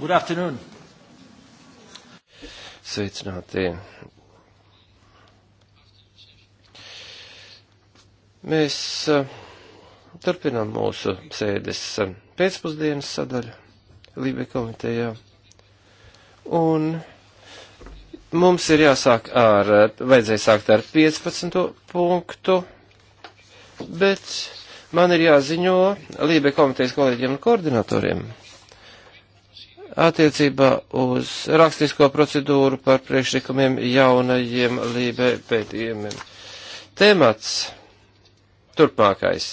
Good afternoon. Sveicināti. Mēs eh, turpinām mūsu sēdes eh, pēcpusdienas sadaļu Lībe komitejā. Un mums ir jāsāk ar, eh, vajadzēja sākt ar 15. punktu, bet man ir jāziņo Lībe komitejas kolēģiem un koordinatoriem attiecībā uz rakstisko procedūru par priekšlikumiem jaunajiem lībē pētījumiem. Temats turpmākais.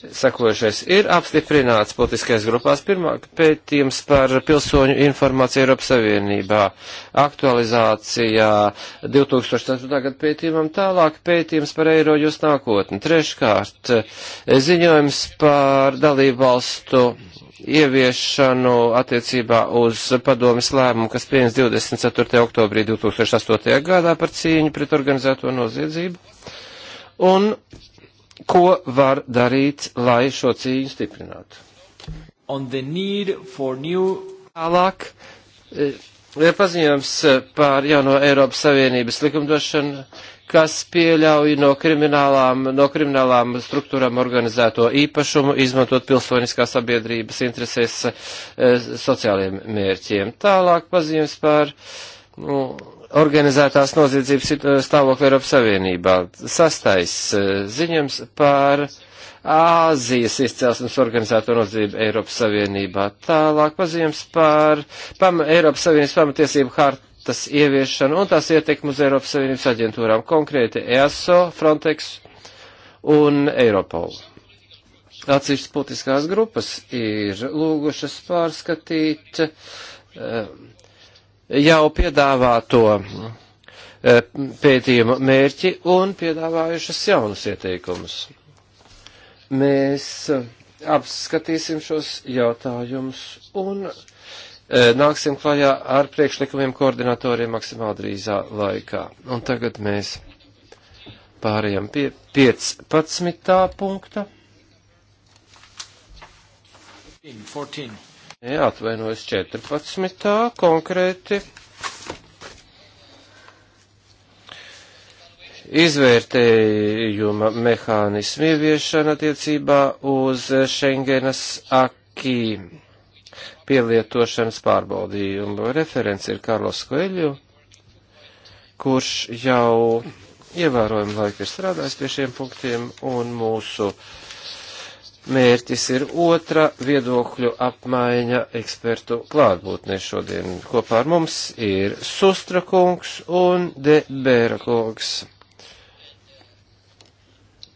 Sakojušais ir apstiprināts politiskais grupās pirmā pētījums par pilsoņu informāciju Eiropas Savienībā. Aktualizācijā 2004. gada pētījumam tālāk pētījums par eiro jūs nākotni. Treškārt ziņojums par dalību valstu ieviešanu attiecībā uz padomis lēmumu, kas pieņems 24. oktobrī 2008. gadā par cīņu pret organizēto noziedzību, un ko var darīt, lai šo cīņu stiprinātu. New... Tālāk eh, ir paziņojums eh, par jauno Eiropas Savienības likumdošanu, kas pieļauj no kriminālām, no kriminālām struktūrām organizēto īpašumu, izmantot pilsoniskā sabiedrības interesēs e, sociāliem mērķiem. Tālāk pazīmes par nu, organizētās noziedzības e, stāvokli Eiropas Savienībā. Sastais e, ziņams par Āzijas izcelsmes organizēto nozīmi Eiropas Savienībā. Tālāk pazīmes par pam, Eiropas Savienības pamatiesību hartu hartas ieviešanu un tās ietekmu uz Eiropas Savienības aģentūrām, konkrēti EASO, Frontex un Eiropolu. Atsevišķas politiskās grupas ir lūgušas pārskatīt eh, jau piedāvāto eh, pētījuma mērķi un piedāvājušas jaunus ieteikumus. Mēs eh, apskatīsim šos jautājumus un uh, Eh, nāksim klajā ar priekšlikumiem koordinatoriem maksimāli drīzā laikā. Un tagad mēs pārējām pie 15. punkta. 14. Jā, atvainojas 14. konkrēti. Izvērtējuma mehānismu ieviešana attiecībā uz Schengenas akī pielietošanas pārbaudījumu. Referents ir Karlos Koeļu, kurš jau ievērojumu laiku ir strādājis pie šiem punktiem, un mūsu mērķis ir otra viedokļu apmaiņa ekspertu klātbūtnē šodien. Kopā ar mums ir Sustra kungs un De Bēra kungs.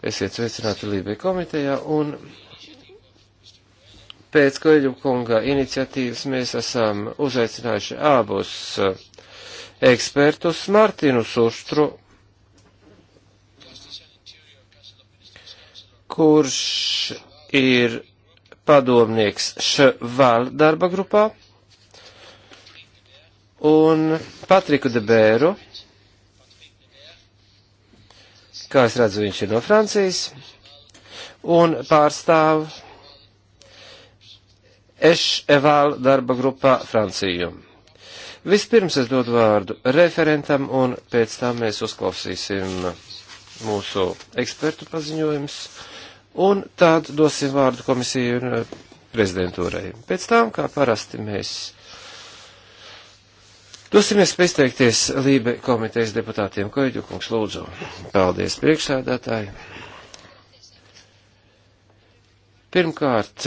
Esiet sveicināti Lībija komitejā un Pēc Koļukunga iniciatīvas mēs esam uzaicinājuši abus eh, ekspertus Martinu Sustru, kurš ir padomnieks Šval darba grupā, un Patriku Debēru, kā es redzu, viņš ir no Francijas, un pārstāv Eševal darba grupā Franciju. Vispirms es dodu vārdu referentam un pēc tam mēs uzklausīsim mūsu ekspertu paziņojums un tad dosim vārdu komisiju un eh, prezidentūrai. Pēc tam, kā parasti, mēs dosimies pieteikties Lībe komitejas deputātiem. Koiģu kungs, lūdzu. Paldies, priekšsēdētāji. Pirmkārt,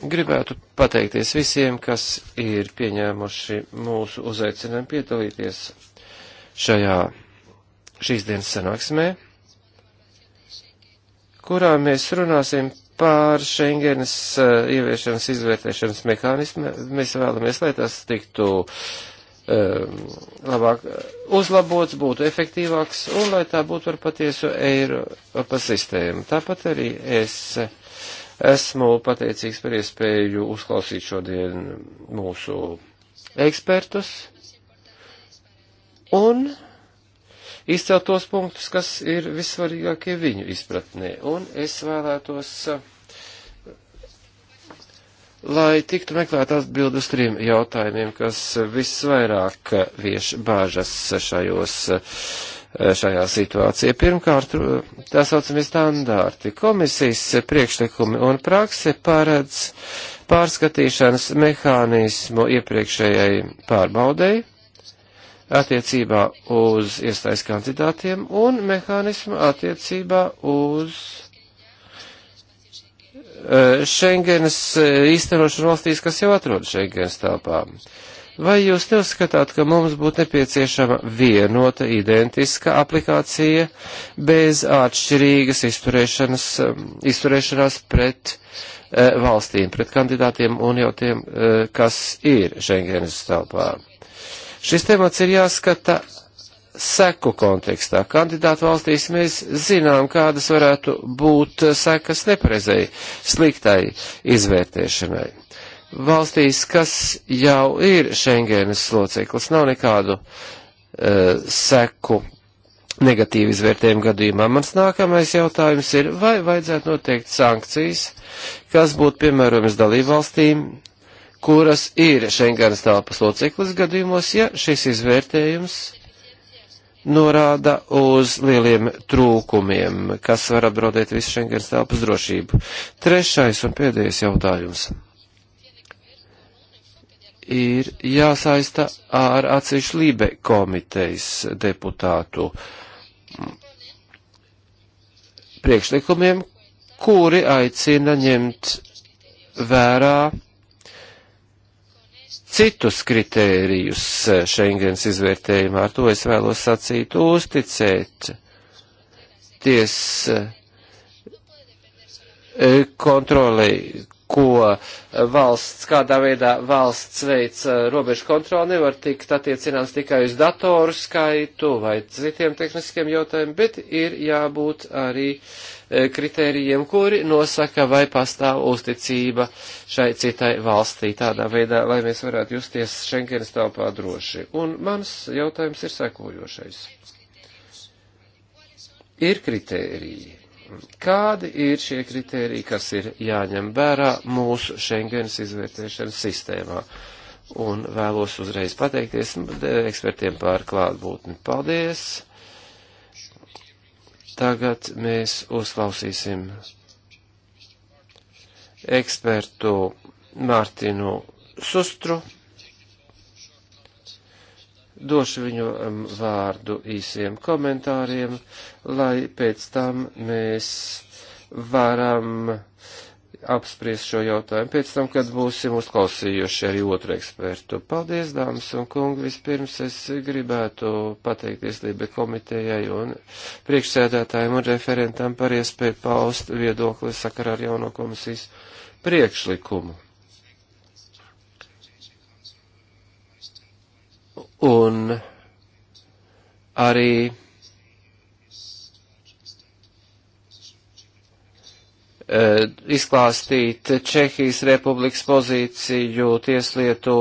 Gribētu pateikties visiem, kas ir pieņēmuši mūsu uzaicinājumu piedalīties šajā šīs dienas sanāksmē, kurā mēs runāsim pār Schengenas uh, ieviešanas izvērtēšanas mehānismu. Mēs vēlamies, lai tas tiktu um, labāk uzlabots, būtu efektīvāks un lai tā būtu ar patiesu Eiropas sistēmu. Tāpat arī es uh, Esmu pateicīgs par iespēju uzklausīt šodien mūsu ekspertus un izcelt tos punktus, kas ir vissvarīgākie viņu izpratnē. Un es vēlētos, lai tiktu meklēt atbildes trim jautājumiem, kas visvairāk vieš bāžas šajos Eh, šajā situācijā. Pirmkārt, eh, tā saucamie standārti. Komisijas priekšlikumi un prakse paredz pārskatīšanas mehānismu iepriekšējai pārbaudei attiecībā uz iestājas kandidātiem un mehānismu attiecībā uz eh, Schengenas īstenošanu valstīs, kas jau atrodas Schengenas telpā. Uh, Vai jūs neuzskatāt, ka mums būtu nepieciešama vienota, identiska aplikācija bez atšķirīgas izturēšanas, um, izturēšanās pret eh, valstīm, pret kandidātiem un jau tiem, eh, kas ir Schengenas telpā? Šis temats ir jāskata seku kontekstā. Kandidātu valstīs mēs zinām, kādas varētu būt sekas nepareizai, sliktai izvērtēšanai valstīs, kas jau ir Schengenes loceklis, nav nekādu uh, seku negatīvi izvērtējumu gadījumā. Mans nākamais jautājums ir, vai vajadzētu noteikt sankcijas, kas būtu piemērojamas dalībvalstīm, kuras ir Schengenas telpas loceklis gadījumos, ja šis izvērtējums norāda uz lieliem trūkumiem, kas var apdraudēt visu Schengenas telpas drošību. Trešais un pēdējais jautājums ir jāsaista ar atsevišķu Lībe komitejas deputātu priekšlikumiem, kuri aicina ņemt vērā citus kritērijus Schengens izvērtējumā. Ar to es vēlos sacīt uzticēt ties eh, kontrolei, ko eh, valsts, kādā veidā valsts veic eh, robežu kontroli, nevar tikt attiecināts tikai uz datoru skaitu vai citiem tehniskiem jautājumiem, bet ir jābūt arī eh, kritērijiem, kuri nosaka, vai pastāv uzticība šai citai valstī tādā veidā, lai mēs varētu justies Schengenas telpā droši. Un mans jautājums ir sekojošais. Ir kritēriji Kādi ir šie kriteriji, kas ir jāņem vērā mūsu Schengenas izvērtēšanas sistēmā? Un vēlos uzreiz pateikties ekspertiem par klātbūtni. Paldies! Tagad mēs uzklausīsim ekspertu Mārtinu Sustru došu viņu vārdu īsiem komentāriem, lai pēc tam mēs varam apspriest šo jautājumu pēc tam, kad būsim uzklausījuši arī otru ekspertu. Paldies, dāmas un kungi! Vispirms es gribētu pateikties Lībe komitejai un priekšsēdētājiem un referentam par iespēju paust viedokli sakarā ar jauno komisijas priekšlikumu. un arī e, izklāstīt Čehijas republikas pozīciju tieslietu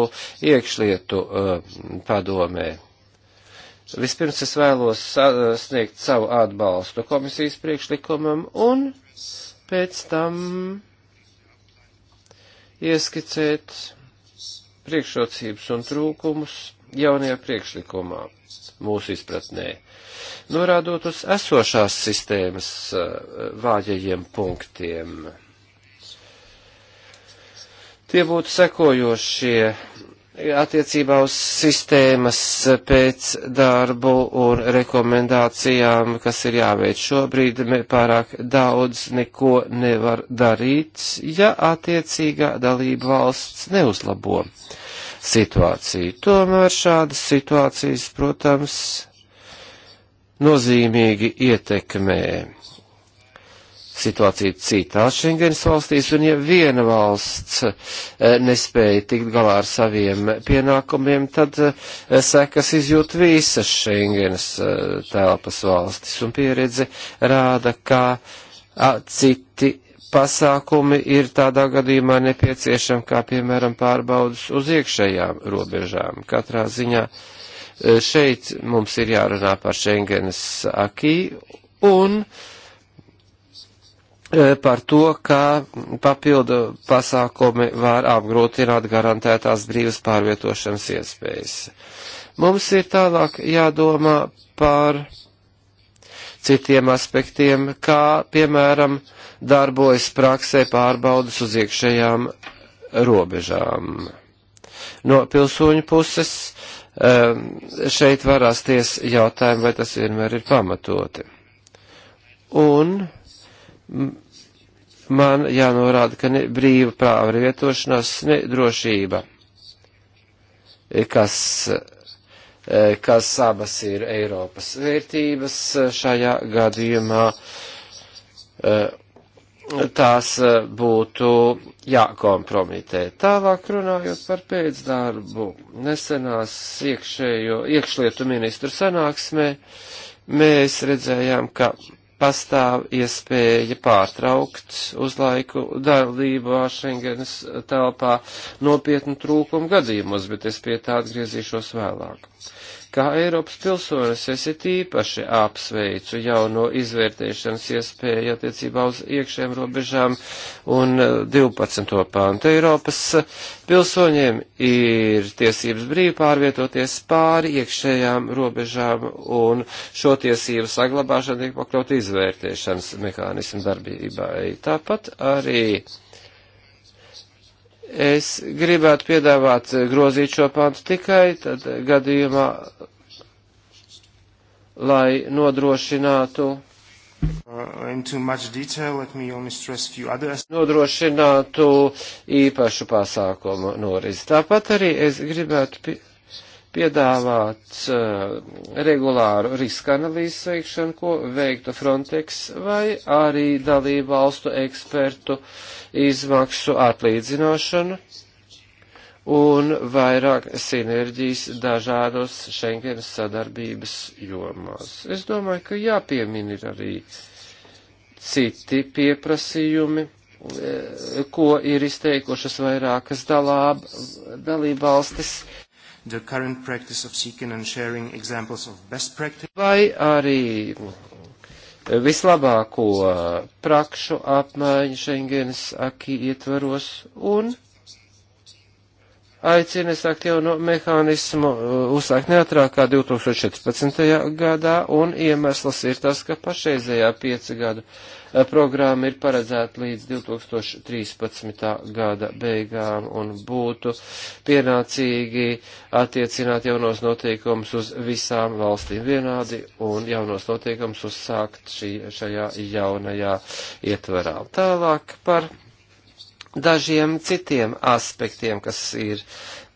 iekšlietu e, padomē. Vispirms es vēlos sniegt savu atbalstu komisijas priekšlikumam un pēc tam ieskicēt priekšrocības un trūkumus jaunajā priekšlikumā mūsu izpratnē, norādot uz esošās sistēmas eh, vājajiem punktiem. Tie būtu sekojošie attiecībā uz sistēmas pēc darbu un rekomendācijām, kas ir jāveic šobrīd, pārāk daudz neko nevar darīt, ja attiecīgā dalība valsts neuzlabo. Uh, situāciju. Tomēr šādas situācijas, protams, nozīmīgi ietekmē situāciju citās Schengens valstīs, un ja viena valsts eh, nespēja tikt galā ar saviem pienākumiem, tad eh, sekas izjūt visas Schengenas eh, telpas valstis, un pieredze rāda, kā citi pasākumi ir tādā gadījumā nepieciešami, kā piemēram pārbaudas uz iekšējām robežām. Katrā ziņā e, šeit mums ir jārunā par Schengenes akī un e, par to, kā papildu pasākumi var apgrūtināt garantētās brīvas pārvietošanas iespējas. Mums ir tālāk jādomā par citiem aspektiem, kā piemēram, uh, darbojas praksē pārbaudas uz iekšējām robežām. No pilsoņu puses ehm, šeit var rasties jautājumi, vai tas vienmēr ir pamatoti. Un man jānorāda, ka ne brīva pārvietošanās, ne drošība, e, kas, e, kas abas ir Eiropas vērtības e, šajā gadījumā tās e, būtu jākompromitē. Tālāk runājot par pēcdarbu, nesenās iekšējo, iekšlietu ministru sanāksmē mēs redzējām, ka pastāv iespēja pārtraukt uz laiku dalību Schengenas telpā nopietnu trūkumu gadījumos, bet es pie tā atgriezīšos vēlāk. Kā Eiropas pilsonis es it īpaši apsveicu jauno izvērtēšanas iespēju attiecībā uz iekšējām robežām un 12. Eh, pāntu. Eiropas eh, pilsoņiem ir tiesības brīvi pārvietoties pāri iekšējām robežām un šo tiesību saglabāšana tiek pakļaut izvērtēšanas mehānismu darbībai. Tāpat arī. Es gribētu piedāvāt eh, grozīt šo pantu tikai tad gadījumā, lai nodrošinātu uh, detail, nodrošinātu īpašu pasākumu norisi. Tāpat arī es gribētu piedāvāt uh, regulāru riska analīzes veikšanu, ko veiktu Frontex vai arī dalību valstu ekspertu izmaksu atlīdzināšanu un vairāk sinerģijas dažādos Schengenas sadarbības jomās. Es domāju, ka jāpiemin ir arī citi pieprasījumi, e, ko ir izteikušas vairākas dalāb, dalībvalstis. Vai arī vislabāko prakšu apmaiņu Schengenas akī ietvaros un aicina sākt jauno mehānismu, uh, uzsākt neatrāk kā 2014. gadā, un iemesls ir tas, ka pašreizējā piecu gadu uh, programma ir paredzēta līdz 2013. gada beigām, un būtu pienācīgi attiecināt jaunos noteikumus uz visām valstīm vienādi, un jaunos noteikumus uzsākt šī, šajā jaunajā ietverā. Tālāk par dažiem citiem aspektiem, kas ir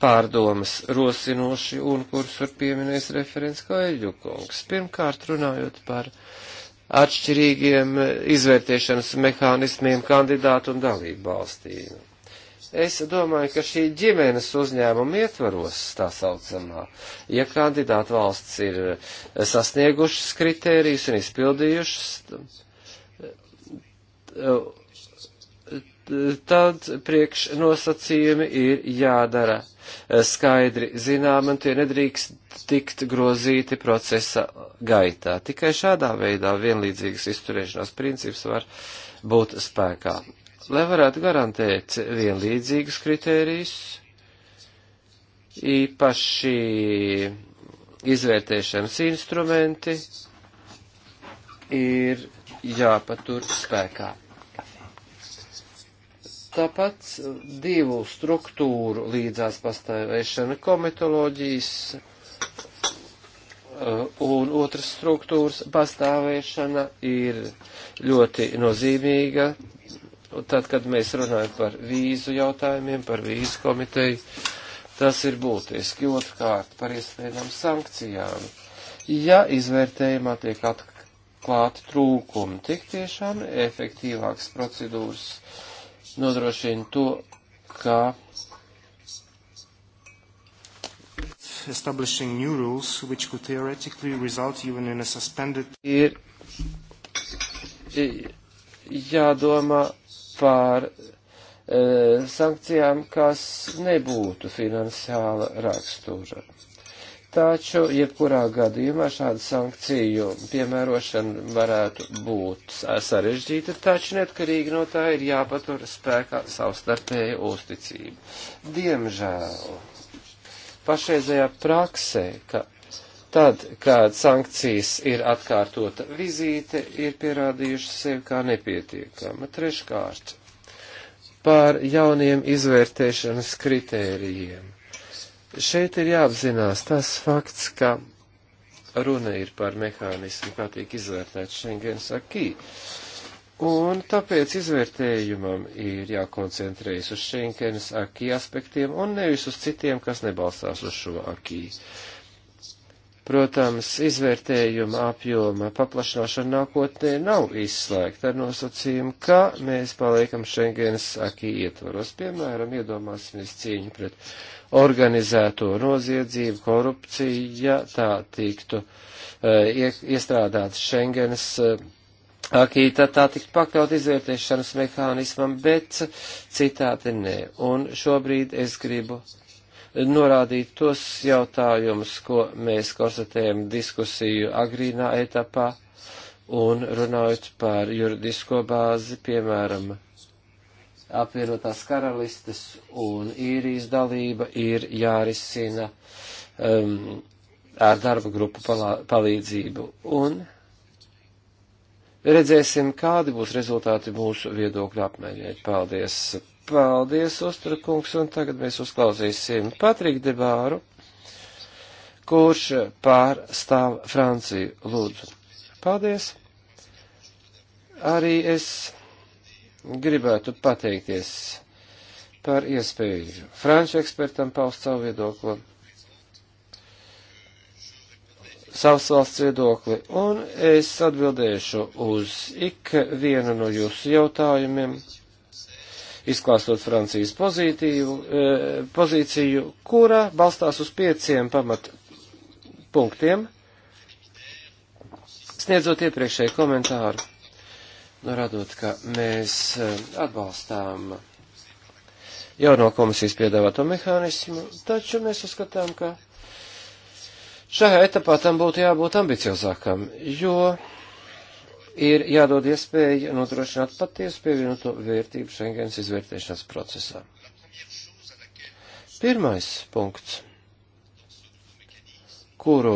pārdomas rosinoši un kurus var pieminēt referents Kaļģukungs. Pirmkārt, runājot par atšķirīgiem izvērtēšanas mehānismiem kandidātu un dalību valstīm. Es domāju, ka šī ģimenes uzņēmuma ietvaros tā saucamā, ja kandidāta valsts ir sasniegušas kritērijus un izpildījušas, tad priekšnosacījumi ir jādara skaidri zinām, un tie nedrīkst tikt grozīti procesa gaitā. Tikai šādā veidā vienlīdzīgas izturēšanās princips var būt spēkā. Lai varētu garantēt vienlīdzīgus kritērijus, īpaši izvērtēšanas instrumenti ir jāpatur spēkā. Tāpat divu struktūru līdzās pastāvēšana komitoloģijas uh, un otras struktūras pastāvēšana ir ļoti nozīmīga. Tad, kad mēs runājam par vīzu jautājumiem, par vīzu komiteju, tas ir būtiski. Otrkārt, par iespējām sankcijām. Ja izvērtējumā tiek atklāti trūkumi, tik tiešām efektīvāks procedūras nodrošina to, ka establishing new rules which could theoretically result even in a suspended ir jādomā par e, sankcijām, kas nebūtu finansiāla rakstura. Taču, jebkurā gadījumā šādu sankciju piemērošana varētu būt sarežģīta, taču neatkarīgi no tā ir jāpatur spēkā savstarpēja uzticība. Diemžēl pašreizējā praksē, ka tad, kad sankcijas ir atkārtota vizīte, ir pierādījuši sevi kā nepietiekama. Treškārt, par jauniem izvērtēšanas kritērijiem Šeit ir jāapzinās tas fakts, ka runa ir par mehānismu, kā tiek izvērtēts Schengens akī. Un tāpēc izvērtējumam ir jākoncentrējas uz Schengenas akī aspektiem un nevis uz citiem, kas nebalstās uz šo akī. Protams, izvērtējuma apjoma paplašināšana nākotnē nav izslēgta ar nosacījumu, ka mēs paliekam Schengenas akī ietvaros. Piemēram, iedomāsimies cīņu pret organizēto noziedzību, korupciju, ja tā tiktu eh, iestrādāta Schengenas eh, akītā, tā tiktu pakļaut izvērtēšanas mehānismam, bet citādi nē. Un šobrīd es gribu eh, norādīt tos jautājumus, ko mēs konstatējam diskusiju agrīnā etapā un runājot par juridisko bāzi, piemēram, apvienotās karalistes un īrijas dalība ir jārisina um, ar darba grupu palā, palīdzību. Un redzēsim, kādi būs rezultāti mūsu viedokļu apmaiņai. Paldies! Paldies, Ostrakungs, un tagad mēs uzklausīsim Patriku Debāru, kurš pārstāv Franciju. Lūdzu! Paldies! Arī es gribētu pateikties par iespēju franču ekspertam paust savu viedokli, savas valsts viedokli, un es atbildēšu uz ik vienu no jūsu jautājumiem, izklāstot Francijas pozītīvu, e, pozīciju, kura balstās uz pieciem pamat punktiem, sniedzot iepriekšēju komentāru norādot, ka mēs e, atbalstām jauno komisijas piedāvāto mehānismu, taču mēs uzskatām, ka šajā etapā tam būtu jābūt ambiciozākam, jo ir jādod iespēja nodrošināt patiesu pievienoto vērtību Schengens izvērtēšanas procesā. Pirmais punkts kuru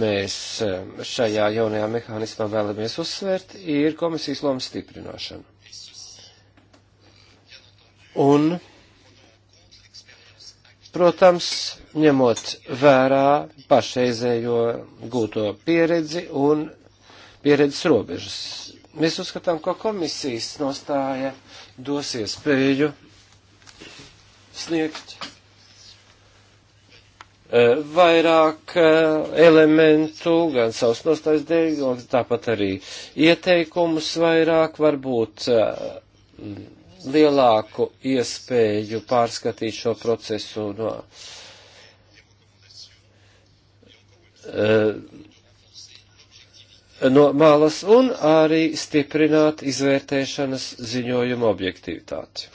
mēs eh, šajā jaunajā mehānismā vēlamies uzsvērt, ir komisijas lomas stiprināšana. Un, protams, ņemot vērā pašreizējo gūto pieredzi un pieredzes robežas. Mēs uzskatām, ka komisijas nostāja dos iespēju sniegt Eh, vairāk eh, elementu, gan savus nostājas dēļ, gan tāpat arī ieteikumus vairāk, varbūt eh, lielāku iespēju pārskatīt šo procesu no no malas un arī stiprināt izvērtēšanas ziņojumu objektivitāti.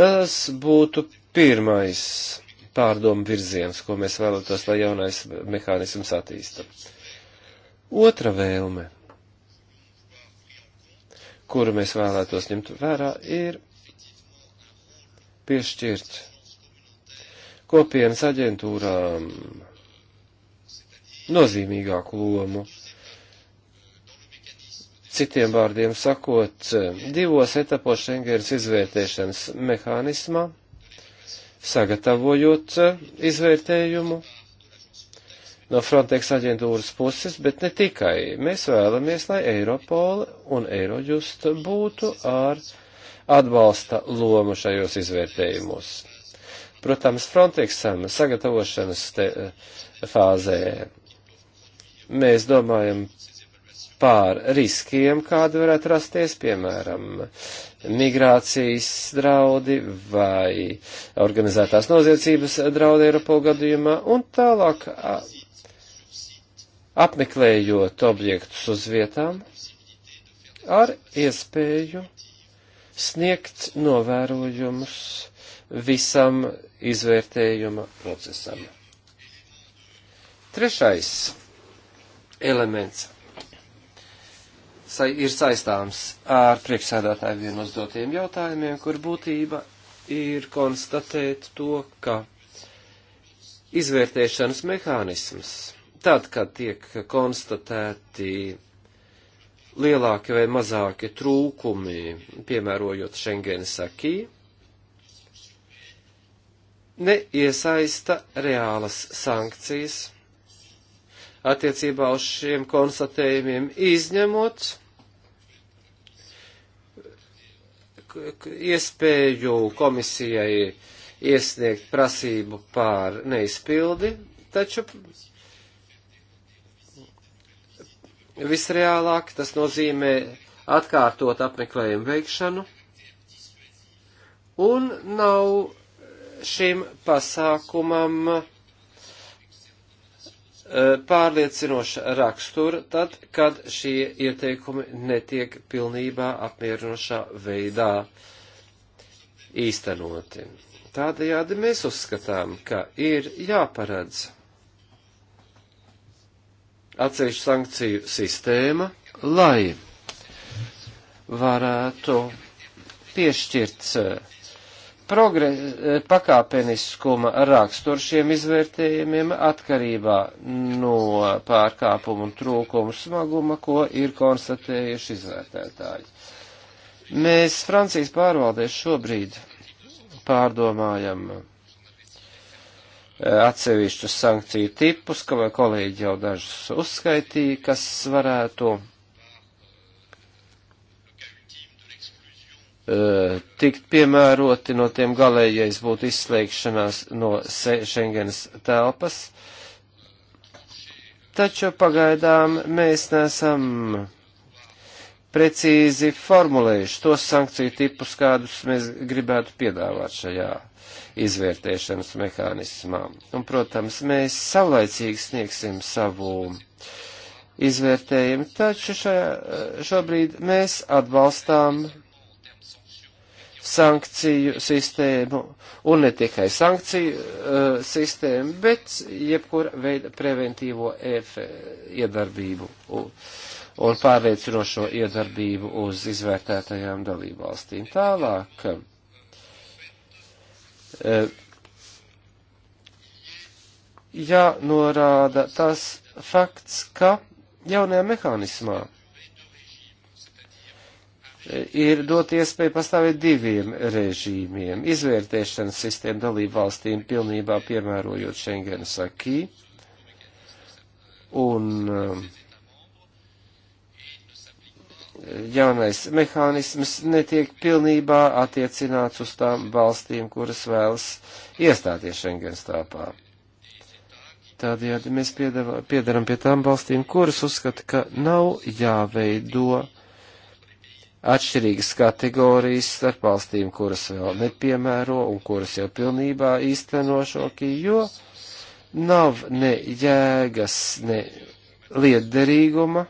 Tas būtu pirmais pārdomu virziens, ko mēs vēlētos, lai jaunais mehānisms attīsta. Otra vēlme, kuru mēs vēlētos ņemt vērā, ir piešķirt kopienas aģentūrām nozīmīgāku lomu. Citiem vārdiem sakot, divos etapos Schengens izvērtēšanas mehānismā sagatavojot eh, izvērtējumu no Frontex aģentūras puses, bet ne tikai. Mēs vēlamies, lai Eiropola un Eirojust būtu ar atbalsta lomu šajos izvērtējumos. Protams, Frontexam sagatavošanas te, eh, fāzē mēs domājam pār riskiem, kādi varētu rasties, piemēram, migrācijas draudi vai organizētās noziedzības draudi Eiropo gadījumā, un tālāk apmeklējot objektus uz vietām ar iespēju sniegt novērojumus visam izvērtējuma procesam. Trešais elements sai, ir saistāms ar priekšsēdētāju vienos dotiem jautājumiem, kur būtība ir konstatēt to, ka izvērtēšanas mehānisms, tad, kad tiek konstatēti lielāki vai mazāki trūkumi, piemērojot Schengenes akī, neiesaista reālas sankcijas attiecībā uz šiem konstatējumiem, izņemot iespēju komisijai iesniegt prasību pār neizpildi, taču visreālāk tas nozīmē atkārtot apmeklējumu veikšanu, un nav šim pasākumam E, pārliecinoša rakstura, tad, kad šie ieteikumi netiek pilnībā apmierinošā veidā īstenoti. Tādējādi mēs uzskatām, ka ir jāparedz atsevišķu sankciju sistēma, lai varētu piešķirt e, progres, pakāpeniskuma raksturu šiem izvērtējumiem atkarībā no pārkāpumu un trūkumu smaguma, ko ir konstatējuši izvērtētāji. Mēs Francijas pārvaldēs šobrīd pārdomājam eh, atsevišķus sankciju tipus, ko kolēģi jau dažus uzskaitīja, kas varētu Eh, tikt piemēroti no tiem galējais būtu izslēgšanās no Schengenas telpas. Taču pagaidām mēs nesam precīzi formulējuši tos sankciju tipus, kādus mēs gribētu piedāvāt šajā izvērtēšanas mehānismā. Un, protams, mēs savlaicīgi sniegsim savu izvērtējumu, taču šajā, eh, šobrīd mēs atbalstām sankciju sistēmu un ne tikai sankciju uh, sistēmu, bet jebkura veida preventīvo efe, eh, iedarbību un, un pārliecinošo iedarbību uz izvērtētajām dalībvalstīm. Tālāk. Uh, jānorāda tas fakts, ka jaunajā mehānismā ir dot iespēju pastāvēt diviem režīmiem - izvērtēšanas sistēmu dalību valstīm pilnībā piemērojot Schengenas akī un um, jaunais mehānisms netiek pilnībā attiecināts uz tām valstīm, kuras vēlas iestāties Schengenas tāpā. Tādējādi mēs piedaram pie tām valstīm, kuras uzskata, ka nav jāveido atšķirīgas kategorijas starp valstīm, kuras vēl nepiemēro un kuras jau pilnībā īsteno šo kīju, jo nav ne jēgas, ne lietderīguma.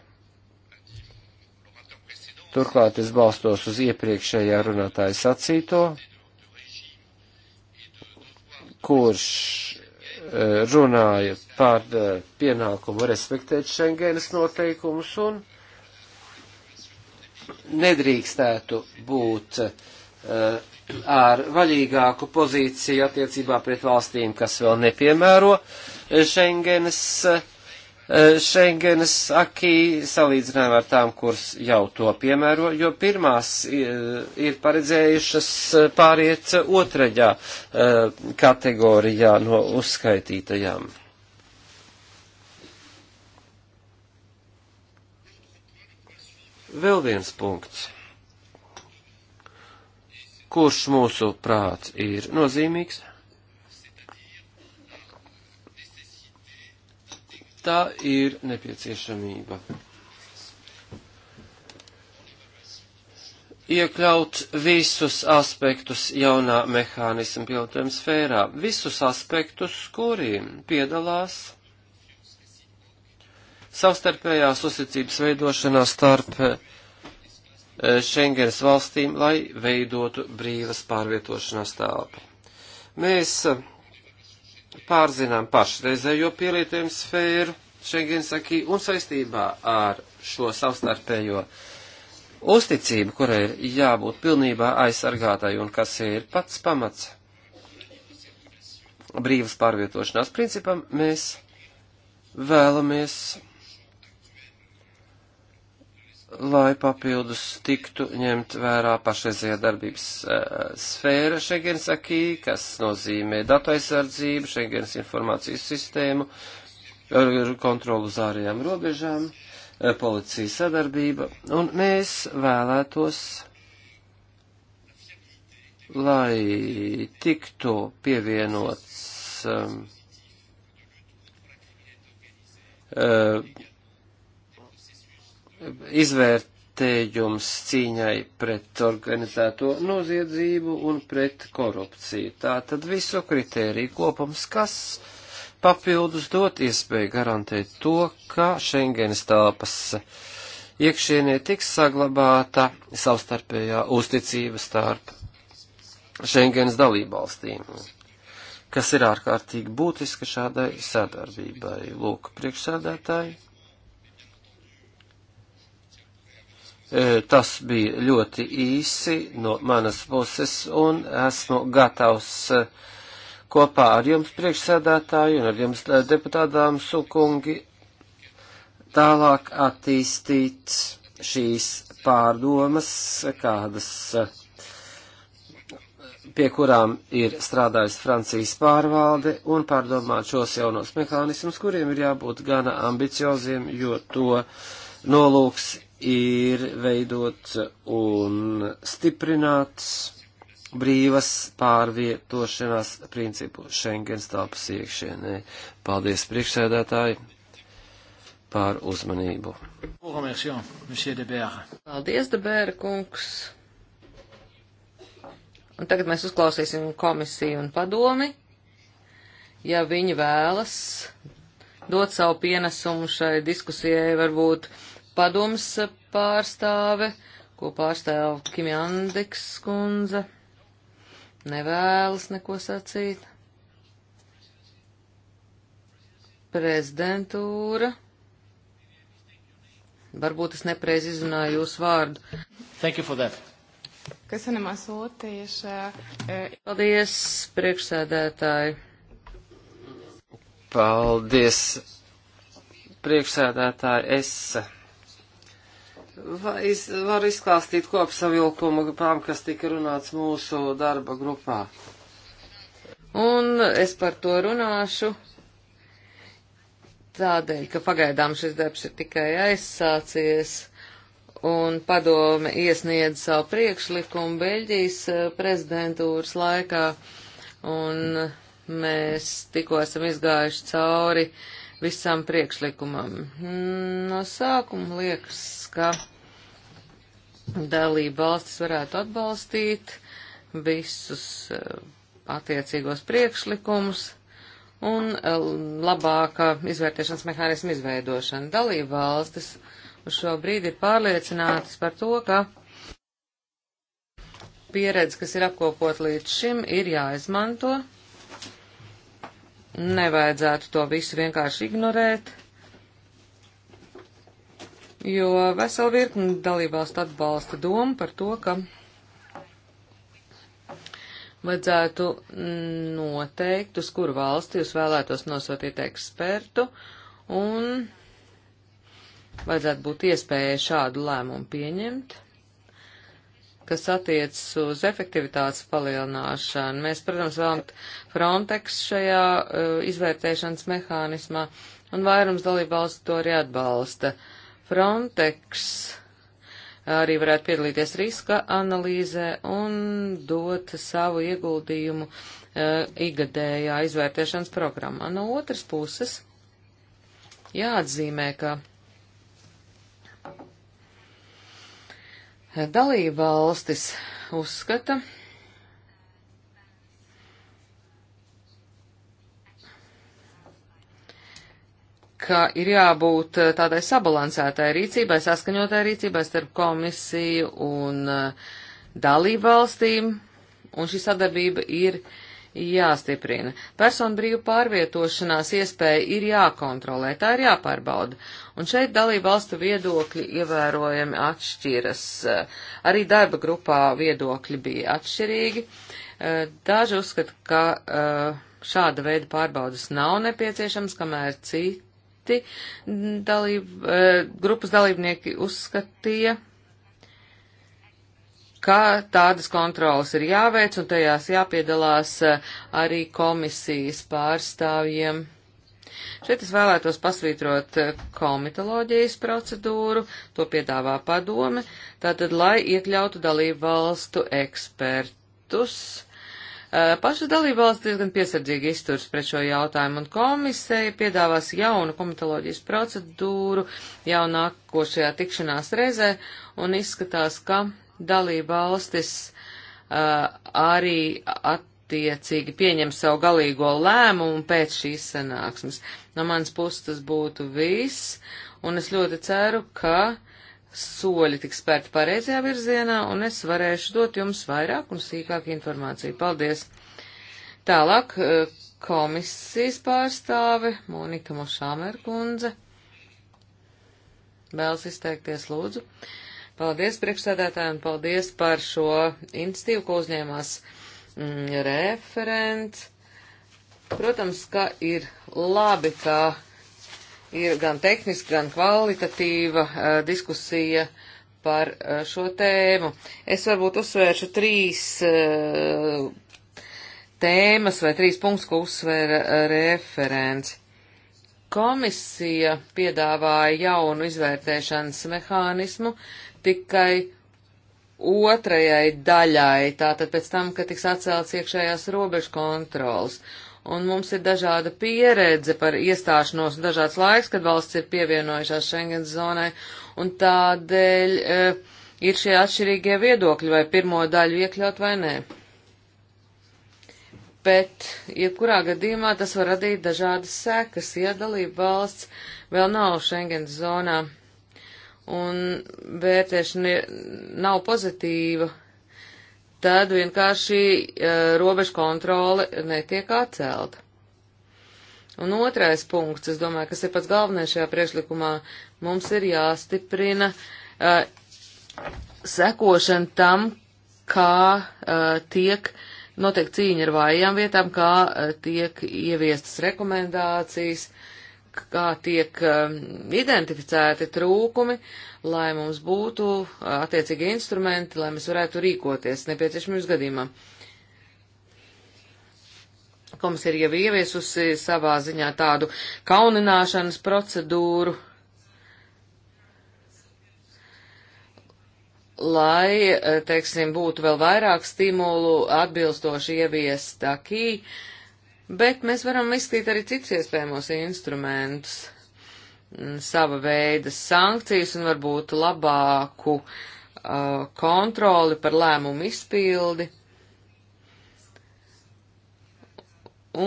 Turklāt es balstos uz iepriekšējā runātāja sacīto, kurš e, runāja par e, pienākumu respektēt Schengenas noteikumus un nedrīkstētu būt uh, ar vaļīgāku pozīciju attiecībā pret valstīm, kas vēl nepiemēro eh, Schengenes, eh, Schengenes akī salīdzinājumā ar tām, kuras jau to piemēro, jo pirmās ir paredzējušas pāriet otraļā kategorijā no uzskaitītajām. Vēl viens punkts, kurš mūsu prāt ir nozīmīgs. Tā ir nepieciešamība. iekļaut visus aspektus jaunā mehānisma pilotojuma sfērā, visus aspektus, kuri piedalās savstarpējās uzticības veidošanā starp eh, eh, Schengens valstīm, lai veidotu brīvas pārvietošanās tālpu. Mēs eh, pārzinām pašreizējo pielietojumu sfēru Schengens akī un saistībā ar šo savstarpējo uzticību, kurai ir jābūt pilnībā aizsargātai un kas ir pats pamats brīvas pārvietošanās principam, mēs vēlamies lai papildus tiktu ņemt vērā pašreizējā darbības uh, sfēra Schengens akī, kas nozīmē datu aizsardzību, Schengens informācijas sistēmu, kontrolu uz ārējām robežām, uh, policijas sadarbība, un mēs vēlētos, lai tiktu pievienots um, uh, izvērtējums cīņai pret organizēto noziedzību un pret korupciju. Tā tad visu kritēriju kopums, kas papildus dot iespēju garantēt to, ka Schengenas telpas iekšienē tiks saglabāta savstarpējā uzticība starp Schengenas dalībvalstīm, kas ir ārkārtīgi būtiska šādai sadarbībai. Lūk, priekšsēdētāji E, tas bija ļoti īsi no manas puses, un esmu gatavs e, kopā ar jums priekšsēdētāju un ar jums e, deputātām sukungi tālāk attīstīt šīs pārdomas, kādas pie kurām ir strādājis Francijas pārvalde, un pārdomāt šos jaunos mehānismus, kuriem ir jābūt gana ambicioziem, jo to nolūks ir veidot un stiprināt brīvas pārvietošanās principu Schengens telpas iekšienē. Paldies priekšsēdētāji par uzmanību. Paldies, Debēra kungs. Un tagad mēs uzklausīsim komisiju un padomi. Ja viņi vēlas dot savu pienesumu šai diskusijai, varbūt padomas pārstāve, ko pārstāv Kimjandeks skundze, nevēlas neko sacīt. Prezidentūra. Varbūt es nepreiz izrunāju jūsu vārdu. Thank you for that. Köszönöm a szót, és... Eh, eh, Paldies, priekšsēdētāji. Paldies, priekšsēdētāji. Es iz, varu izklāstīt kopsavilkumu pām, kas tika runāts mūsu darba grupā. Un es par to runāšu tādēļ, ka pagaidām šis darbs ir tikai aizsācies un padome iesniedz savu priekšlikumu Beļģijas eh, prezidentūras laikā, un mēs tikko esam izgājuši cauri visam priekšlikumam. No sākuma liekas, ka dalība valstis varētu atbalstīt visus eh, attiecīgos priekšlikumus un eh, labāka izvērtēšanas mehānismu izveidošana. Dalība valstis uz šo brīdi ir pārliecinātas par to, ka pieredze, kas ir apkopot līdz šim, ir jāizmanto nevajadzētu to visu vienkārši ignorēt, jo vesela virkni dalībvalstu atbalsta domu par to, ka vajadzētu noteikt, uz kuru valsti jūs vēlētos nosūtīt ekspertu, un vajadzētu būt iespēja šādu lēmumu pieņemt kas attiecas uz efektivitātes palielināšanu. Mēs, protams, vēlam Frontex šajā uh, izvērtēšanas mehānismā, un vairums dalībvalstu to arī atbalsta. Frontex arī varētu piedalīties riska analīzē un dot savu ieguldījumu uh, igadējā izvērtēšanas programmā. No otras puses, jāatzīmē, ka Dalība valstis uzskata, ka ir jābūt eh, tādai sabalansētai rīcībai, saskaņotai rīcībai starp komisiju un eh, dalībvalstīm, un šī sadarbība ir uh, jāstiprina. Personu brīvu pārvietošanās iespēja ir jākontrolē, tā ir jāpārbauda. Un šeit dalība valstu viedokļi ievērojami atšķiras. Arī darba grupā viedokļi bija atšķirīgi. Daži uzskata, ka eh, šāda veida pārbaudas nav nepieciešams, kamēr citi dalība, eh, grupas dalībnieki uzskatīja, ka tādas kontrolas ir jāveic un tajās jāpiedalās eh, arī komisijas pārstāvjiem. Šeit es vēlētos pasvītrot eh, komitoloģijas procedūru, to piedāvā padome, tātad, lai iekļautu dalību valstu ekspertus. Eh, paša dalība valsts diezgan piesardzīgi izturs pret šo jautājumu, un komisija piedāvās jaunu komitoloģijas procedūru jau nākošajā tikšanās reizē, un izskatās, ka dalība valstis uh, arī attiecīgi pieņem savu galīgo lēmumu pēc šīs sanāksmes. No manas puses tas būtu viss, un es ļoti ceru, ka soļi tiks spērti pareizajā virzienā, un es varēšu dot jums vairāk un sīkāk informāciju. Paldies! Tālāk uh, komisijas pārstāve Monika Mošāmerkundze. Vēlas izteikties, lūdzu. Uh, Paldies priekšsēdētājiem, paldies par šo institīvu, ko uzņēmās mm, referents. Protams, ka ir labi, ka ir gan tehniski, gan kvalitatīva uh, diskusija par uh, šo tēmu. Es varbūt uzsvēršu trīs uh, tēmas vai trīs punktus, ko uzsvēra uh, referents. Komisija piedāvāja jaunu izvērtēšanas mehānismu, uh, tikai otrajai daļai, tātad pēc tam, kad tiks atcelts iekšējās robežu kontrols. Un mums ir dažāda pieredze par iestāšanos un dažāds laiks, kad valsts ir pievienojušās Schengen zonai, un tādēļ e, ir šie atšķirīgie viedokļi, vai pirmo daļu iekļaut vai nē. Bet, jebkurā gadījumā, tas var radīt dažādas sekas, ja dalība valsts vēl nav Schengen zonā un vērtēšana nav pozitīva, tad vienkārši eh, robežu kontrole netiek atcelta. Un otrais punkts, es domāju, kas ir pats galvenais šajā priekšlikumā, mums ir jāstiprina uh, sekošana tam, kā uh, tiek notiek cīņa ar vājām vietām, kā uh, tiek ieviestas rekomendācijas, uh, kā tiek um, identificēti trūkumi, lai mums būtu uh, attiecīgi instrumenti, lai mēs varētu rīkoties nepieciešamības gadījumā. Komisija ir jau ieviesusi savā ziņā tādu kaunināšanas procedūru, lai, uh, teiksim, būtu vēl vairāk stimulu atbilstoši ieviest akī. Uh, Bet mēs varam izskatīt arī citus iespējamos instrumentus, mm, sava veida sankcijas un varbūt labāku uh, kontroli par lēmumu izpildi.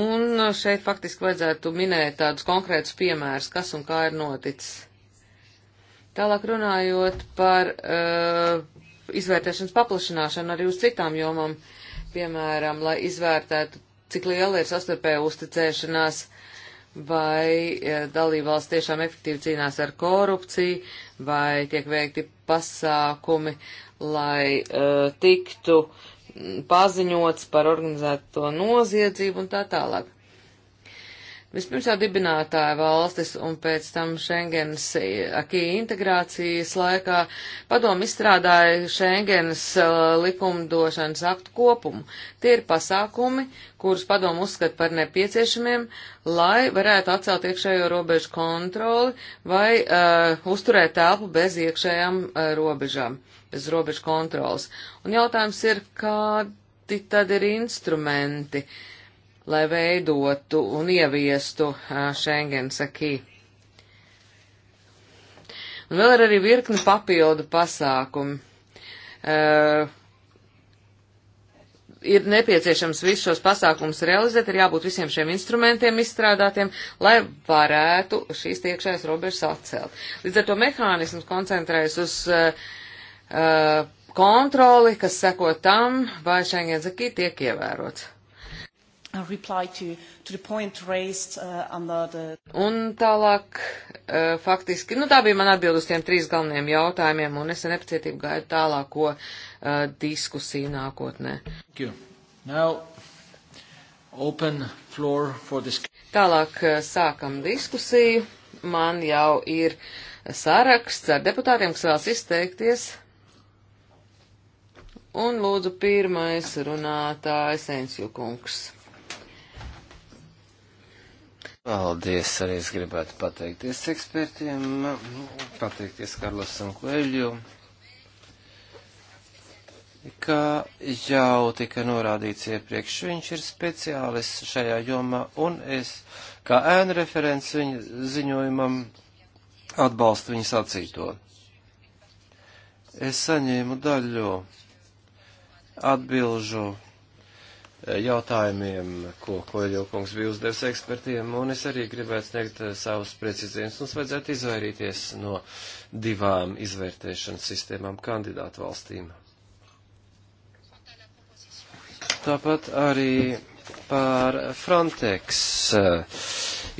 Un šeit faktiski vajadzētu minēt tādus konkrētus piemērus, kas un kā ir noticis. Tālāk runājot par uh, izvērtēšanas paplašināšanu arī uz citām jomām, piemēram, lai izvērtētu cik liela ir sastarpēja uzticēšanās, vai e, dalībvalsts tiešām efektīvi cīnās ar korupciju, vai tiek veikti pasākumi, lai uh, tiktu paziņots par organizēto noziedzību un tā tālāk. Vispirms jau dibinātāja valstis un pēc tam Schengens eh, akī integrācijas laikā padomu izstrādāja Schengens eh, likumdošanas aktu kopumu. Tie ir pasākumi, kurus padomu uzskat par nepieciešamiem, lai varētu atcelt iekšējo robežu kontroli vai uh, uzturēt telpu bez iekšējām uh, robežām, bez robežu kontrolas. Un jautājums ir, kādi tad ir instrumenti? Uh, lai veidotu un ieviestu Schengens akī. Un vēl ir arī virkni papildu pasākumi. Uh, ir nepieciešams visus šos pasākumus realizēt, ir jābūt visiem šiem instrumentiem izstrādātiem, lai varētu šīs tiekšējās robežas atcelt. Līdz ar to mehānisms koncentrējas uz uh, uh, kontroli, kas seko tam, vai šeit iedzakī tiek ievērots. To, to raised, uh, the... Un tālāk, uh, faktiski, nu tā bija man atbild uz tiem trīs galvenajiem jautājumiem, un es ar nepacietību gaidu tālāko uh, diskusiju nākotnē. Now, this... Tālāk uh, sākam diskusiju. Man jau ir saraksts ar deputātiem, kas vēlas izteikties. Un lūdzu pirmais runātājs Ensju kungs. Paldies, arī es gribētu pateikties ekspertiem, pateikties Karlosam Kveļu, kā jau tika norādīts iepriekš, viņš ir speciālists šajā jomā, un es, kā ēnu referents viņa ziņojumam, atbalstu viņa sacīto. Es saņēmu daļu atbilžu Eh, jautājumiem, ko Koļokungs bija uzdevis ekspertiem, un es arī gribētu sniegt eh, savus precizējumus. Mums vajadzētu izvairīties no divām izvērtēšanas sistēmām kandidātu valstīm. Tāpat arī par Frontex eh,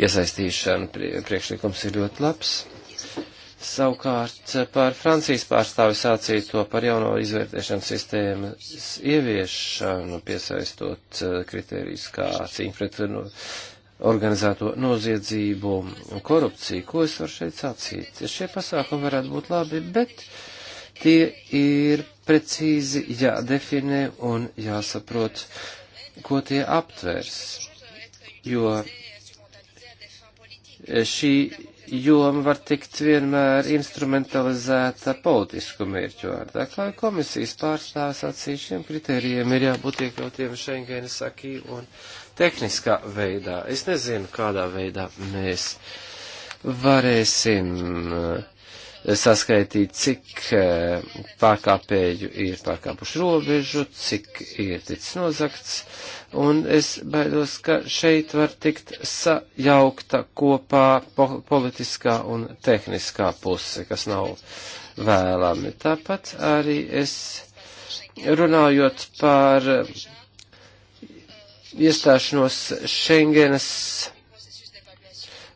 iesaistīšanu priekšlikums ir ļoti labs. Savukārt eh, par Francijas pārstāvi sācīto par jauno izvērtēšanas sistēmas ieviešanu, piesaistot eh, kritērijus kā cīņa pret eh, organizēto noziedzību un korupciju. Ko es varu šeit sacīt? Šie pasākumi varētu būt labi, bet tie ir precīzi jādefinē un jāsaprot, ko tie aptvers. Jo šī joma var tikt vienmēr instrumentalizēta politisku mērķu vārdā. Kā komisijas pārstāvis acīs šiem kritērijiem ir jābūt iekļautiem Schengenas akī un tehniskā veidā. Es nezinu, kādā veidā mēs varēsim saskaitīt, cik eh, pārkāpēju ir pārkāpuši robežu, cik ir ticis nozakts, un es baidos, ka šeit var tikt sajaukta kopā politiskā un tehniskā puse, kas nav vēlami. Tāpat arī es runājot par iestāšanos Schengenas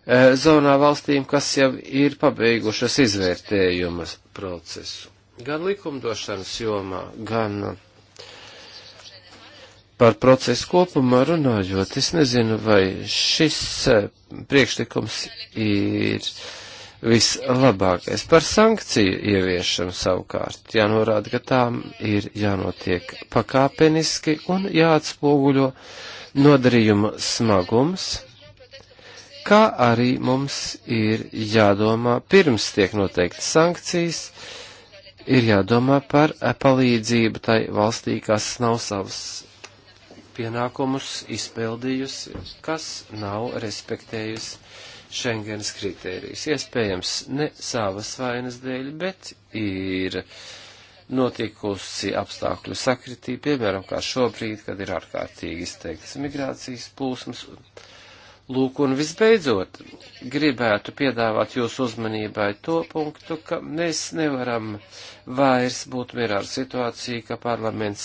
Eh, zonā valstīm, kas jau ir pabeigušas izvērtējumas procesu. Gan likumdošanas jomā, gan par procesu kopumā runājot, es nezinu, vai šis eh, priekšlikums ir vislabākais. Par sankciju ieviešanu savukārt jānorāda, ka tām ir jānotiek pakāpeniski un jāatspoguļo nodarījuma smagums kā arī mums ir jādomā pirms tiek noteikti sankcijas, ir jādomā par palīdzību tai valstī, kas nav savus pienākumus izpildījusi, kas nav respektējusi Schengens kritērijas. Iespējams, ne savas vainas dēļ, bet ir notikusi apstākļu sakritī, piemēram, kā šobrīd, kad ir ārkārtīgi izteiktas migrācijas plūsmas. Un Lūk, un visbeidzot, gribētu piedāvāt jūsu uzmanībai to punktu, ka mēs nevaram vairs būt mierā ar situāciju, ka parlaments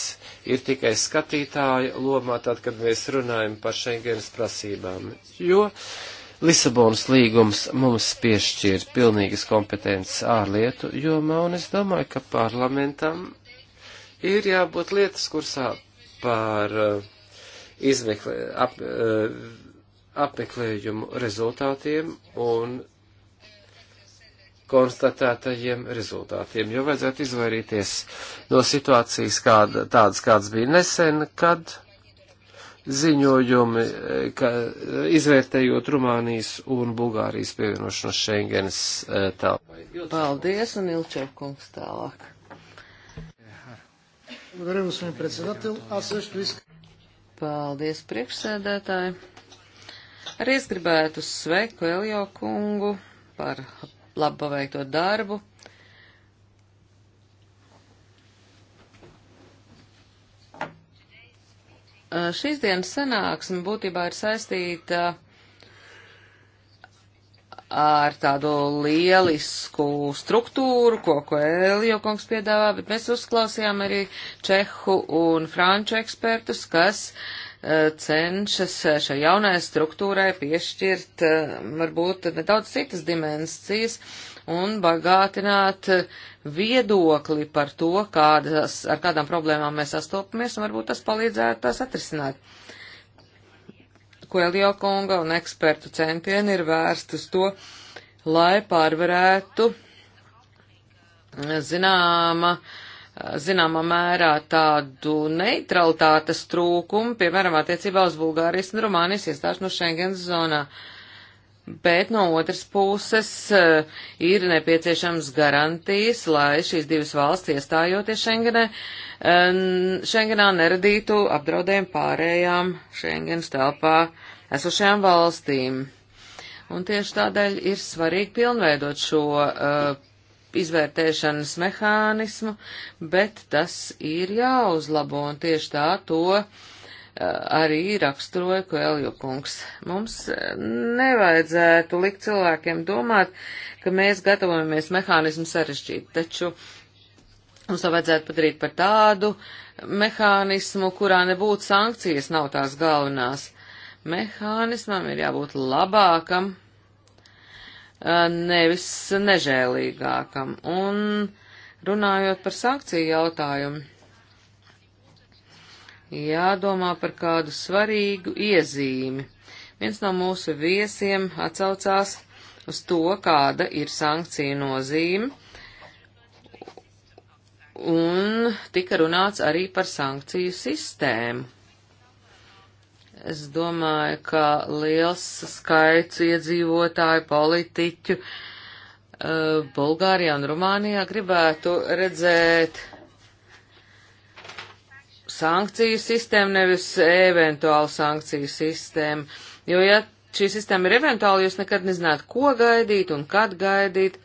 ir tikai skatītāja lomā, tad, kad mēs runājam par Schengenas prasībām. Jo Lisabonas līgums mums piešķir pilnīgas kompetences ārlietu jomā, un es domāju, ka parlamentam ir jābūt lietas kursā par uh, izmeklē, ap, uh, apmeklējumu rezultātiem un konstatētajiem rezultātiem, jo vajadzētu izvairīties no situācijas kāda, tādas, kādas bija nesen, kad ziņojumi, ka izvērtējot Rumānijas un Bulgārijas pievienošanos Schengenas eh, telpai. Paldies un Ilčevkungs tālāk. Благодаря, господин председател. Аз също искам. Paldies, priekšsēdētāji. Arī es gribētu sveikt Koeljo kungu par labpaveikto darbu. Šīs dienas sanāksme būtībā ir saistīta ar tādu lielisku struktūru, ko Koelio kungs piedāvā, bet mēs uzklausījām arī čehu un franču ekspertus, kas uh, E, cenšas šai jaunai struktūrai piešķirt e, varbūt nedaudz citas dimensijas un bagātināt viedokli par to, kādas, ar kādām problēmām mēs sastopamies, un varbūt tas palīdzētu tās atrisināt. Koelio kunga un ekspertu centieni ir vērsti uz to, lai pārvarētu e, zināma uh, zināmā mērā tādu neutralitātes trūkumu, piemēram, attiecībā uz Bulgārijas un Rumānijas iestāšanos no Schengens zonā. Bet no otras puses eh, ir nepieciešams garantijas, lai šīs divas valsts iestājoties Schengenē, eh, Schengenā neradītu apdraudējumu pārējām Schengens telpā esošajām valstīm. Un tieši tādēļ ir svarīgi pilnveidot šo uh, izvērtēšanas mehānismu, bet tas ir jāuzlabo, un tieši tā to uh, arī raksturoja Koelju kungs. Mums uh, nevajadzētu likt cilvēkiem domāt, ka mēs gatavojamies mehānismu sarežģīt, taču mums to vajadzētu padarīt par tādu mehānismu, kurā nebūtu sankcijas, nav tās galvenās. Mehānismam ir jābūt labākam nevis nežēlīgākam. Un runājot par sankciju jautājumu, jādomā par kādu svarīgu iezīmi. Viens no mūsu viesiem atsaucās uz to, kāda ir sankcija nozīme, un tika runāts arī par sankciju sistēmu. Es domāju, ka liels skaits iedzīvotāju, politiķu eh, Bulgārijā un Rumānijā gribētu redzēt sankciju sistēmu, nevis eventuālu sankciju sistēmu. Jo, ja šī sistēma ir eventuāla, jūs nekad nezināt, ko gaidīt un kad gaidīt.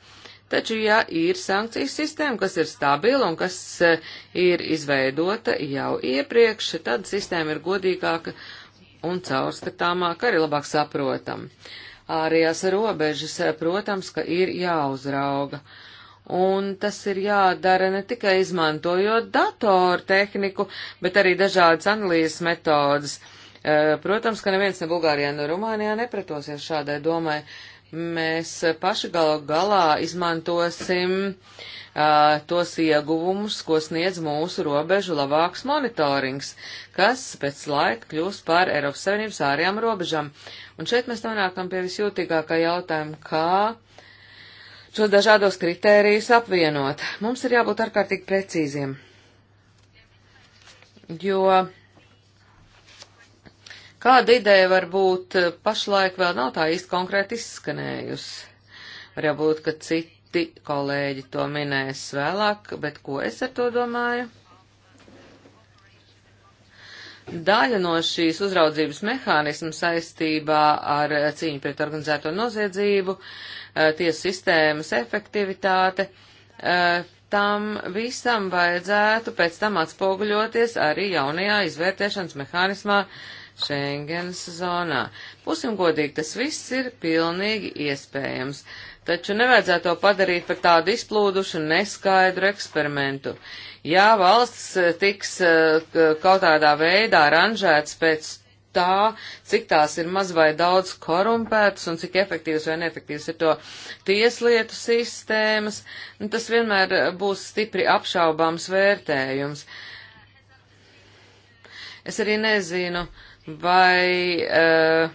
Taču, ja ir sankcijas sistēma, kas ir stabila un kas eh, ir izveidota jau iepriekš, tad sistēma ir godīgāka un caurskatāmāk, arī labāk saprotam. Ārējās robežas, eh, protams, ka ir jāuzrauga. Un tas ir jādara ne tikai izmantojot datoru tehniku, bet arī dažādas analīzes metodas. Eh, protams, ka neviens ne Bulgārijā, ne Rumānijā nepretosies šādai domai, mēs paši galu galā izmantosim uh, tos ieguvumus, ko sniedz mūsu robežu labāks monitorings, kas pēc laika kļūs par Eiropas Savienības ārējām robežām. Un šeit mēs nonākam pie visjūtīgākā jautājuma, kā šos dažādos kritērijus apvienot. Mums ir jābūt ārkārtīgi precīziem, jo Kāda ideja varbūt eh, pašlaik vēl nav tā īsti konkrēti izskanējusi? Varbūt, ka citi kolēģi to minēs vēlāk, bet ko es ar to domāju? Daļa no šīs uzraudzības mehānismu saistībā ar cīņu pret organizēto noziedzību, eh, tiesu sistēmas efektivitāte, eh, tam visam vajadzētu pēc tam atspoguļoties arī jaunajā izvērtēšanas mehānismā, Schengens zonā. Būsim godīgi, tas viss ir pilnīgi iespējams, taču nevajadzētu to padarīt par tādu izplūdušu neskaidru eksperimentu. Ja valsts eh, tiks eh, kaut kādā veidā ranžēts pēc tā, cik tās ir maz vai daudz korumpētas un cik efektīvas vai neefektīvas ir to tieslietu sistēmas, nu, tas vienmēr būs stipri apšaubāms vērtējums. Es arī nezinu, uh, Vai uh,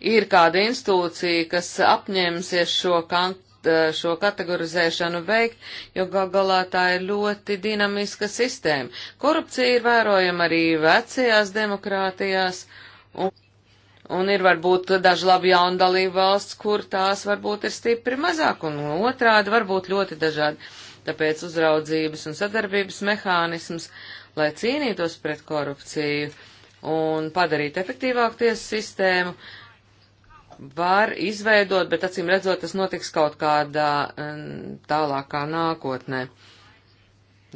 ir kāda institūcija, kas apņemsies šo, kant, eh, šo kategorizēšanu veikt, jo gal galā tā ir ļoti dinamiska sistēma. Korupcija ir vērojama arī vecajās demokrātijās. Un un ir varbūt daži labi jauni dalību valsts, kur tās varbūt ir stipri mazāk, un otrādi varbūt ļoti dažādi. Tāpēc uzraudzības un sadarbības mehānisms, lai cīnītos pret korupciju, un padarīt efektīvāku tiesu sistēmu, var izveidot, bet acīm redzot, tas notiks kaut kādā tālākā nākotnē.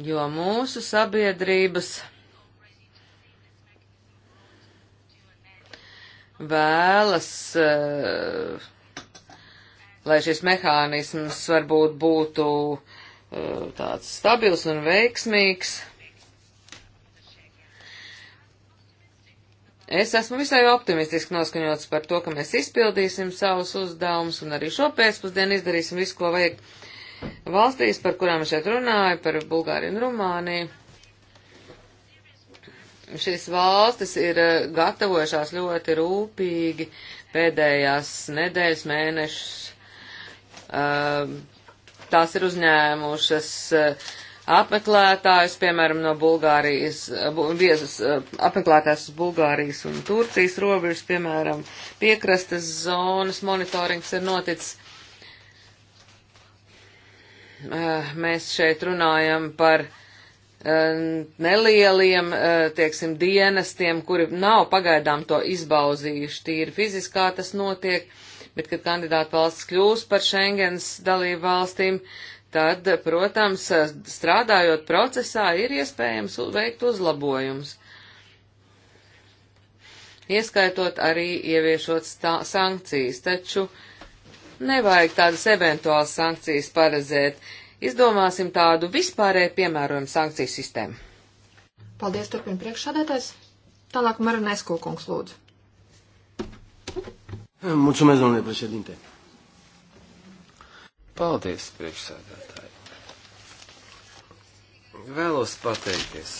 Jo mūsu sabiedrības vēlas, eh, lai šis mehānisms varbūt būtu eh, tāds stabils un veiksmīgs. Es esmu visai optimistiski noskaņots par to, ka mēs izpildīsim savus uzdevumus un arī šo pēcpusdienu izdarīsim visu, ko vajag. Valstīs, par kurām šeit runāju, par Bulgāriju un Rumāniju, šīs valstis ir eh, gatavojušās ļoti rūpīgi pēdējās nedēļas mēnešus. Ehm, tās ir uzņēmušas uh, apmeklētājus, piemēram, no Bulgārijas, viesas eh, apmeklētājs uz Bulgārijas un Turcijas robežas, piemēram, piekrastes zonas monitorings ir noticis. Eh, mēs šeit runājam par eh, nelieliem, tieksim, dienestiem, kuri nav pagaidām to izbauzījuši tīri fiziskā tas notiek, bet kad kandidāta valsts kļūs par Schengens dalību valstīm, uh, tad, protams, strādājot procesā, ir iespējams veikt uzlabojumus. Ieskaitot arī ieviešot sankcijas, taču nevajag tādas eventuālas sankcijas paredzēt. Izdomāsim tādu vispārēju piemērojumu sankciju sistēmu. Paldies, turpina priekšsādātājs. Tālāk Marinēs Kūkungs lūdzu. Mulțumesc, domnule președinte. Paldies, priekšsēdētāji. Vēlos pateikties.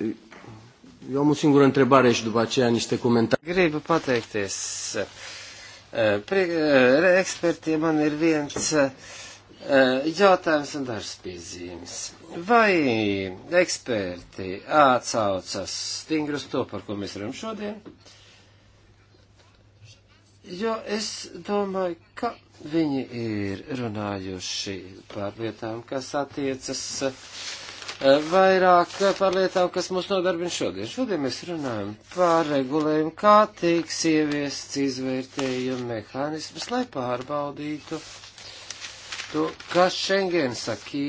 Eu am o singură întrebare și după aceea niște comentarii. Gribu pateikties. Eh, Pre, eh, ekspertiem man ir viens eh, jautājums un dažas piezīmes. Vai eksperti atsaucas stingri uz to, par ko mēs runājam šodien? Jo es domāju, ka Viņi ir runājuši par lietām, kas attiecas eh, vairāk par lietām, kas mūs nodarbina šodien. Šodien mēs runājam par regulējumu, kā tiks ieviests izvērtējumu mehānismus, lai pārbaudītu to, kas Schengen sakī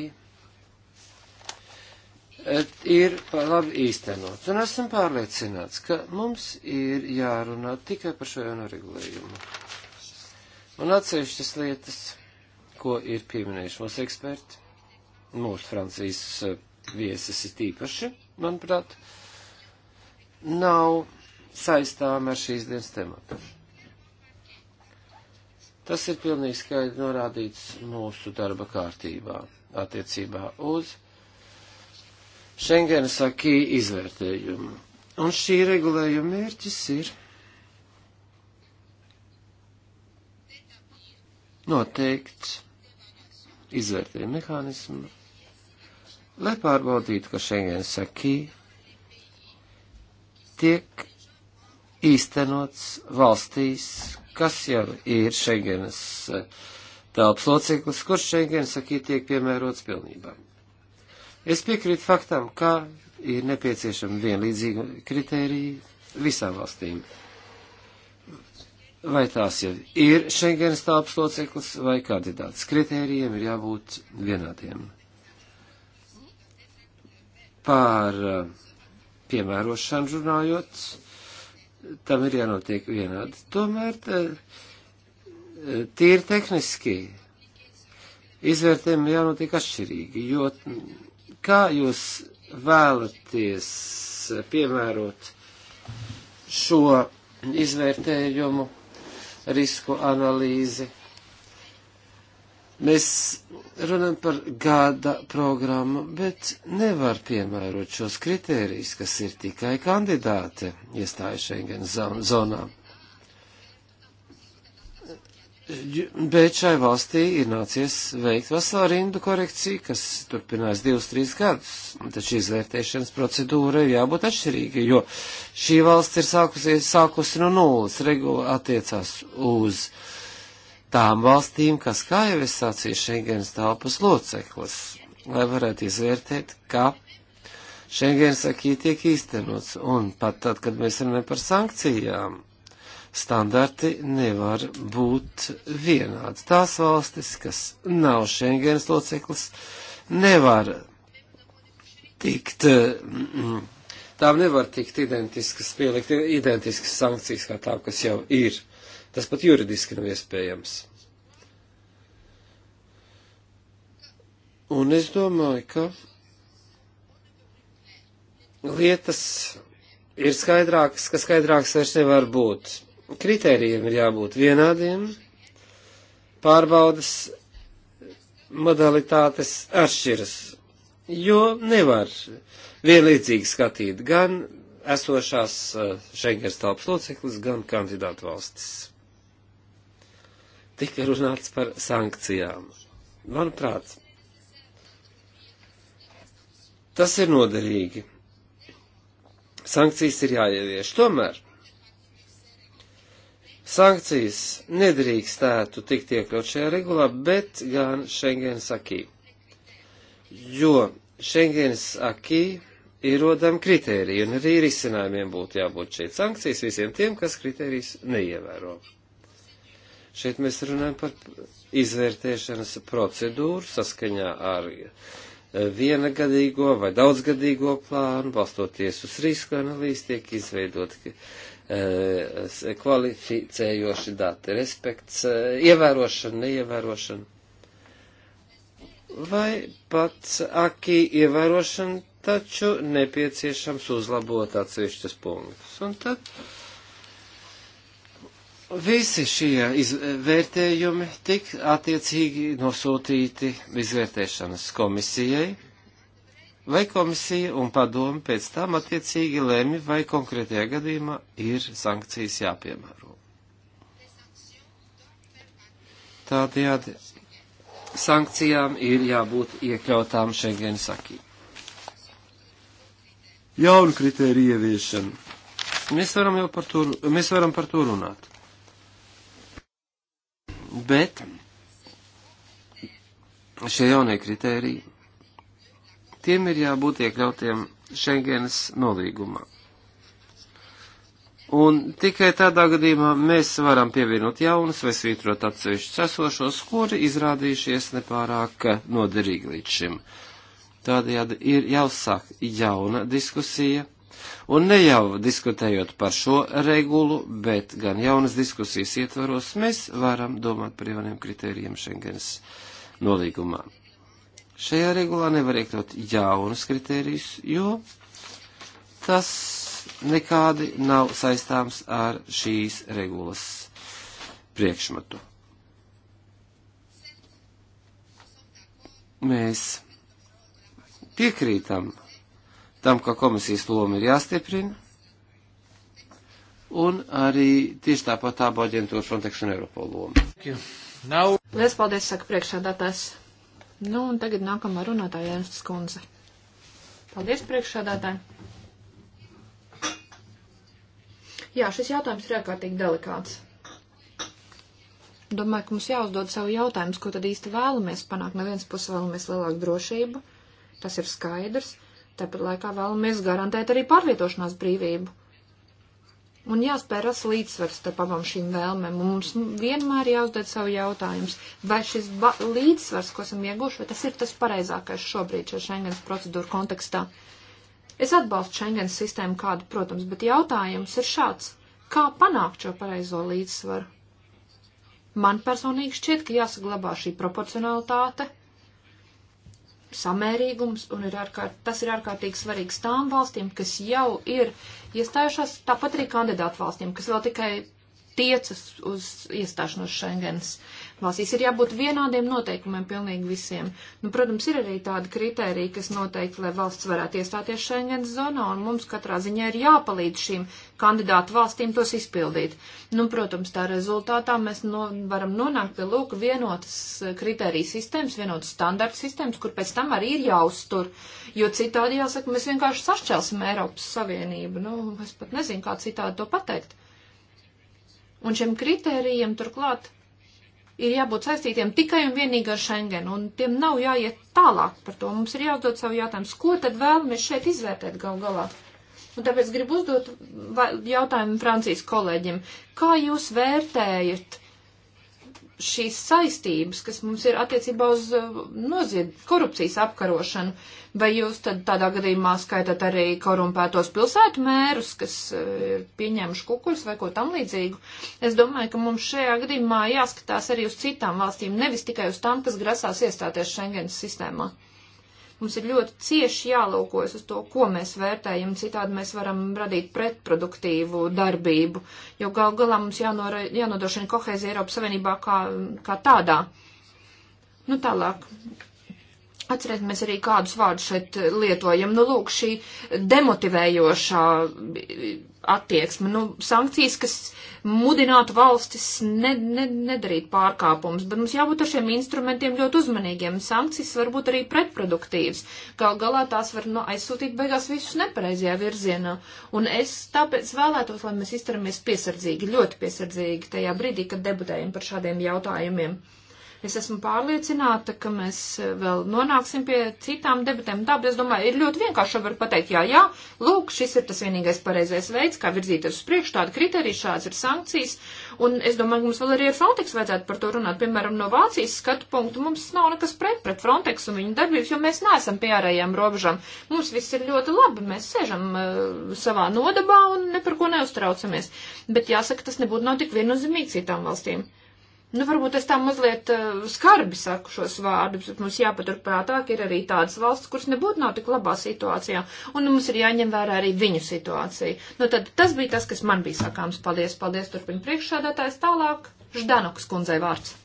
eh, ir labi īstenots. Un esam pārliecināts, ka mums ir jārunā tikai par šo jauno regulējumu. Un atsevišķas lietas, ko ir pieminējuši mūsu eksperti, mūsu Francijas eh, viesis ir tīpaši, manuprāt, nav saistām ar šīs dienas tematu. Tas ir pilnīgi skaidri norādīts mūsu darba kārtībā attiecībā uz Schengenas akī izvērtējumu. Un šī regulējuma mērķis ir noteikt izvērtējumu mehānismu, lai pārbaudītu, ka Schengens akī tiek īstenots valstīs, kas jau ir Schengenas eh, telpas loceklis, kurš Schengenas akī tiek piemērots pilnībā. Es piekrītu faktam, ka ir nepieciešama vienlīdzīga kritērija visām valstīm vai tās jau ir Schengens tāps loceklis vai kandidāts. Kritērijiem ir jābūt vienādiem. Pār eh, piemērošanu runājot, tam ir jānotiek vienādi. Tomēr eh, eh, tīri tehniski izvērtējumi jānotiek atšķirīgi, jo mm, kā jūs vēlaties piemērot šo izvērtējumu risku analīzi. Mēs runājam par gada programmu, bet nevar piemērot šos kritērijus, kas ir tikai kandidāte iestāju Schengen zonām bet šai valstī ir nācies veikt veselu rindu korekciju, kas turpinās divus, trīs gadus. Taču izvērtēšanas procedūra ir jābūt atšķirīga, jo šī valsts ir sākusies, sākusi no nulles, regula attiecās uz tām valstīm, kas, kā jau es sacīju, Schengens telpas loceklis, lai varētu izvērtēt, kā Schengens akī tiek īstenots. Un pat tad, kad mēs runājam par sankcijām, standarti nevar būt vienādi. Tās valstis, kas nav Schengens loceklis, nevar tikt, mm, tām nevar tikt identiskas, pielikt identiskas sankcijas kā tām, kas jau ir. Tas pat juridiski nav iespējams. Un es domāju, ka lietas ir skaidrākas, ka skaidrākas vairs nevar būt. Kritērijiem ir jābūt vienādiem, pārbaudas modalitātes atšķiras, jo nevar vienlīdzīgi skatīt gan esošās eh, Schengens telpas loceklis, gan kandidātu valstis. Tika runāts par sankcijām. Manuprāt, tas ir noderīgi. Sankcijas ir jāievieš. Tomēr Sankcijas nedrīkstētu tikt iekļaut šajā regulā, bet gan Schengens akī. Jo Schengens akī ierodam kritēriju, un arī risinājumiem būtu jābūt šeit sankcijas visiem tiem, kas kritērijas neievēro. Šeit mēs runājam par izvērtēšanas procedūru saskaņā ar eh, vienagadīgo vai daudzgadīgo plānu, balstoties uz risku analīzi, tiek izveidot Eh, kvalificējoši dati, respekts, eh, ievērošana, neievērošana. Vai pats akī ievērošana, taču nepieciešams uzlabot atsevišķus punktus. Un tad visi šie izvērtējumi tik attiecīgi nosūtīti izvērtēšanas komisijai lai komisija un padomi pēc tam attiecīgi lēmi, vai konkrētajā gadījumā ir sankcijas jāpiemēro. Tādējādi sankcijām ir jābūt iekļautām Schengen sakī. Jaunu kritēriju ieviešana. Mēs varam jau par to, mēs varam par to runāt. Bet šie jaunie kritēriji Tiem ir jābūt iekļautiem Schengenas nolīgumā. Un tikai tādā gadījumā mēs varam pievienot jaunus vai svītrot atsevišķus esošos, kuri izrādījušies nepārāk noderīgi līdz šim. Tādējādi ir jāuzsāk jauna diskusija, un ne jau diskutējot par šo regulu, bet gan jaunas diskusijas ietvaros mēs varam domāt par jauniem kritērijiem Schengens nolīgumā. Šajā regulā nevar iekļaut jaunus kritērijus, jo tas nekādi nav saistāms ar šīs regulas priekšmetu. Mēs piekrītam tam, ka komisijas loma ir jāstiprina, un arī tieši tāpat tā aģentūra Frontex un Eiropa loma. Liels paldies, saka priekšādātājs. Nu, un tagad nākamā runātāja Ernstas kundze. Paldies priekšsādātāji. Jā, šis jautājums ir ārkārtīgi delikāts. Domāju, ka mums jāuzdod sev jautājums, ko tad īsti vēlamies panākt. No vienas puses vēlamies lielāku drošību, tas ir skaidrs. Tāpat laikā vēlamies garantēt arī pārvietošanās brīvību. Un jāspēj rast līdzsvars starp abām šīm vēlmēm. Un mums vienmēr jāuzdod savu jautājumus, vai šis līdzsvars, ko esam ieguvuši, vai tas ir tas pareizākais šobrīd šo Schengens procedūru kontekstā. Es atbalstu Schengens sistēmu kādu, protams, bet jautājums ir šāds. Kā panākt šo pareizo līdzsvaru? Man personīgi šķiet, ka jāsaglabā šī proporcionalitāte samērīgums, un ir ārkārt, tas ir ārkārtīgi svarīgs tām valstīm, kas jau ir iestājušās, tāpat arī kandidātu valstīm, kas vēl tikai tiecas uz iestāšanos Schengens uh, Valstīs ir jābūt vienādiem noteikumiem pilnīgi visiem. Nu, protams, ir arī tādi kriteriji, kas noteikti, lai valsts varētu iestāties Schengens zonā, un mums katrā ziņā ir jāpalīdz šīm kandidātu valstīm tos izpildīt. Nu, protams, tā rezultātā mēs no, varam nonākt pie lūk vienotas eh, kriteriju sistēmas, vienotas standarta sistēmas, kur pēc tam arī ir jāuztur, jo citādi jāsaka, mēs vienkārši sašķelsim Eiropas Savienību. Nu, es pat nezinu, kā citādi to pateikt. Un šiem kritērijiem turklāt ir jābūt saistītiem tikai un vienīgi ar Schengen, un tiem nav jāiet tālāk par to. Mums ir jāuzdod savu jautājumu, ko tad vēlamies šeit izvērtēt gal galā. Un tāpēc gribu uzdot jautājumu Francijas kolēģim. Kā jūs vērtējat šīs saistības, kas mums ir attiecībā uz uh, nozied, korupcijas apkarošanu, vai jūs tad tādā gadījumā skaitāt arī korumpētos pilsētu mērus, kas uh, ir pieņēmuši kukuļus vai ko tam līdzīgu? Es domāju, ka mums šajā gadījumā jāskatās arī uz citām valstīm, nevis tikai uz tām, kas grasās iestāties Schengens sistēmā. Mums ir ļoti cieši jālūkojas uz to, ko mēs vērtējam, citādi mēs varam radīt pretproduktīvu darbību, jo gal galā mums jānora, jānodrošina kohēzija Eiropas Savienībā kā, kā tādā. Nu tālāk. Atcerēsimies arī, kādus vārdus šeit lietojam. Nu, lūk, šī demotivējošā attieksme, nu, sankcijas, kas mudinātu valstis ne, ne, nedarīt pārkāpumus, bet mums jābūt ar šiem instrumentiem ļoti uzmanīgiem. Sankcijas var būt arī pretproduktīvas. Gal galā tās var nu, aizsūtīt beigās visus nepareizajā virzienā. Un es tāpēc vēlētos, lai mēs izturamies piesardzīgi, ļoti piesardzīgi tajā brīdī, kad debatējam par šādiem jautājumiem. Es esmu pārliecināta, ka mēs e, vēl nonāksim pie citām debatēm. Tāpēc, es domāju, ir ļoti vienkārši var pateikt, jā, jā, lūk, šis ir tas vienīgais pareizais veids, kā virzīties uz priekšu, tāda kriterija, šāds ir sankcijas. Un es domāju, ka mums vēl arī ar Frontex vajadzētu par to runāt. Piemēram, no Vācijas skatu punktu mums nav nekas pret, pret Frontex un viņu darbības, jo mēs neesam pie ārējām robežām. Mums viss ir ļoti labi, mēs sēžam uh, savā nodabā un ne par ko neuztraucamies. Bet jāsaka, tas nebūtu nav tik viennozīmīgi citām valstīm. Nu, varbūt es tā mazliet uh, skarbi saku šos vārdus, bet mums jāpaturprātā, ka ir arī tādas valsts, kuras nebūtu nav tik labā situācijā, un nu, mums ir jāņem vērā arī viņu situācija. Nu, tad tas bija tas, kas man bija sakāms. Paldies, paldies, turpin priekšsādātājs tālāk. Ždanukas kundzei vārds.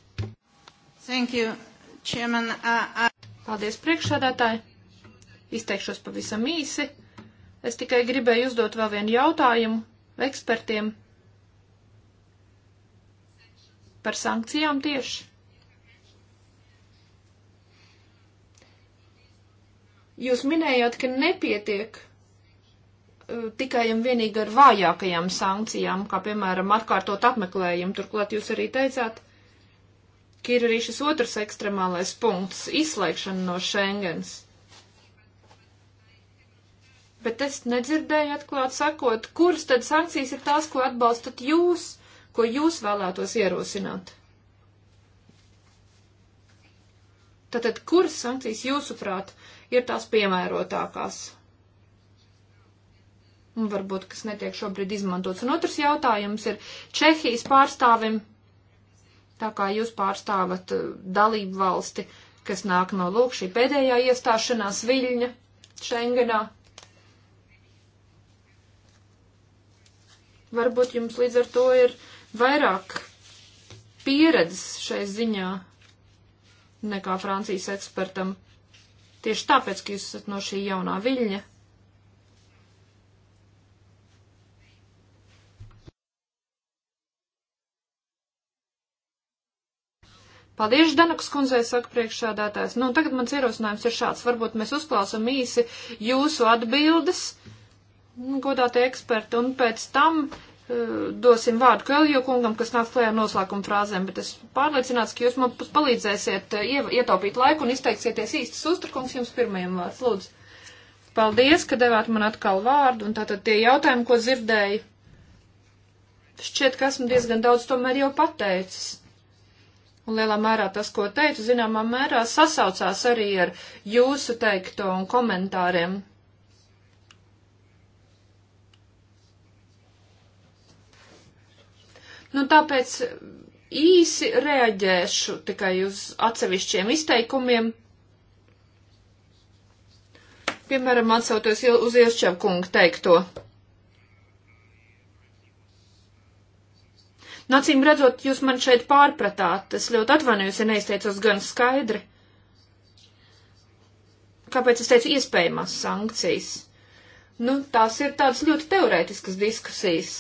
Thank you, Chairman. Uh, uh... Paldies, priekšsādātāji. Izteikšos pavisam īsi. Es tikai gribēju uzdot vēl vienu jautājumu ekspertiem Par sankcijām tieši. Jūs minējāt, ka nepietiek uh, tikai un vienīgi ar vājākajām sankcijām, kā piemēram atkārtot apmeklējumu. Turklāt jūs arī teicāt, ka ir arī šis otrs ekstremālais punkts - izslēgšana no Schengens. Bet es nedzirdēju atklāt sakot, kuras tad sankcijas ir tās, ko atbalstat jūs? ko jūs vēlētos ierosināt? Tātad, kuras sankcijas jūsuprāt ir tās piemērotākās? Un varbūt, kas netiek šobrīd izmantots. Un otrs jautājums ir Čehijas pārstāvim, tā kā jūs pārstāvat eh, dalību valsti, kas nāk no lūk šī pēdējā iestāšanās viļņa Šengenā. Varbūt jums līdz ar to ir vairāk pieredzes šai ziņā nekā Francijas ekspertam. Tieši tāpēc, ka jūs esat no šī jaunā viļņa. Paldies, Danakas kundzei, saka priekšsādātājs. Nu, tagad mans ierosinājums ir šāds. Varbūt mēs uzklausam īsi jūsu atbildes, godātie eksperti, un pēc tam dosim vārdu Kvēlju kungam, kas nāk klējā noslēguma frāzēm, bet es pārliecināts, ka jūs man palīdzēsiet uh, ietaupīt laiku un izteiksieties īstas uztrakums jums pirmajam vārds. Lūdzu, paldies, ka devāt man atkal vārdu, un tātad tie jautājumi, ko dzirdēju, šķiet, ka esmu diezgan daudz tomēr jau pateicis. Un lielā mērā tas, ko teicu, zināmā mērā sasaucās arī ar jūsu teikto un komentāriem Nu, tāpēc īsi reaģēšu tikai uz atsevišķiem izteikumiem. Piemēram, atsauties uz Iešķevu kungu teikto. Nacīm nu, redzot, jūs man šeit pārpratāt. Es ļoti atvainojos, ja neizteicos gan skaidri. Kāpēc es teicu iespējamās sankcijas? Nu, tās ir tādas ļoti teorētiskas diskusijas.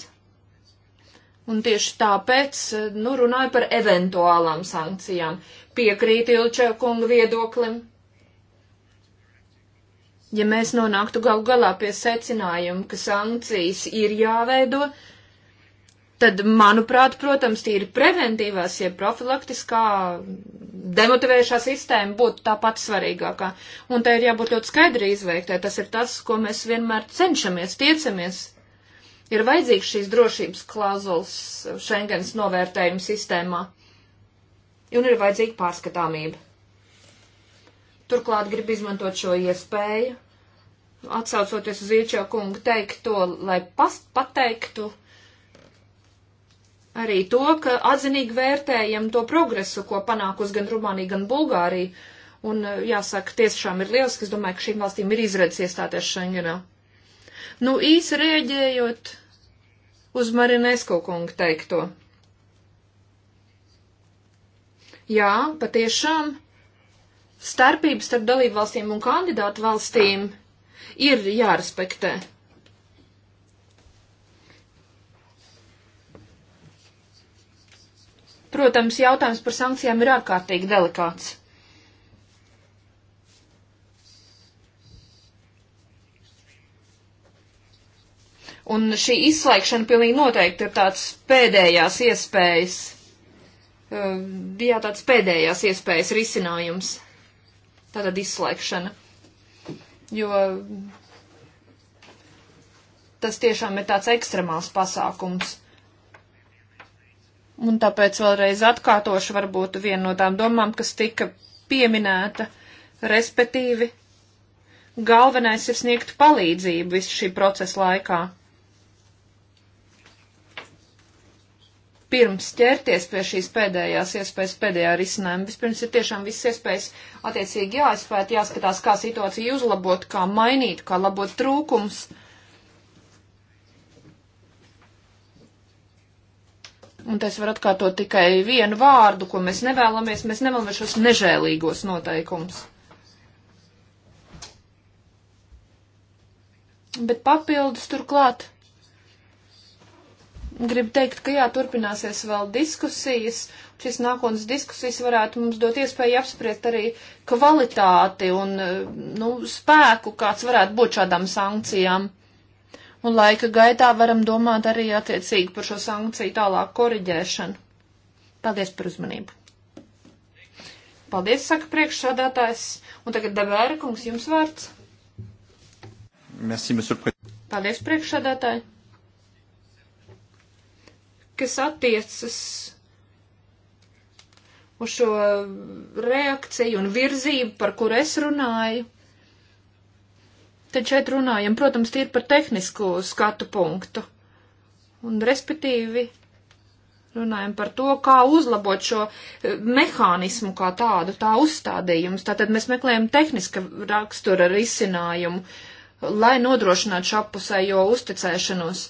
Un tieši tāpēc, eh, nu, runāju par eventuālām sankcijām. Piekrīt Ilčev kunga viedoklim. Ja mēs nonāktu gal galā pie secinājuma, ka sankcijas ir jāveido, tad, manuprāt, protams, tīri preventīvās, ja profilaktiskā demotivējušā sistēma būtu tā pati svarīgākā. Un tai ir jābūt ļoti skaidri izveiktai. Tas ir tas, ko mēs vienmēr cenšamies, tiecamies ir vajadzīgs šīs drošības klauzulas Schengens novērtējuma sistēmā, un ir vajadzīga pārskatāmība. Turklāt grib izmantot šo iespēju, atsaucoties uz Ilčo kungu teikto, lai past, pateiktu arī to, ka atzinīgi vērtējam to progresu, ko panākus gan Rumānija, gan Bulgārija, un jāsaka, tiešām ir liels, ka es domāju, ka šīm valstīm ir izredzes iestāties Schengenā. No. Nu, īsi rēģējot uz Marinesko kungu teikto. Jā, patiešām starpības starp dalību valstīm un kandidātu valstīm ir jārespektē. Protams, jautājums par sankcijām ir ārkārtīgi delikāts. Un šī izslēgšana pilnīgi noteikti ir tāds pēdējās iespējas, um, jā, tāds pēdējās iespējas risinājums. Tātad izslēgšana. Jo tas tiešām ir tāds ekstremāls pasākums. Un tāpēc vēlreiz atkārtošu varbūt vienu no tām domām, kas tika pieminēta, respektīvi, galvenais ir sniegt palīdzību visu šī procesa laikā. pirms ķerties pie šīs pēdējās iespējas, pēdējā risinājuma. Vispirms ir tiešām viss iespējas attiecīgi jāizpēta, jāskatās, kā situācija uzlabot, kā mainīt, kā labot trūkums. Un es varu atkārtot tikai vienu vārdu, ko mēs nevēlamies. Mēs nevēlamies šos nežēlīgos noteikumus. Bet papildus turklāt Gribu teikt, ka jā, turpināsies vēl diskusijas. Šis nākotnes diskusijas varētu mums dot iespēju apspriest arī kvalitāti un nu, spēku, kāds varētu būt šādām sankcijām. Un laika gaitā varam domāt arī attiecīgi par šo sankciju tālāk koriģēšanu. Paldies par uzmanību. Paldies, saka priekšsādātājs. Un tagad Devēra kungs, jums vārds. Merci, Paldies, priekšsādātāji kas attiecas uz šo reakciju un virzību, par kur es runāju. Tad šeit runājam, protams, tīri par tehnisko skatu punktu. Un, respektīvi, runājam par to, kā uzlabot šo eh, mehānismu kā tādu, tā uzstādījumus. Tātad mēs meklējam tehniska rakstura risinājumu, lai nodrošinātu šapusējo uzticēšanos.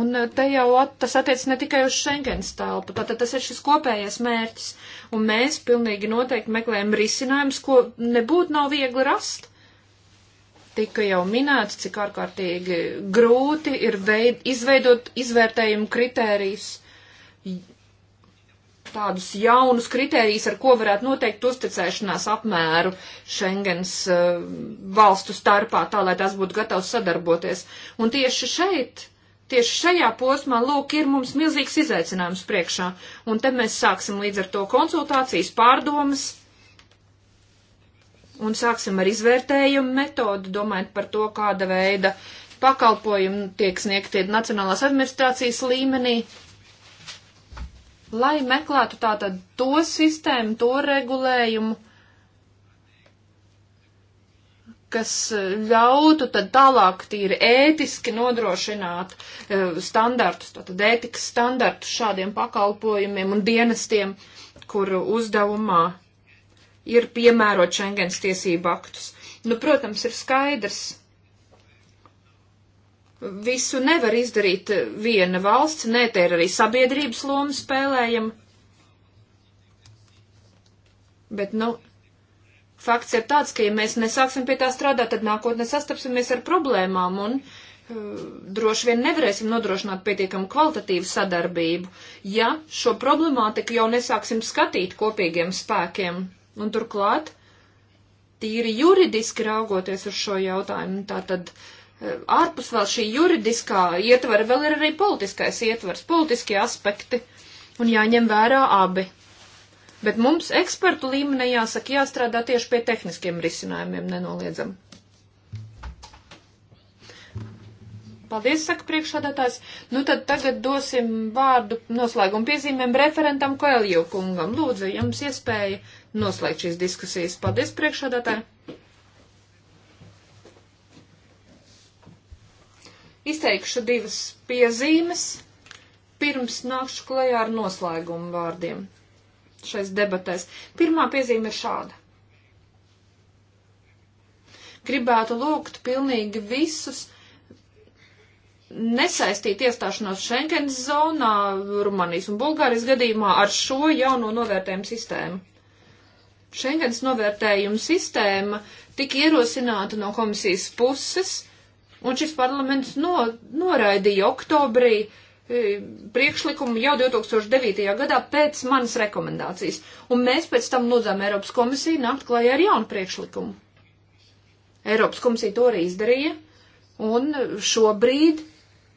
Un eh, te jau at, tas attiec ne tikai uz Schengens telpu, tātad tas ir šis kopējais mērķis, un mēs pilnīgi noteikti meklējam risinājumus, ko nebūtu nav viegli rast. Tika jau minēts, cik ārkārtīgi grūti ir veid, izveidot izvērtējumu kritērijus, tādus jaunus kritērijus, ar ko varētu noteikt uzticēšanās apmēru Schengens uh, valstu starpā, tā lai tās būtu gatavs sadarboties. Un tieši šeit tieši šajā posmā, lūk, ir mums milzīgs izaicinājums priekšā. Un tad mēs sāksim līdz ar to konsultācijas, pārdomas un sāksim ar izvērtējumu metodu, domājot par to, kāda veida pakalpojumi tiek sniegti Nacionālās administrācijas līmenī, lai meklētu tātad to sistēmu, to regulējumu, kas eh, ļautu tad tālāk tīri ētiski nodrošināt eh, standartus, tātad ētikas standartus šādiem pakalpojumiem un dienestiem, kuru uzdevumā ir piemērot Schengens tiesību aktus. Nu, protams, ir skaidrs. Visu nevar izdarīt eh, viena valsts, nē, te ir arī sabiedrības loma spēlējama. Bet, nu, fakts ir tāds, ka ja mēs nesāksim pie tā strādāt, tad nākotnē sastapsimies ar problēmām un uh, droši vien nevarēsim nodrošināt pietiekamu kvalitatīvu sadarbību, ja šo problemātiku jau nesāksim skatīt kopīgiem spēkiem. Un turklāt, tīri juridiski raugoties uz šo jautājumu, tā tad uh, ārpus vēl šī juridiskā ietvara vēl ir arī politiskais ietvars, politiskie aspekti, un jāņem vērā abi bet mums ekspertu līmenī jāsaka jāstrādā tieši pie tehniskiem risinājumiem nenoliedzam. Paldies, saka priekšādātājs. Nu tad tagad dosim vārdu noslēguma piezīmēm referentam Koelju kungam. Lūdzu, jums iespēja noslēgt šīs diskusijas. Paldies, priekšādātāji. izteikšu divas piezīmes, pirms nākšu klajā ar noslēgumu vārdiem šais debatēs. Pirmā piezīme ir šāda. Gribētu lūgt pilnīgi visus nesaistīt iestāšanos Schengens zonā, Rumānijas un Bulgārijas gadījumā ar šo jauno novērtējumu sistēmu. Schengens novērtējuma sistēma tika ierosināta no komisijas puses, un šis parlaments no, noraidīja oktobrī uh, E, priekšlikumu jau 2009. gadā pēc manas rekomendācijas, un mēs pēc tam lūdzām Eiropas komisiju nākt klajā ar jaunu priekšlikumu. Eiropas komisija to arī izdarīja, un šobrīd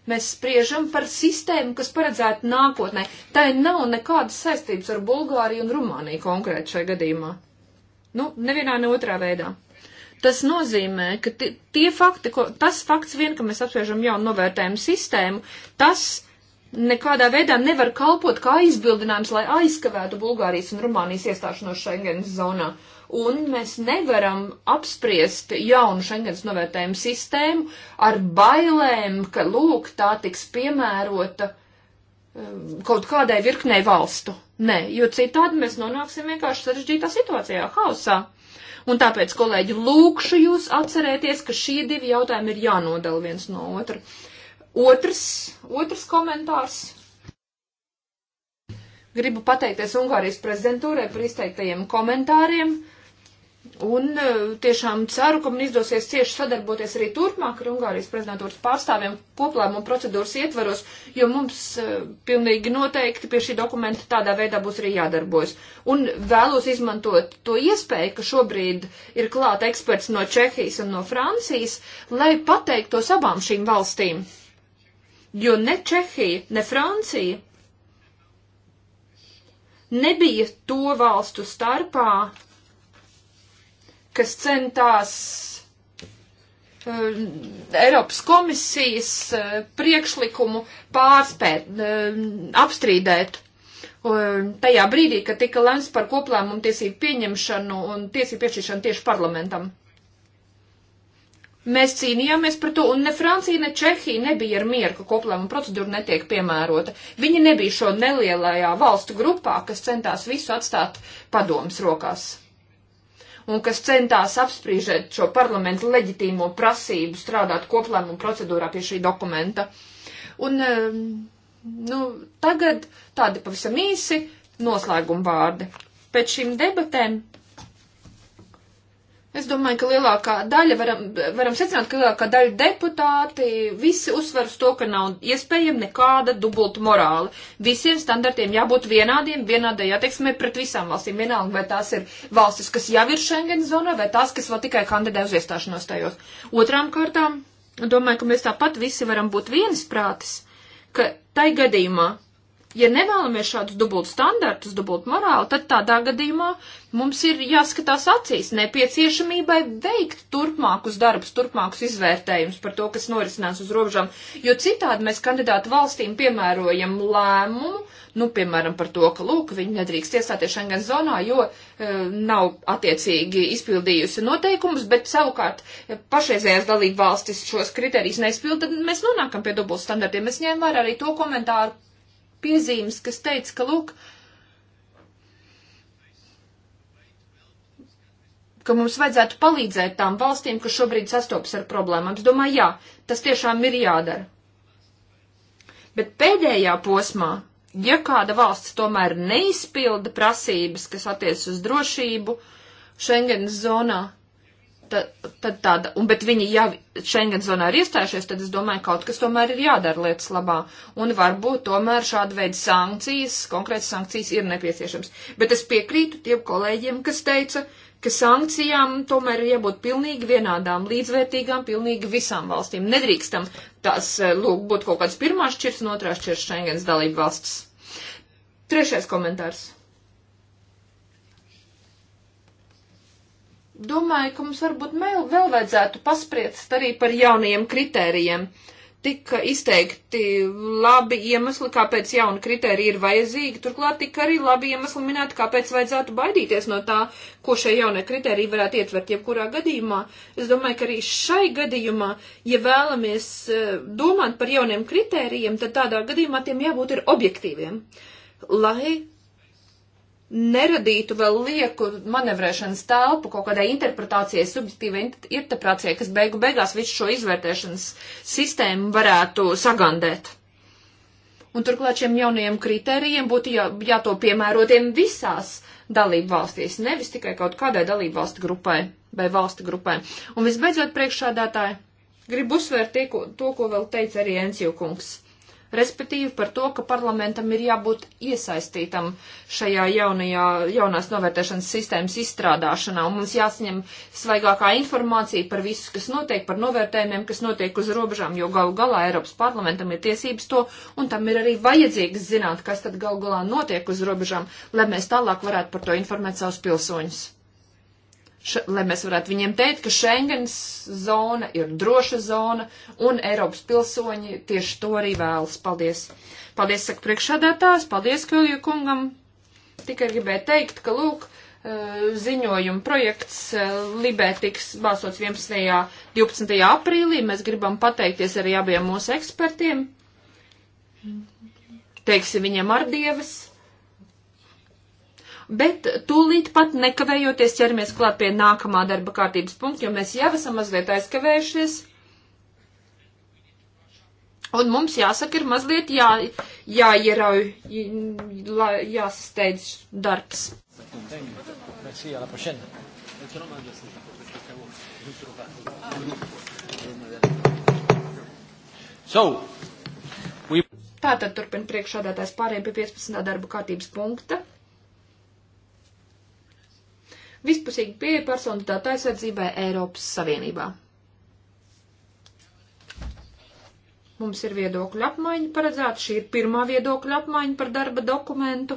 mēs spriežam par sistēmu, kas paredzēta nākotnē. Tā nav nekādas saistības ar Bulgāriju un Rumāniju konkrēti šajā gadījumā. Nu, nevienā ne otrā veidā. Tas nozīmē, ka tie fakti, ko, tas fakts vien, ka mēs apspriežam jaunu novērtējumu sistēmu, tas nekādā veidā nevar kalpot kā aizbildinājums, lai aizkavētu Bulgārijas un Rumānijas iestāšanos Schengens zonā. Un mēs nevaram apspriest jaunu Schengens novērtējumu sistēmu ar bailēm, ka lūk, tā tiks piemērota um, kaut kādai virknei valstu. Nē, jo citādi mēs nonāksim vienkārši sarežģītā situācijā, hausā. Un tāpēc, kolēģi, lūkšu jūs atcerēties, ka šie divi jautājumi ir jānodala viens no otra. Otrs Otrs komentārs. Gribu pateikties Ungārijas prezidentūrai par izteiktajiem komentāriem. Un e, tiešām ceru, ka man izdosies cieši sadarboties arī turpmāk ar Ungārijas prezidentūras pārstāvjiem koplēmumu procedūras ietvaros, jo mums e, pilnīgi noteikti pie šī dokumenta tādā veidā būs arī jādarbojas. Un vēlos izmantot to iespēju, ka šobrīd ir klāt eksperts no Čehijas un no Francijas, lai pateiktos abām šīm valstīm jo ne Čehija, ne Francija nebija to valstu starpā, kas centās uh, Eiropas komisijas uh, priekšlikumu pārspēt, uh, apstrīdēt. Tajā brīdī, kad tika lemts par koplēmumu tiesību pieņemšanu un tiesību piešķiršanu tieši parlamentam. Mēs cīnījāmies par to, un ne Francija, ne Čehija nebija ar mieru, ka koplēmuma procedūra netiek piemērota. Viņi nebija šo nelielajā valstu grupā, kas centās visu atstāt padomas rokās un kas centās apspriežēt šo parlamentu leģitīmo prasību strādāt koplēmuma procedūrā pie šī dokumenta. Un, ehm, nu, tagad tādi pavisam īsi noslēguma vārdi. Pēc šīm debatēm Es domāju, ka lielākā daļa, varam, varam secināt, ka lielākā daļa deputāti visi uzsver uz to, ka nav iespējama nekāda dubulta morāla. Visiem standartiem jābūt vienādiem, vienādai attieksmei pret visām valstīm. Vienalga, vai tās ir valstis, kas jau ir Schengen zonā, vai tās, kas vēl tikai kandidē uz iestāšanos tajos. Otrām kārtām, domāju, ka mēs tāpat visi varam būt viensprātis, ka tai gadījumā, ja nevēlamies šādus dubult standartus, dubult morāli, tad tādā gadījumā mums ir jāskatās acīs nepieciešamībai veikt turpmākus darbus, turpmākus izvērtējumus par to, kas norisinās uz robežām, jo citādi mēs kandidātu valstīm piemērojam lēmumu, nu, piemēram, par to, ka, lūk, viņi nedrīkst iestāties Schengen zonā, jo e, nav attiecīgi izpildījusi noteikumus, bet savukārt e, pašreizējās dalība valstis šos kriterijus neizpilda, tad mēs nonākam pie dubult standartiem. Es ņēmu vērā arī to komentāru, piezīmes, kas teica, ka, lūk, ka mums vajadzētu palīdzēt tām valstīm, kas šobrīd sastopas ar problēmām. Es domāju, jā, tas tiešām ir jādara. Bet pēdējā posmā, ja kāda valsts tomēr neizpilda prasības, kas attiec uz drošību Schengenas zonā, tad, tad tāda, un bet viņi jau Schengen zonā ir iestājušies, tad es domāju, kaut kas tomēr ir jādara lietas labā. Un varbūt tomēr šāda veida sankcijas, konkrētas sankcijas ir nepieciešams. Bet es piekrītu tiem kolēģiem, kas teica, ka sankcijām tomēr ir jābūt pilnīgi vienādām, līdzvērtīgām pilnīgi visām valstīm. Nedrīkstam tās, eh, lūk, būt kaut kāds pirmās šķirs un otrās šķirs Schengens dalību valsts. Trešais komentārs. Domāju, ka mums varbūt vēl vajadzētu paspriest arī par jaunajiem kritērijiem. Tika izteikti labi iemesli, kāpēc jauna kritērija ir vajadzīga, turklāt tika arī labi iemesli minēt, kāpēc vajadzētu baidīties no tā, ko šie jaunie kritēriji varētu ietvert jebkurā gadījumā. Es domāju, ka arī šai gadījumā, ja vēlamies eh, domāt par jauniem kritērijiem, tad tādā gadījumā tiem jābūt ir objektīviem, lai neradītu vēl lieku manevrēšanas telpu kaut kādai interpretācijai, subjektīvai interpretācijai, kas beigu beigās visu šo izvērtēšanas sistēmu varētu sagandēt. Un turklāt šiem jaunajiem kritērijiem būtu jā, jāto piemērotiem visās dalību valstīs, nevis tikai kaut kādai dalību valstu grupai vai valstu grupai. Un visbeidzot, priekšādātāji, gribu uzsvērt tie, ko, to, ko vēl teica arī Enciju kungs respektīvi par to, ka parlamentam ir jābūt iesaistītam šajā jaunajā, jaunās novērtēšanas sistēmas izstrādāšanā, un mums jāsaņem svaigākā informācija par visu, kas notiek, par novērtējumiem, kas notiek uz robežām, jo galu galā Eiropas parlamentam ir tiesības to, un tam ir arī vajadzīgs zināt, kas tad galu galā notiek uz robežām, lai mēs tālāk varētu par to informēt savus pilsoņus ša, lai mēs varētu viņiem teikt, ka Schengens zona ir droša zona un Eiropas pilsoņi tieši to arī vēlas. Paldies! Paldies, saka priekšādātājs, paldies Kalju kungam! Tikai gribēju teikt, ka lūk, eh, ziņojuma projekts eh, Libē tiks balsots 11. 12. aprīlī. Mēs gribam pateikties arī abiem mūsu ekspertiem. Teiksim viņiem ar dievas bet tūlīt pat nekavējoties ķeramies klāt pie nākamā darba kārtības punkta, jo mēs jau esam mazliet aizkavējušies. Un mums jāsaka, ir mazliet jā, jāierauj, jā, jāsasteidz darbs. Merci, à la prochaine. So, we... Tātad turpin priekšādātājs pārējiem pie 15. darba kārtības punkta vispusīgi pieeja personu datu aizsardzībai Eiropas Savienībā. Mums ir viedokļu apmaiņa paredzēta, šī ir pirmā viedokļu apmaiņa par darba dokumentu.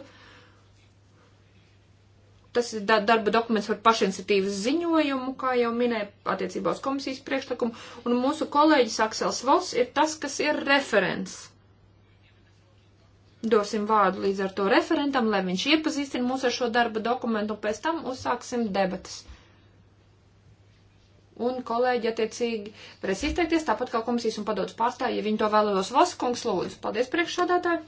Tas ir darba dokuments par pašiniciatīvas ziņojumu, kā jau minēja attiecībā uz komisijas priekšlikumu, un mūsu kolēģis Aksels Voss ir tas, kas ir referents Dosim vārdu līdz ar to referentam, lai viņš iepazīstina mūs ar šo darba dokumentu, un pēc tam uzsāksim debatas. Un kolēģi attiecīgi varēs izteikties tāpat kā komisijas un padodas pārstāvji, ja viņi to vēlējos. Vaskungs, lūdzu, paldies priekšsādātāji!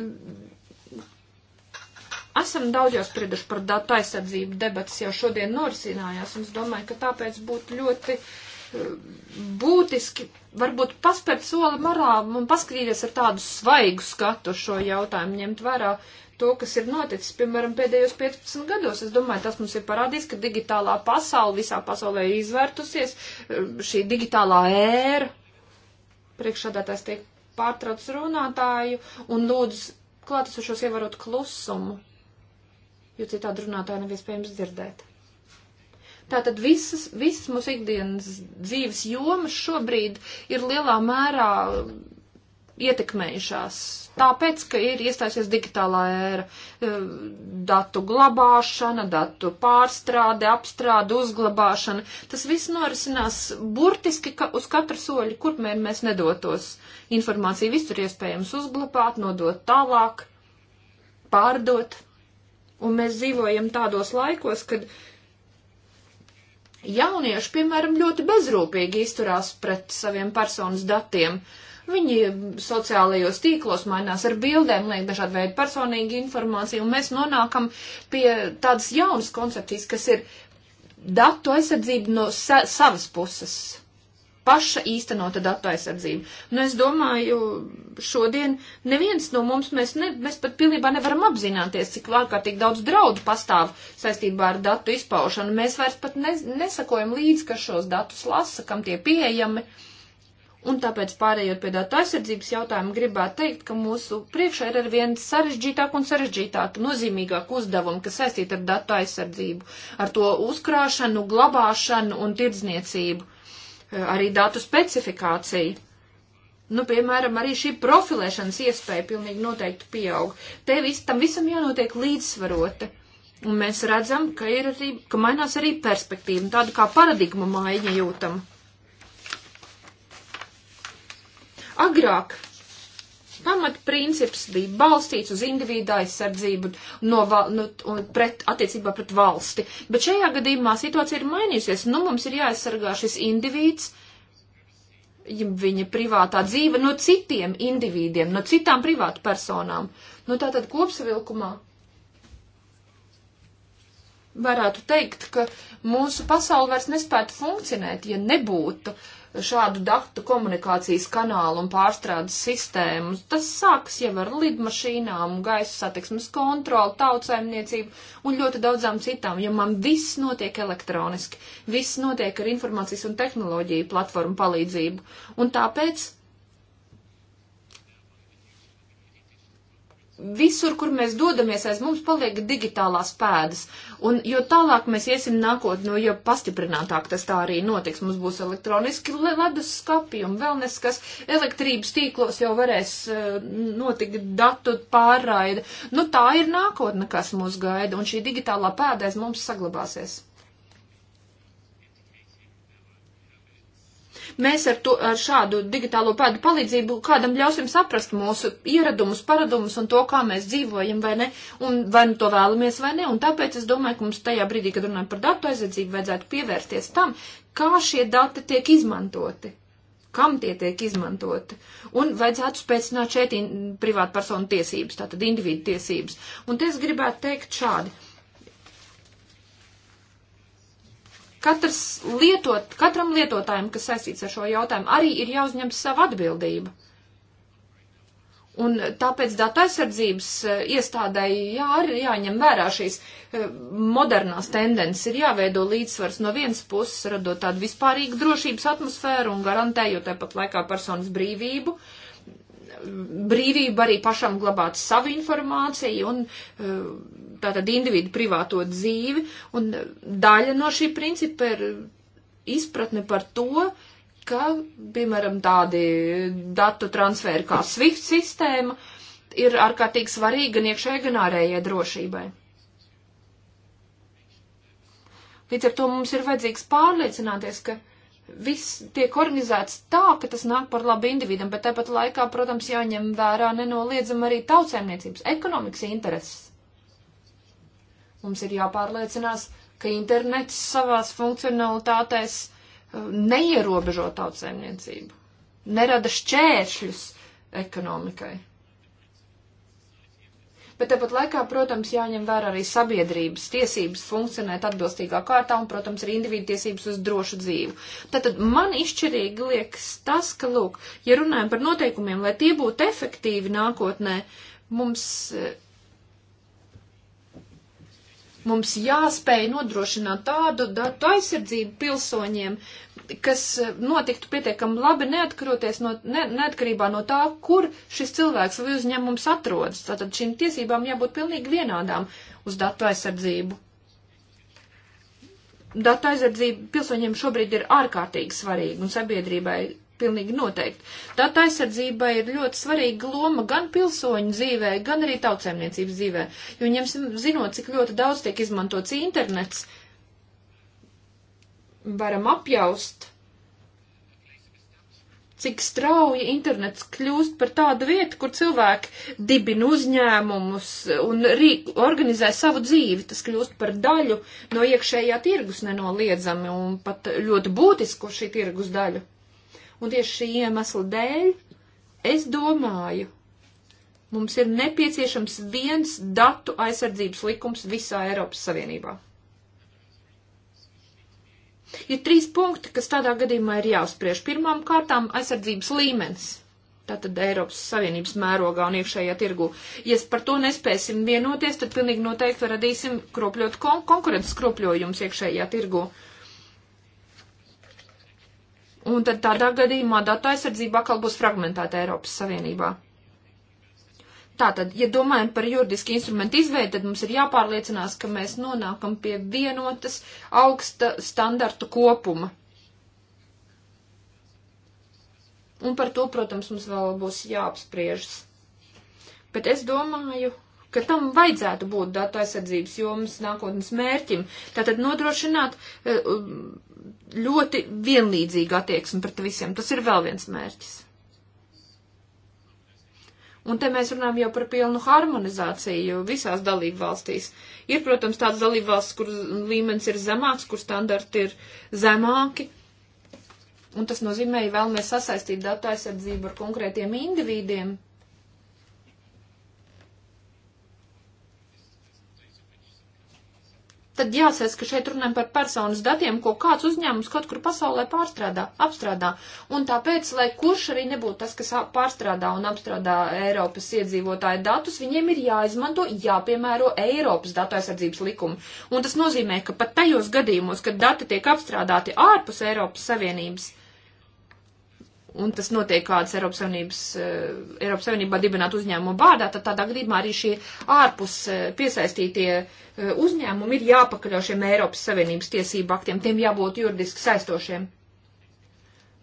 Mm-hmm. Esam daudz jau sprieduši par datu aizsardzību, debats jau šodien norisinājās, un es domāju, ka tāpēc būtu ļoti eh, būtiski varbūt paspērt soli marā un paskatīties ar tādu svaigu skatu šo jautājumu, ņemt vērā to, kas ir noticis, piemēram, pēdējos 15 gados. Es domāju, tas mums ir parādījis, ka digitālā pasaule visā pasaulē ir izvērtusies, eh, šī digitālā ēra. Priekšādātājs tiek pārtrauc runātāju un lūdz klātesošos ievērot klusumu jo citādi runātāji nav iespējams dzirdēt. Tātad visas, visas mūsu ikdienas dzīves jomas šobrīd ir lielā mērā ietekmējušās. Tāpēc, ka ir iestājusies digitālā ēra, e, datu glabāšana, datu pārstrāde, apstrāde, uzglabāšana, tas viss norisinās burtiski ka uz katru soļu, kur mēs nedotos. Informāciju visur iespējams uzglabāt, nodot tālāk, pārdot. Un mēs dzīvojam tādos laikos, kad jaunieši, piemēram, ļoti bezrūpīgi izturās pret saviem personas datiem. Viņi sociālajos tīklos mainās ar bildēm, liek dažādu veidu personīgu informāciju, un mēs nonākam pie tādas jaunas koncepcijas, kas ir datu aizsardzība no sa savas puses paša īstenota datu aizsardzība. Nu, es domāju, šodien neviens no mums, mēs, ne, mēs pat pilnībā nevaram apzināties, cik ārkārtīgi daudz draudu pastāv saistībā ar datu izpaušanu. Mēs vairs pat ne, nesakojam līdzi, kas šos datus lasa, kam tie pieejami. Un tāpēc, pārējot pie datu aizsardzības jautājuma, gribētu teikt, ka mūsu priekšā ir ar vien sarežģītāk un sarežģītāk, nozīmīgāk uzdevumi, kas saistīti ar datu aizsardzību, ar to uzkrāšanu, glabāšanu un tirdzniecību. Eh, arī datu specifikācija. Nu, piemēram, arī šī profilēšanas iespēja pilnīgi noteikti pieaug. Te vis, tam visam jānotiek līdzsvarota. Un mēs redzam, ka, ir arī, ka mainās arī perspektīva, nu, tāda kā paradigma maiņa jūtama. Agrāk pamatprincips bija balstīts uz individu aizsardzību no, nu, pret, attiecībā pret valsti. Bet šajā gadījumā situācija ir mainījusies. Nu, mums ir jāaizsargā šis individs, viņa privātā dzīve no citiem individiem, no citām privātu personām. Nu, tātad kopsavilkumā varētu teikt, ka mūsu pasauli vairs nespētu funkcionēt, ja nebūtu uh, šādu datu komunikācijas kanālu un pārstrādes sistēmu. Tas sāks jau ar lidmašīnām, gaisa satiksmes kontroli, tautsēmniecību un ļoti daudzām citām, jo man viss notiek elektroniski, viss notiek ar informācijas un tehnoloģiju platformu palīdzību. Un tāpēc visur, kur mēs dodamies, aiz mums paliek digitālās pēdas. Un jo tālāk mēs iesim nākotnē, no, jo pastiprinātāk tas tā arī notiks. Mums būs elektroniski ledus skapi un vēl neskas elektrības tīklos jau varēs eh, notikt datu pārraida. Nu tā ir nākotne, kas mūs gaida, un šī digitālā pēda aiz mums saglabāsies. mēs ar, to, ar šādu digitālo pēdu palīdzību kādam ļausim saprast mūsu ieradumus, paradumus un to, kā mēs dzīvojam vai ne, un vai nu to vēlamies vai ne. Un tāpēc es domāju, ka mums tajā brīdī, kad runājam par datu aizsardzību, vajadzētu pievērsties tam, kā šie dati tiek izmantoti kam tie tiek izmantoti. Un vajadzētu spēcināt šeit privātpersonu tiesības, tātad individu tiesības. Un te es gribētu teikt šādi Katrs lietot, katram lietotājam, kas saistīts ar šo jautājumu, arī ir jāuzņem sava atbildība. Un tāpēc datu aizsardzības eh, iestādēji jā, arī jāņem vērā šīs eh, modernās tendences, ir jāveido līdzsvars no vienas puses, radot tādu vispārīgu drošības atmosfēru un garantējot tāpat laikā personas brīvību, brīvību arī pašam glabāt savu informāciju un uh, tātad individu privāto dzīvi, un daļa no šī principa ir izpratne par to, ka, piemēram, tādi datu transferi kā SWIFT sistēma ir ārkārtīgi svarīgi gan iekšējai, gan ārējai drošībai. Līdz ar to mums ir vajadzīgs pārliecināties, ka viss tiek organizēts tā, ka tas nāk par labu individam, bet tāpat laikā, protams, jāņem vērā nenoliedzam arī tautsēmniecības, ekonomikas intereses. Mums ir jāpārliecinās, ka internets savās funkcionalitātēs uh, neierobežo tautsēmniecību, nerada šķēršļus ekonomikai. Bet tāpat laikā, protams, jāņem vērā arī sabiedrības tiesības funkcionēt atbilstīgā kārtā un, protams, arī individu tiesības uz drošu dzīvi. Tātad man izšķirīgi liekas tas, ka, lūk, ja runājam par noteikumiem, lai tie būtu efektīvi nākotnē, mums eh, Mums jāspēj nodrošināt tādu datu aizsardzību pilsoņiem, kas eh, notiktu pietiekami labi neatkaroties no, ne, neatkarībā no tā, kur šis cilvēks vai uzņēmums atrodas. Tātad šīm tiesībām jābūt pilnīgi vienādām uz datu aizsardzību. Datu aizsardzība pilsoņiem šobrīd ir ārkārtīgi svarīga un sabiedrībai Pilnīgi noteikti. Data aizsardzībai ir ļoti svarīga loma gan pilsoņu dzīvē, gan arī tautsēmniecības dzīvē, jo viņiem zinot, cik ļoti daudz tiek izmantots internets, varam apjaust, cik strauji internets kļūst par tādu vietu, kur cilvēki dibina uzņēmumus un rīk, organizē savu dzīvi. Tas kļūst par daļu no iekšējā tirgus nenoliedzami un pat ļoti būtisku šī tirgus daļu. Un tieši šī iemesla dēļ es domāju, mums ir nepieciešams viens datu aizsardzības likums visā Eiropas Savienībā. Ir trīs punkti, kas tādā gadījumā ir jāuzspriež. Pirmām kārtām aizsardzības līmenis. Tātad Eiropas Savienības mērogā un iekšējā tirgu. Ja par to nespēsim vienoties, tad pilnīgi noteikti radīsim kropļot kon konkurences kropļojums iekšējā tirgu. Uh, Un tad tādā gadījumā datu aizsardzība atkal būs fragmentēta Eiropas Savienībā. Tātad, ja domājam par juridiski instrumentu izveidu, tad mums ir jāpārliecinās, ka mēs nonākam pie vienotas augsta standartu kopuma. Un par to, protams, mums vēl būs jāapspriežas. Bet es domāju, ka tam vajadzētu būt datu aizsardzības jomas nākotnes mērķim. Tātad nodrošināt eh, ļoti vienlīdzīga attieksme pret visiem. Tas ir vēl viens mērķis. Un te mēs runājam jau par pilnu harmonizāciju visās dalību valstīs. Ir, protams, tādas dalību valsts, kur līmenis ir zemāks, kur standarti ir zemāki. Un tas nozīmē, ja vēlamies sasaistīt datu aizsardzību ar konkrētiem indivīdiem, tad jāsaka, ka šeit runājam par personas datiem, ko kāds uzņēmums kaut kur pasaulē pārstrādā, apstrādā. Un tāpēc, lai kurš arī nebūtu tas, kas pārstrādā un apstrādā Eiropas iedzīvotāju datus, viņiem ir jāizmanto, jāpiemēro Eiropas datu aizsardzības likumu. Un tas nozīmē, ka pat tajos gadījumos, kad dati tiek apstrādāti ārpus Eiropas Savienības, un tas notiek kādas Eiropas Savienības, eh, Eiropas Savienībā dibināt uzņēmumu vārdā, tad tādā gadījumā arī šie ārpus eh, piesaistītie eh, uzņēmumi ir jāpakaļo šiem Eiropas Savienības tiesību aktiem, tiem jābūt juridiski saistošiem.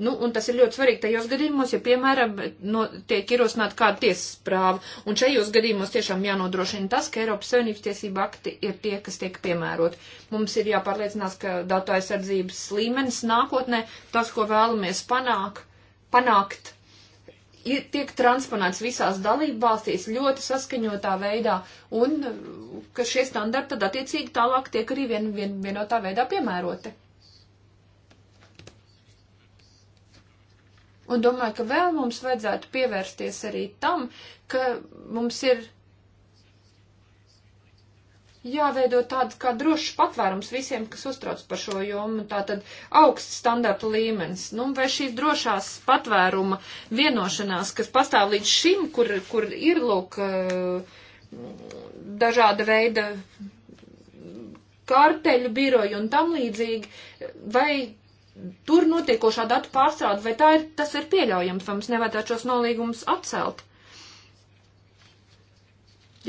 Nu, un tas ir ļoti svarīgi tajos gadījumos, ja, piemēram, no, tiek ierosināta kāda tiesas prāva. Un šajos gadījumos tiešām jānodrošina tas, ka Eiropas Savienības tiesība akti ir tie, kas tiek piemērot. Mums ir jāpārliecinās, ka datu aizsardzības līmenis nākotnē, tas, ko vēlamies panākt, panākt, ir, tiek transponēts visās dalību valstīs ļoti saskaņotā veidā, un ka šie standarti tad attiecīgi tālāk tiek arī vien, vien, vienotā veidā piemēroti. Un domāju, ka vēl mums vajadzētu pievērsties arī tam, ka mums ir jāveido tāds kā drošs patvērums visiem, kas uztrauc par šo jomu, tātad augsts standarta līmenis. Nu, vai šīs drošās patvēruma vienošanās, kas pastāv līdz šim, kur, kur ir, lūk, eh, dažāda veida kārteļu biroju un tam līdzīgi, vai tur notiekošā datu pārstrāde, vai tā ir, tas ir pieļaujams, vai mums nevajadzētu šos nolīgumus atcelt?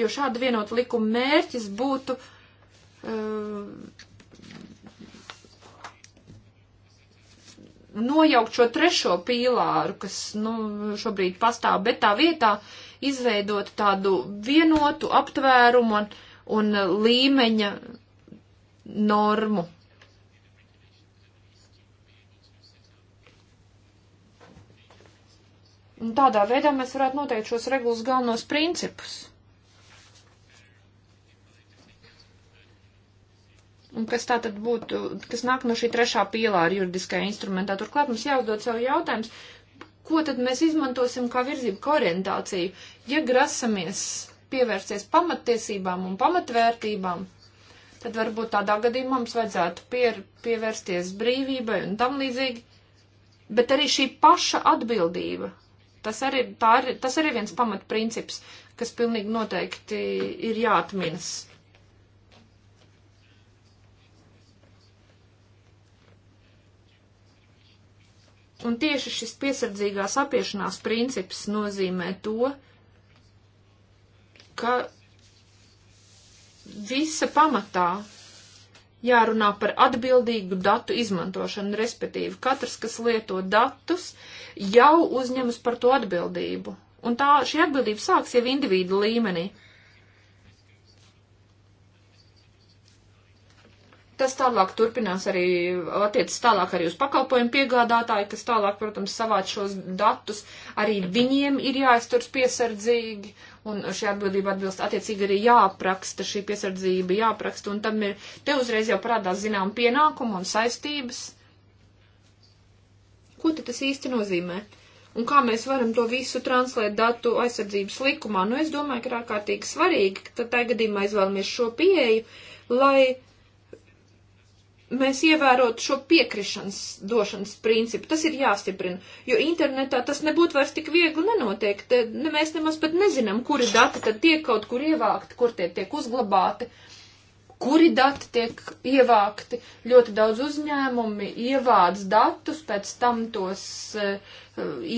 jo šāda vienota likuma mērķis būtu uh, nojaukt šo trešo pīlāru, kas nu, šobrīd pastāv, bet tā vietā izveidot tādu vienotu aptvērumu un, un līmeņa normu. Un tādā veidā mēs varētu noteikt šos regulas galvenos principus. un kas tā tad būtu, kas nāk no šī trešā pīlāra juridiskajā instrumentā. Turklāt mums jāuzdod savu jautājumu, ko tad mēs izmantosim kā virzību, kā orientāciju, ja grasamies pievērsties pamattiesībām un pamatvērtībām. Tad varbūt tādā gadījumā mums vajadzētu pier, pievērsties brīvībai un tam līdzīgi, bet arī šī paša atbildība. Tas arī, tā ir, tas arī viens pamatprincips, kas pilnīgi noteikti ir jāatminas Un tieši šis piesardzīgās apiešanās princips nozīmē to, ka visa pamatā jārunā par atbildīgu datu izmantošanu, respektīvi katrs, kas lieto datus, jau uzņemas par to atbildību. Un tā šī atbildība sāks jau individu līmenī. Tas tālāk turpinās arī, attiecas tālāk arī uz pakalpojumu piegādātāju, kas tālāk, protams, savāc šos datus. Arī viņiem ir jāizturas piesardzīgi, un šī atbildība atbilst attiecīgi arī jāapraksta šī piesardzība, jāapraksta, un tam ir, te uzreiz jau parādās zinām pienākumu un saistības. Ko tad tas īsti nozīmē? Un kā mēs varam to visu translēt datu aizsardzības likumā? Nu, es domāju, ka ir ārkārtīgi svarīgi, ka tad tajā gadījumā izvēlamies šo pieeju, lai mēs ievērotu šo piekrišanas došanas principu. Tas ir jāstiprina, jo internetā tas nebūtu vairs tik viegli nenotiek. Te, ne, mēs nemaz pat nezinām, kuri dati tad tiek kaut kur ievākti, kur tie tiek uzglabāti, kuri dati tiek ievākti. Ļoti daudz uzņēmumi ievāc datus, pēc tam tos uh,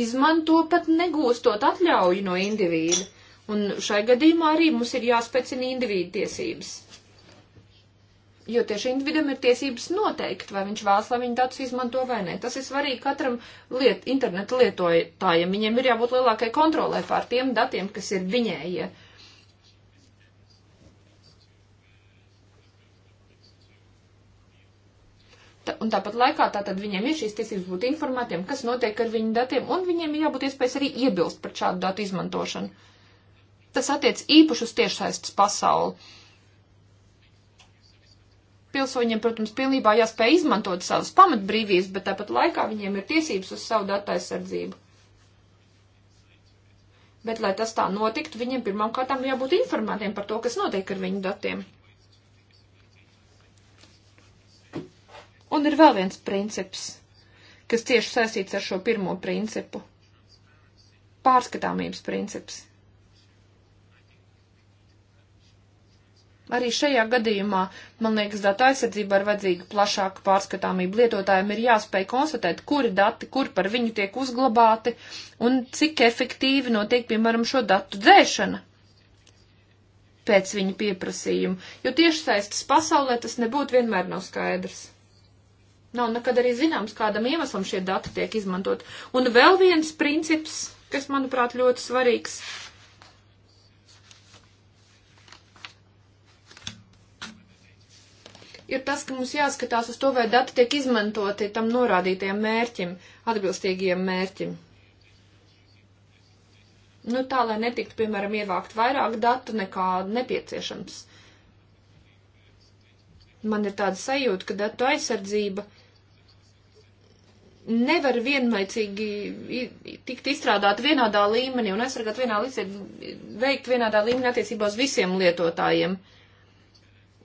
izmanto pat negūstot atļauju no indivīda. Un šai gadījumā arī mums ir jāspecina individu tiesības Jo tieši individam ir tiesības noteikt, vai viņš vēlas, lai viņa datus izmanto vai nē. Tas ir svarīgi katram liet, interneta lietotājam. Viņiem ir jābūt lielākai kontrolē pār tiem datiem, kas ir viņējie. Ja. Ta, un tāpat laikā tātad viņiem ir šīs tiesības būt informētiem, kas notiek ar viņu datiem, un viņiem ir jābūt iespējas arī iebilst par šādu datu izmantošanu. Tas attiec īpaši uz tiešsaistes pasauli pilsoņiem, protams, pilnībā jāspēj izmantot savas pamatbrīvības, bet tāpat laikā viņiem ir tiesības uz savu datu aizsardzību. Bet, lai tas tā notiktu, viņiem pirmām kārtām jābūt informētiem par to, kas notiek ar viņu datiem. Un ir vēl viens princips, kas cieši saistīts ar šo pirmo principu - pārskatāmības princips. Arī šajā gadījumā, man liekas, datu aizsardzība ir vajadzīga plašāka pārskatāmība. Lietotājiem ir jāspēj konstatēt, kuri dati, kur par viņu tiek uzglabāti un cik efektīvi notiek, piemēram, šo datu dzēšana pēc viņu pieprasījumu. Jo tieši saistas pasaulē tas nebūtu vienmēr nav skaidrs. Nav nekad arī zināms, kādam iemeslam šie dati tiek izmantot. Un vēl viens princips, kas, manuprāt, ļoti svarīgs ir tas, ka mums jāskatās uz to, vai dati tiek izmantoti tam norādītajam mērķim, atbilstīgajam mērķim. Nu, tā, lai netiktu, piemēram, ievākt vairāk datu nekā nepieciešams. Man ir tāda sajūta, ka datu aizsardzība nevar vienlaicīgi tikt izstrādāt vienādā līmenī un aizsargāt vienā līdzekļu, veikt vienādā līmenī attiecībā uz visiem lietotājiem. Uh,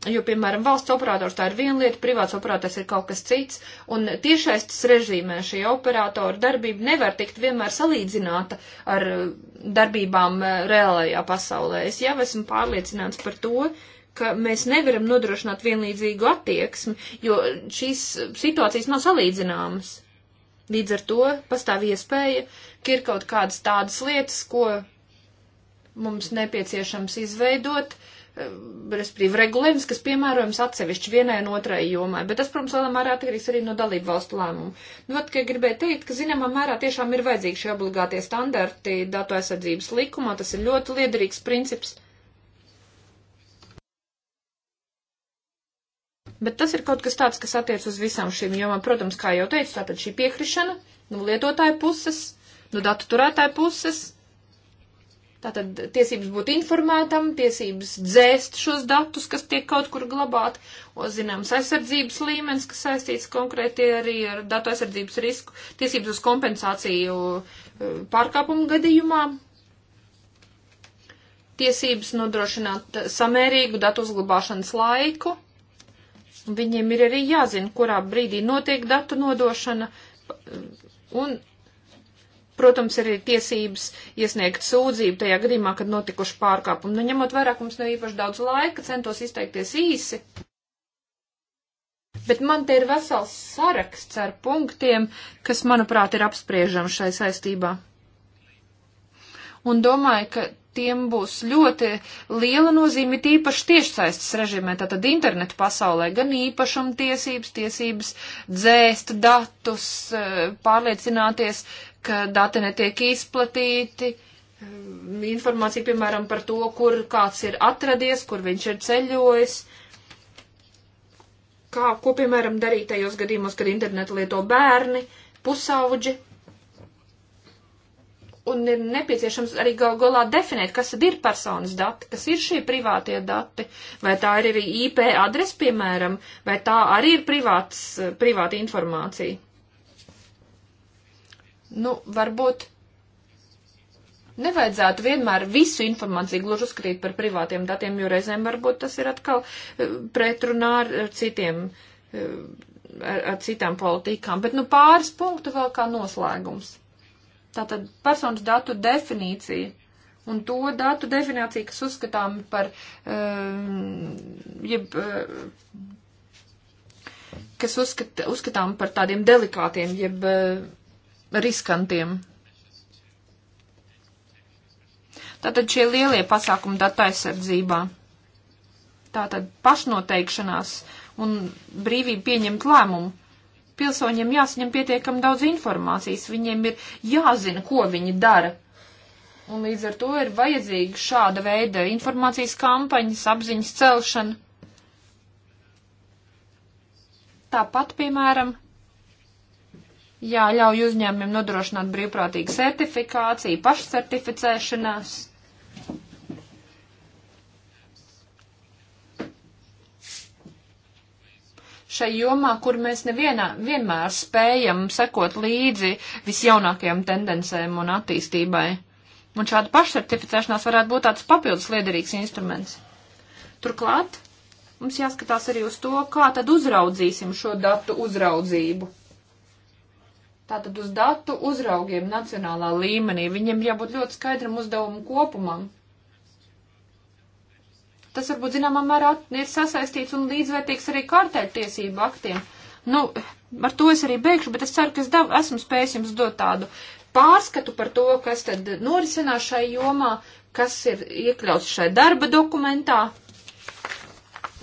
Jo, piemēram, valsts operators tā ir viena lieta, privāts operators ir kaut kas cits, un tiešaistas režīmē šī operatora darbība nevar tikt vienmēr salīdzināta ar uh, darbībām uh, reālajā pasaulē. Es jau esmu pārliecināts par to, ka mēs nevaram nodrošināt vienlīdzīgu attieksmi, jo šīs situācijas nav salīdzināmas. Līdz ar to pastāv iespēja, ka ir kaut kādas tādas lietas, ko mums nepieciešams izveidot, uh, Ehm, respektīvi regulējums, kas piemērojams atsevišķi vienai un otrai jomai, bet tas, protams, lielā mērā atkarīgs arī no dalību valstu lēmumu. Nu, vat, ka gribēju teikt, ka zināmā mērā tiešām ir vajadzīgi šie obligātie standarti datu aizsardzības likumā, tas ir ļoti liederīgs princips. Bet tas ir kaut kas tāds, kas attiec uz visām šīm jomām. Protams, kā jau teicu, tātad šī piekrišana no lietotāja puses, no datu turētāja puses Tātad tiesības būt informētam, tiesības dzēst šos datus, kas tiek kaut kur glabāti, zināms aizsardzības līmenis, kas saistīts konkrēti arī ar datu aizsardzības risku, tiesības uz kompensāciju e, pārkāpumu gadījumā, tiesības nodrošināt samērīgu datu uzglabāšanas laiku. Viņiem ir arī jāzina, kurā brīdī notiek datu nodošana, un Protams, arī tiesības iesniegt sūdzību tajā gadījumā, kad notikuši pārkāpumi. Nu, ņemot vairāk, mums nav īpaši daudz laika, centos izteikties īsi. Bet man te ir vesels saraksts ar punktiem, kas, manuprāt, ir apspriežams šai saistībā. Un domāju, ka tiem būs ļoti liela nozīme tīpaši tiešsaistes režīmē, tātad internetu pasaulē, gan īpašuma tiesības, tiesības dzēst datus, eh, pārliecināties, ka dati netiek izplatīti, eh, informācija, piemēram, par to, kur kāds ir atradies, kur viņš ir ceļojis. Kā, ko, piemēram, darīt tajos gadījumos, kad internetu lieto bērni, pusauģi, un ir nepieciešams arī gal galā definēt, kas tad ir personas dati, kas ir šie privātie dati, vai tā ir arī IP adres, piemēram, vai tā arī ir privāts, privāta informācija. Nu, varbūt nevajadzētu vienmēr visu informāciju gluži uzskatīt par privātiem datiem, jo reizēm varbūt tas ir atkal eh, pretrunā ar citiem, eh, ar, ar citām politikām. Bet, nu, pāris punktu vēl kā noslēgums. Tātad personas datu definīcija un to datu definīciju, kas uzskatām par, um, jeb, ehm, kas uzskat, uzskatām par tādiem delikātiem, jeb ehm, riskantiem. Tātad šie lielie pasākumi datu aizsardzībā. Tātad pašnoteikšanās un brīvība pieņemt lēmumu pilsoņiem jāsaņem pietiekami daudz informācijas, viņiem ir jāzina, ko viņi dara. Un līdz ar to ir vajadzīga šāda veida informācijas kampaņas, apziņas celšana. Tāpat, piemēram, jāļauj uzņēmumiem nodrošināt brīvprātīgu certifikāciju, pašcertificēšanās. šai jomā, kur mēs nevienā, vienmēr spējam sekot līdzi visjaunākajām tendencēm un attīstībai. Un šāda pašsertificēšanās varētu būt tāds papildus liederīgs instruments. Turklāt mums jāskatās arī uz to, kā tad uzraudzīsim šo datu uzraudzību. Tātad uz datu uzraugiem nacionālā līmenī viņiem jābūt ļoti skaidram uzdevumu kopumam tas varbūt zināmā mērā ir sasaistīts un līdzvērtīgs arī kārtētiesību aktiem. Nu, ar to es arī beigšu, bet es ceru, ka es dav, esmu spējis jums dot tādu pārskatu par to, kas tad norisinās šai jomā, kas ir iekļauts šai darba dokumentā.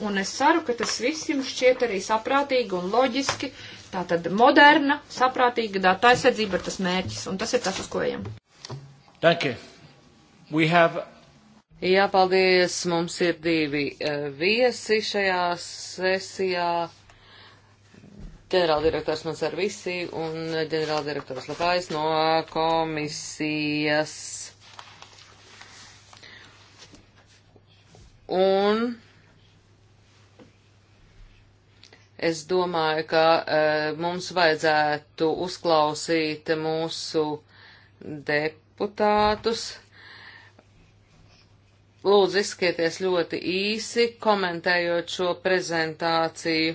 Un es ceru, ka tas viss jums šķiet arī saprātīgi un loģiski. Tā tad moderna, saprātīga datu aizsardzība ir tas mērķis, un tas ir tas, uz ko ejam. Danke. We have Jā, paldies. Mums ir divi eh, viesi šajā sesijā. Ģenerāldirektors Mansarvisi un ģenerāldirektors Lapājs no komisijas. Un es domāju, ka e, mums vajadzētu uzklausīt mūsu deputātus. Lūdzu, izskieties ļoti īsi, komentējot šo prezentāciju,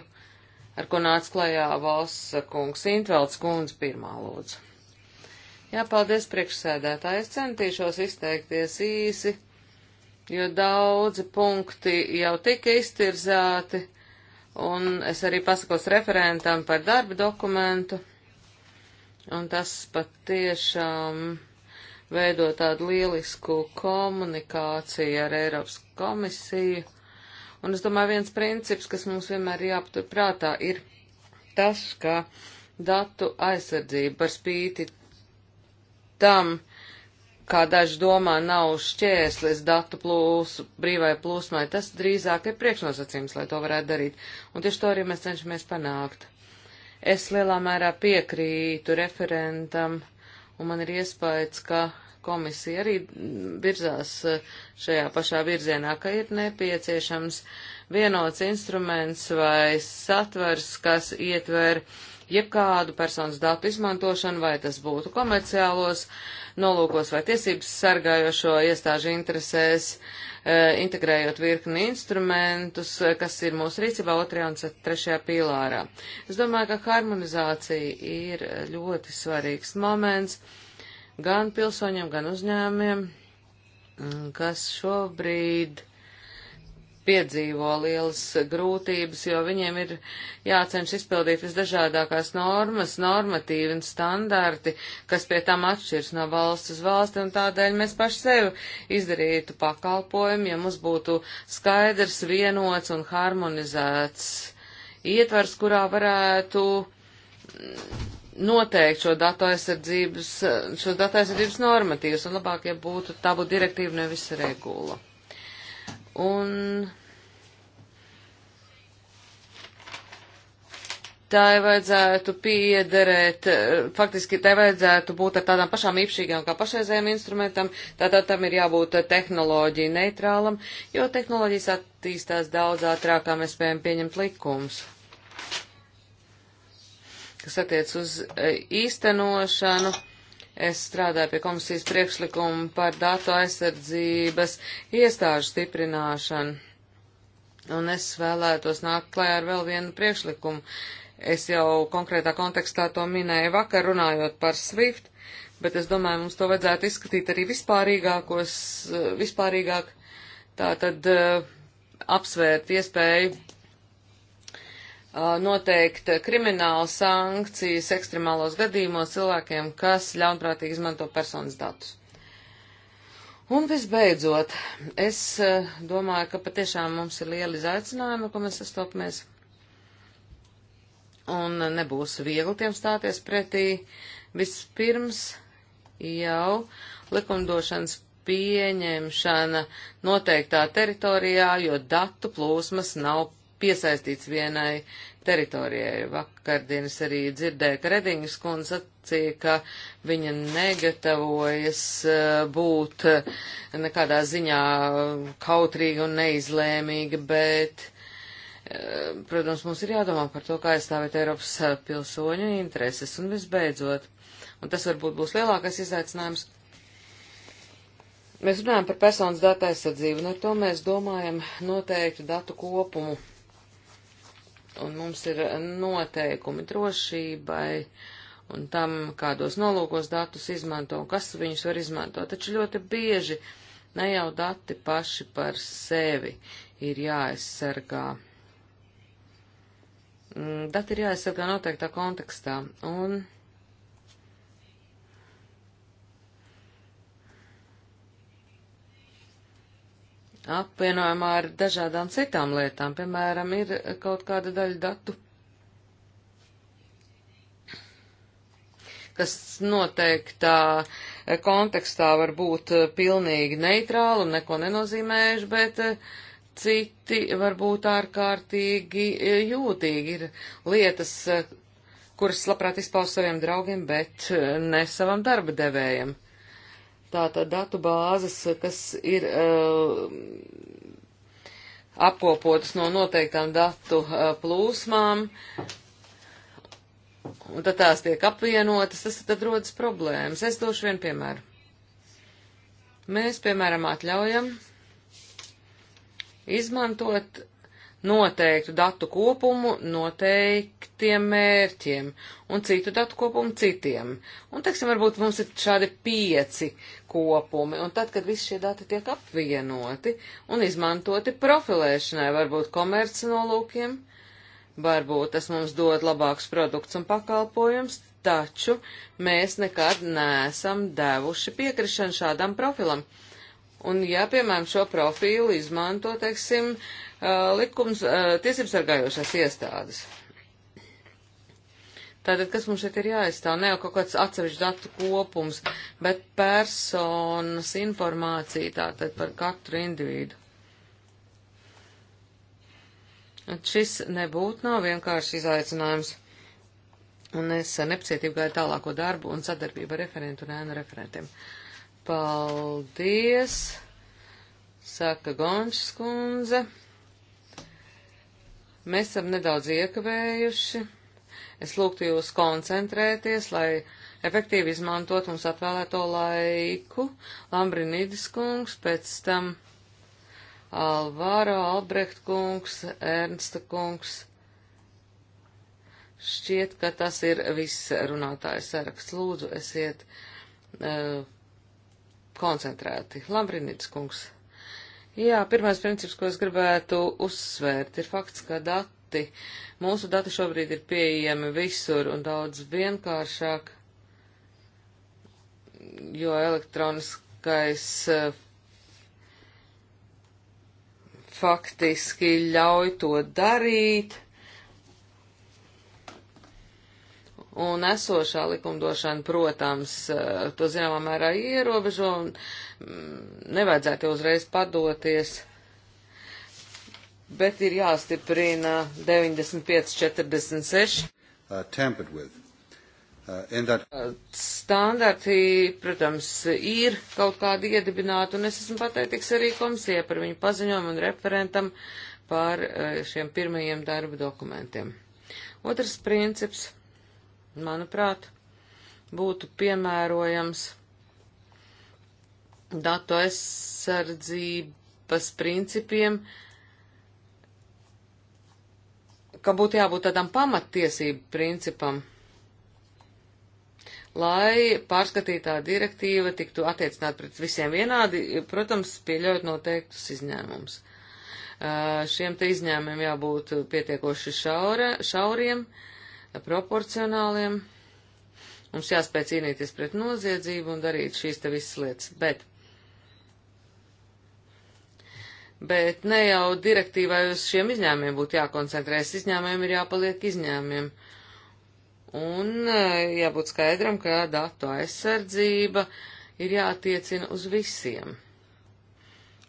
ar ko nāca klajā valsts kungs Intvelds kundze pirmā lūdzu. Jā, paldies priekšsēdētāji, es centīšos izteikties īsi, jo daudzi punkti jau tika iztirzēti, un es arī pasakos referentam par darba dokumentu, un tas pat tiešām. Um, veidot tādu lielisku komunikāciju ar Eiropas komisiju. Un es domāju, viens princips, kas mums vienmēr jāpatur prātā, ir tas, ka datu aizsardzība par spīti tam, kā daži domā, nav šķērslis datu plūsu, brīvai plūsmai, tas drīzāk ir priekšnosacījums, lai to varētu darīt. Un tieši to arī mēs cenšamies panākt. Es lielā mērā piekrītu referentam, un man ir iespējas, ka komisija arī virzās eh, šajā pašā virzienā, ka ir nepieciešams vienots instruments vai satvers, kas ietver jebkādu personas datu izmantošanu, vai tas būtu komerciālos nolūkos vai tiesības sargājošo iestāžu interesēs, eh, integrējot virkni instrumentus, eh, kas ir mūsu rīcībā otrajā un trešajā pīlārā. Es domāju, ka harmonizācija ir ļoti svarīgs moments gan pilsoņiem, gan uzņēmiem, mm, kas šobrīd piedzīvo lielas grūtības, jo viņiem ir jācenš izpildīt visdažādākās normas, normatīvi un standarti, kas pie tam atšķirs no valsts uz valsti, un tādēļ mēs paši sev izdarītu pakalpojumu, ja mums būtu skaidrs, vienots un harmonizēts ietvars, kurā varētu noteikt šo datu aizsardzības, šo datu aizsardzības normatīvas, un labāk, ja būtu tā būtu direktīva, nevis regula. Un tai vajadzētu piederēt, faktiski tai vajadzētu būt ar tādām pašām īpašīgām kā pašreizējiem instrumentam, tātad tam ir jābūt tehnoloģija neitrālam, jo tehnoloģijas attīstās daudz ātrāk, kā mēs spējam pieņemt likumus kas attiec uz e, īstenošanu. Es strādāju pie komisijas priekšlikuma par datu aizsardzības iestāžu stiprināšanu. Un es vēlētos nākt klajā ar vēl vienu priekšlikumu. Es jau konkrētā kontekstā to minēju vakar runājot par SWIFT, bet es domāju, mums to vajadzētu izskatīt arī vispārīgākos, e, vispārīgāk, tā tad e, apsvērt iespēju noteikt kriminālu sankcijas ekstremālos gadījumos cilvēkiem, kas ļaunprātīgi izmanto personas datus. Un visbeidzot, es domāju, ka patiešām mums ir liela izaicinājuma, ko mēs sastopamies. Un nebūs viegli tiem stāties pretī. Vispirms jau likumdošanas pieņemšana noteiktā teritorijā, jo datu plūsmas nav piesaistīts vienai teritorijai. Vakardienas arī dzirdēja, ka Rediņas kundze sacīja, ka viņa negatavojas eh, būt eh, nekādā ziņā kautrīga un neizlēmīga, bet, eh, protams, mums ir jādomā par to, kā aizstāvēt Eiropas pilsoņu intereses un visbeidzot. Un tas varbūt būs lielākais izaicinājums. Mēs runājam par personas datu aizsardzību, un ar to mēs domājam noteiktu datu kopumu un mums ir noteikumi drošībai un tam, kādos nolūkos datus izmanto un kas viņus var izmantot. Taču ļoti bieži ne jau dati paši par sevi ir jāaizsargā. Mm, dati ir jāaizsargā noteiktā kontekstā, un apvienojumā ar dažādām citām lietām. Piemēram, ir kaut kāda daļa datu, kas noteiktā kontekstā var būt pilnīgi neitrāli un neko nenozīmējuši, bet citi var būt ārkārtīgi jūtīgi. Ir lietas, kuras labprāt izpaust saviem draugiem, bet ne savam darba devējam tātad datu bāzes, kas ir uh, apkopotas no noteiktām datu uh, plūsmām, un tad tās tiek apvienotas, tas tad rodas problēmas. Es došu vienu piemēru. Mēs, piemēram, atļaujam izmantot noteiktu datu kopumu noteiktiem mērķiem un citu datu kopumu citiem. Un, teiksim, varbūt mums ir šādi pieci kopumi, un tad, kad visi šie dati tiek apvienoti un izmantoti profilēšanai, varbūt komerci nolūkiem, varbūt tas mums dod labāks produkts un pakalpojums, taču mēs nekad neesam devuši piekrišanu šādam profilam. Un, ja, piemēram, šo profilu izmanto, teiksim, uh, likums uh, tiesības sargājošās iestādes, Tātad, kas mums šeit ir jāizstāv? Ne jau kaut kāds atsevišķs datu kopums, bet personas informācija tātad par katru individu. Un šis nebūtu nav vienkārši izaicinājums. Un es nepacietību gāju tālāko darbu un sadarbību ar referentu un ēnu referentiem. Paldies, saka Gončs kundze. Mēs esam nedaudz iekavējuši. Es lūgtu jūs koncentrēties, lai efektīvi izmantot mums atvēlēto laiku. Lambrinīdis kungs, pēc tam Alvāro Albrecht kungs, Ernsta kungs. Šķiet, ka tas ir viss runātājs saraksts. Lūdzu, esiet uh, koncentrēti. Lambrinīdis kungs. Jā, pirmais princips, ko es gribētu uzsvērt, ir fakts, ka dati dati. Mūsu dati šobrīd ir pieejami visur un daudz vienkāršāk, jo elektroniskais eh, faktiski ļauj to darīt. Un esošā likumdošana, protams, eh, to zināmā mērā ierobežo un mm, nevajadzētu uzreiz padoties bet ir jāstiprina 95-46. Uh, Uh, that... Uh, standarti, protams, ir kaut kādi iedibināti, un es esmu pateicīgs arī komisijai par viņu paziņojumu un referentam par uh, šiem pirmajiem darba dokumentiem. Otrs princips, manuprāt, būtu piemērojams datu aizsardzības principiem, uh, ka būtu jābūt tādam pamattiesību principam, lai pārskatītā direktīva tiktu attiecināt pret visiem vienādi, protams, pieļaut noteiktus izņēmumus. Šiem te izņēmumiem jābūt pietiekoši šaura, šauriem, proporcionāliem. Mums jāspēj cīnīties pret noziedzību un darīt šīs te visas lietas. Bet bet ne jau direktīvai uz šiem izņēmumiem būtu jākoncentrēs, izņēmumiem ir jāpaliek izņēmumiem. Un e, jābūt skaidram, ka datu aizsardzība ir jātiecina uz visiem.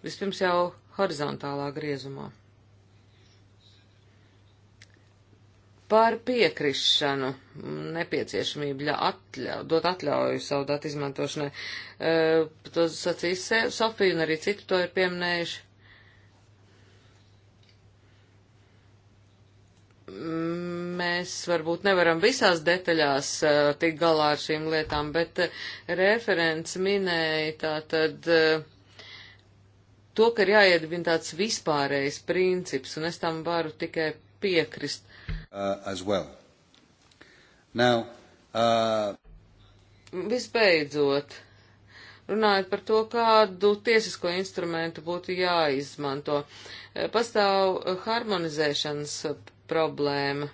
Vispirms jau horizontālā griezumā. Par piekrišanu nepieciešamību atļau, dot atļauju savu datu izmantošanai. E, to sacīs Sofija un arī citi to ir pieminējuši. mēs varbūt nevaram visās detaļās uh, tik galā ar šīm lietām, bet uh, referents minēja tātad uh, to, ka ir jāiedibina tāds vispārējs princips, un es tam varu tikai piekrist. Uh, well. Now, uh... Visbeidzot, runājot par to, kādu tiesisko instrumentu būtu jāizmanto, pastāv harmonizēšanas problēma.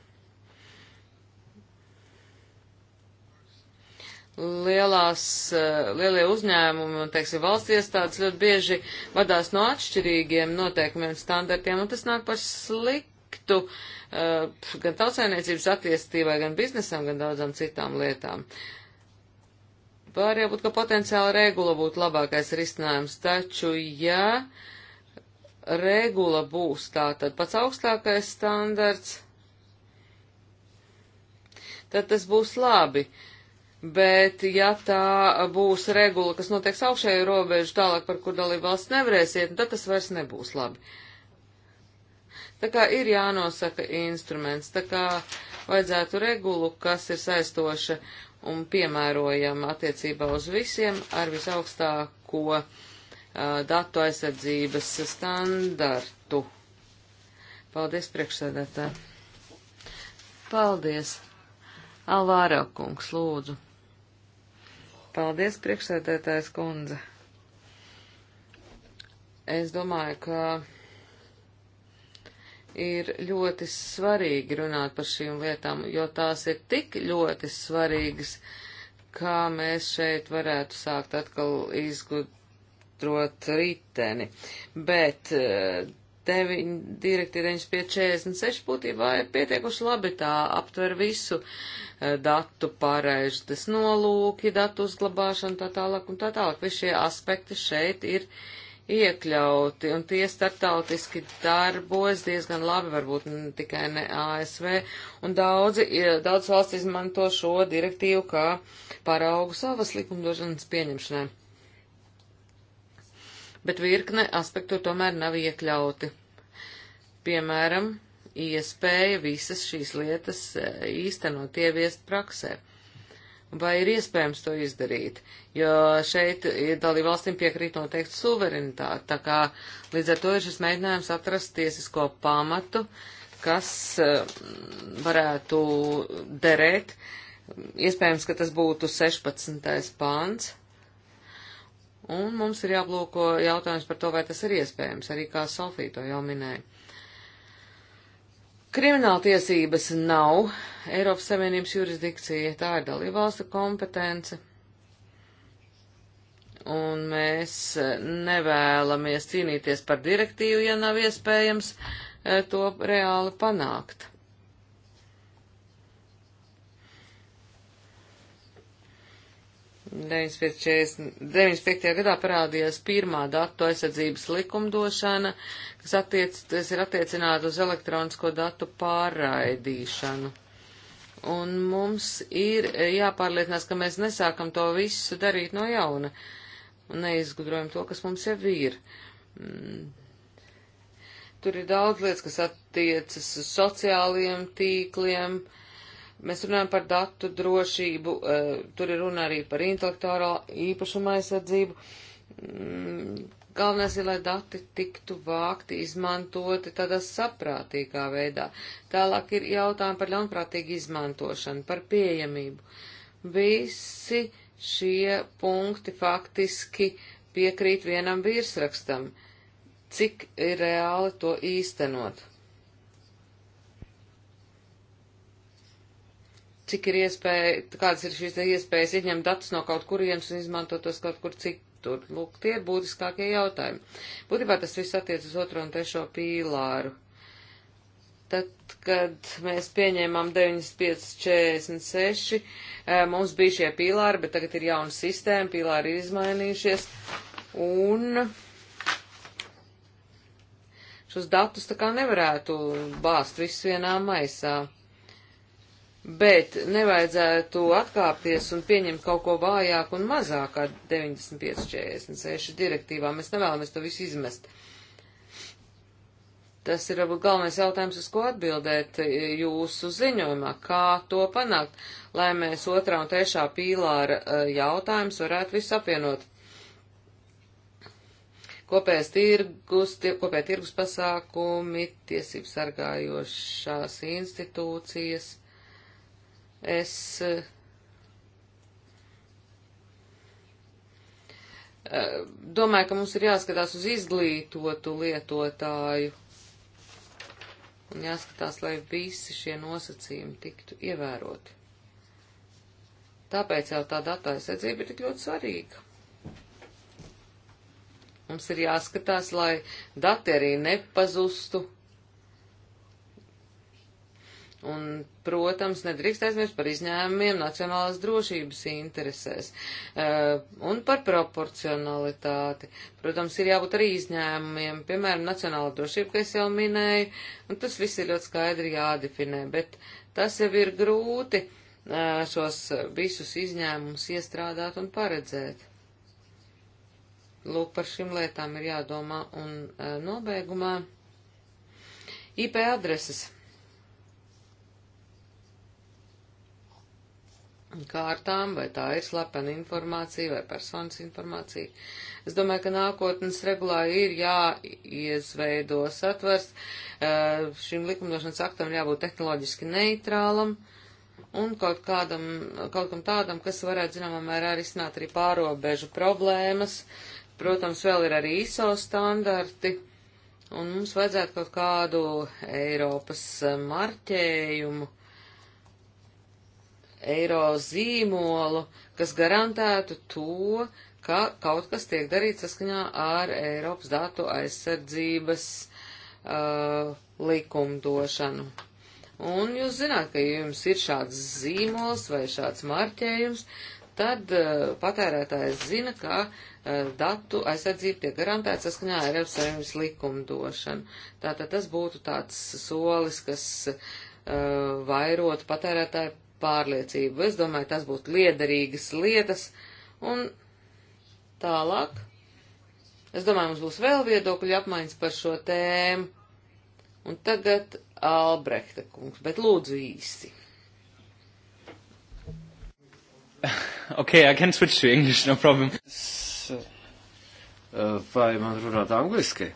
Lielās, eh, lielie uzņēmumi un, teiksim, valsts iestādes ļoti bieži vadās no atšķirīgiem noteikumiem un standartiem, un tas nāk par sliktu uh, gan tautsēniecības attīstībai, gan biznesam, gan daudzām citām lietām. Var jau būt, ka potenciāla regula būtu labākais risinājums, taču, ja uh, regula būs tātad pats augstākais standarts, tad tas būs labi. Bet, ja tā būs regula, kas noteiks augšēju robežu tālāk, par kur dalību valsts nevarēs iet, tad tas vairs nebūs labi. Tā kā ir jānosaka instruments, tā kā vajadzētu regulu, kas ir saistoša un piemērojama attiecībā uz visiem ar visaugstāko uh, Uh, datu aizsardzības standartu. Paldies, priekšsēdētā. Paldies. Alvāra kungs, lūdzu. Paldies, priekšsēdētājs kundze. Es domāju, ka ir ļoti svarīgi runāt par šīm lietām, jo tās ir tik ļoti svarīgas, kā mēs šeit varētu sākt atkal izgudrot izgudrot riteni, bet eh, deviņ, direktīva 9546 būtībā ir pietiekuši labi, tā aptver visu eh, datu pārēžas nolūki, datu uzglabāšanu, tā tālāk un tā tālāk. Visi šie aspekti šeit ir iekļauti, un tie startautiski darbojas diezgan labi, varbūt ne tikai ne ASV, un daudzi, daudz valsts izmanto šo direktīvu kā paraugu savas likumdošanas pieņemšanai bet virkne aspektu tomēr nav iekļauti. Piemēram, iespēja visas šīs lietas e, īstenot, ieviest praksē. Vai ir iespējams to izdarīt? Jo šeit e, dalībvalstīm piekrīt noteikti suverenitāte, tā kā līdz ar to ir šis mēģinājums atrast tiesisko pamatu, kas e, varētu derēt. Iespējams, ka tas būtu 16. pāns Un mums ir jāblūko jautājums par to, vai tas ir iespējams, arī kā Sofija to jau minēja. Krimināltiesības nav Eiropas Savienības jurisdikcija, tā ir dalībvalsta kompetence. Un mēs e, nevēlamies cīnīties par direktīvu, ja nav iespējams e, to reāli panākt. 95. gadā parādījās pirmā datu aizsardzības likumdošana, kas, attiec, kas ir attiecināta uz elektronisko datu pārraidīšanu. Un mums ir jāpārliecinās, ka mēs nesākam to visu darīt no jauna un neizgudrojam to, kas mums jau ir. Mm. Tur ir daudz lietas, kas attiecas uz sociāliem tīkliem, uh, Mēs runājam par datu drošību, e, tur ir runa arī par intelektuālā īpašuma aizsardzību. Mm, galvenais ir, lai dati tiktu vākti, izmantoti tādā saprātīgā veidā. Tālāk ir jautājumi par ļaunprātīgu izmantošanu, par pieejamību. Visi šie punkti faktiski piekrīt vienam virsrakstam, cik ir reāli to īstenot. cik ir iespēja, kādas ir šīs iespējas ieņemt datus no kaut kurienes un izmantot tos kaut kur citur. Lūk, tie ir būtiskākie jautājumi. Būtībā tas viss attiec uz otro un trešo pīlāru. Tad, kad mēs pieņēmām 9546, eh, mums bija šie pīlāri, bet tagad ir jauna sistēma, pīlāri ir izmainījušies. Un šos datus tā kā nevarētu bāzt visus vienā maisā bet nevajadzētu atkāpties un pieņemt kaut ko vājāku un mazāku 95-46 direktīvā. Mēs nevēlamies to visu izmest. Tas ir varbūt galvenais jautājums, uz ko atbildēt jūsu ziņojumā, kā to panākt, lai mēs otrā un trešā pīlāra eh, jautājums varētu visu apvienot. Kopējais tirgus, tie, kopējais tirgus pasākumi, tiesības sargājošās institūcijas, Es eh, domāju, ka mums ir jāskatās uz izglītotu lietotāju un jāskatās, lai visi šie nosacījumi tiktu ievēroti. Tāpēc jau tā datu aizsardzība ir tik ļoti svarīga. Mums ir jāskatās, lai dati arī nepazustu Un, protams, nedrīkst aizmirst par izņēmumiem nacionālās drošības interesēs uh, un par proporcionalitāti. Protams, ir jābūt arī izņēmumiem, piemēram, nacionāla drošība, ka es jau minēju, un tas viss ir ļoti skaidri jādefinē, bet tas jau ir grūti uh, šos visus izņēmumus iestrādāt un paredzēt. Lūk, par šīm lietām ir jādomā un uh, nobeigumā. IP adreses kārtām, vai tā ir slepena informācija vai personas informācija. Es domāju, ka nākotnes regulā ir jāiezveido satvers, eh, šim likumdošanas aktam jābūt tehnoloģiski neitrālam un kaut, kādam, kaut kam tādam, kas varētu zināmā mērā arī snāt arī pārobežu problēmas. Protams, vēl ir arī ISO standarti, un mums vajadzētu kaut kādu Eiropas eh, marķējumu eiro zīmolu, kas garantētu to, ka kaut kas tiek darīts saskaņā ar Eiropas datu aizsardzības uh, likumdošanu. Un jūs zināt, ka ja jums ir šāds zīmols vai šāds marķējums, tad uh, patērētājs zina, ka uh, datu aizsardzība tiek garantēta saskaņā ar Eiropas Savienības likumdošanu. Tātad tas būtu tāds solis, kas uh, vairot patērētāju pārliecību. Es domāju, tas būtu liederīgas lietas. Un tālāk, es domāju, mums būs vēl viedokļu apmaiņas par šo tēmu. Un tagad Albrehta kungs, bet lūdzu īsi. Okay, I can switch to English, no problem. S, uh, eh, vai man runāt angliski?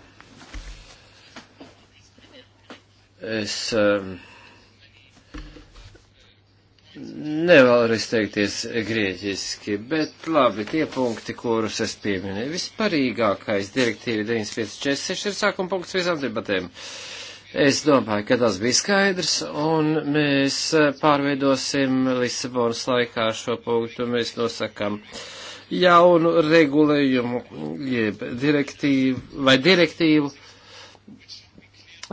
Es um, uh, nevēlu izteikties grieķiski, bet labi, tie punkti, kurus es pieminēju. Vispārīgākais direktīva 956 ir sākuma punkts visām debatēm. Es domāju, ka tas bija skaidrs, un mēs pārveidosim Lisabonas laikā šo punktu, mēs nosakam jaunu regulējumu, jeb direktīvu vai direktīvu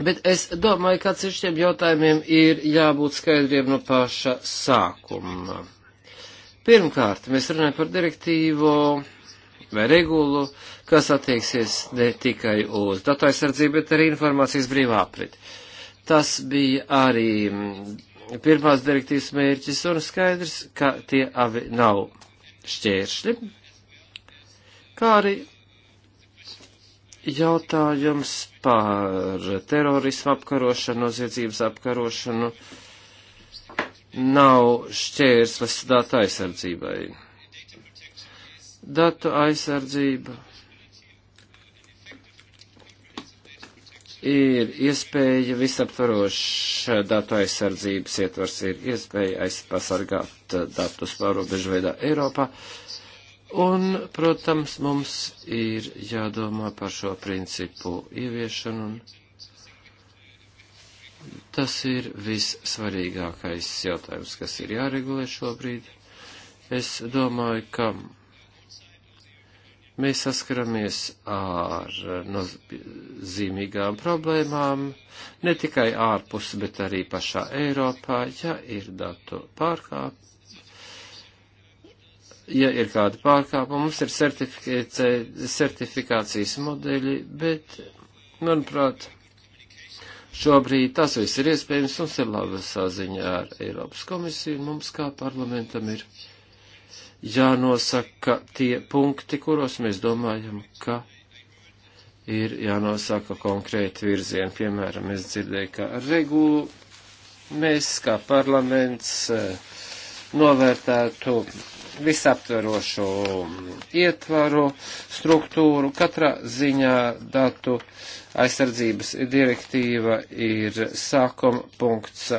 Bet es domāju, ka atsevišķiem jautājumiem ir jābūt skaidriem no paša sākuma. Pirmkārt, mēs runājam par direktīvu vai regulu, kas attieksies ne tikai uz datu aizsardzību, bet arī informācijas brīvā aprit. Tas bija arī mm, pirmās direktīvas mērķis un skaidrs, ka tie avi nav šķēršļi, kā arī Jautājums par terorismu apkarošanu, noziedzības apkarošanu nav šķērslis datu aizsardzībai. Datu aizsardzība ir iespēja visaptvaroša datu aizsardzības ietvars, ir iespēja aizsargāt datus pārobežu veidā Eiropā. Uh, Un, protams, mums ir jādomā par šo principu ieviešanu, un tas ir vissvarīgākais jautājums, kas ir jāregulē šobrīd. Es domāju, ka mēs saskaramies ar nozīmīgām problēmām, ne tikai ārpus, bet arī pašā Eiropā, ja ir datu pārkāpumi ja ir kāda pārkāpuma, mums ir certifikācijas modeļi, bet, manuprāt, šobrīd tas viss ir iespējams, mums ir laba saziņa ar Eiropas komisiju, un mums kā parlamentam ir jānosaka tie punkti, kuros mēs domājam, ka ir jānosaka konkrēti virzieni. Piemēram, es dzirdēju, ka regulu mēs kā parlaments eh, novērtētu visaptverošo ietvaru, struktūru, katrā ziņā datu aizsardzības direktīva ir sākuma punkts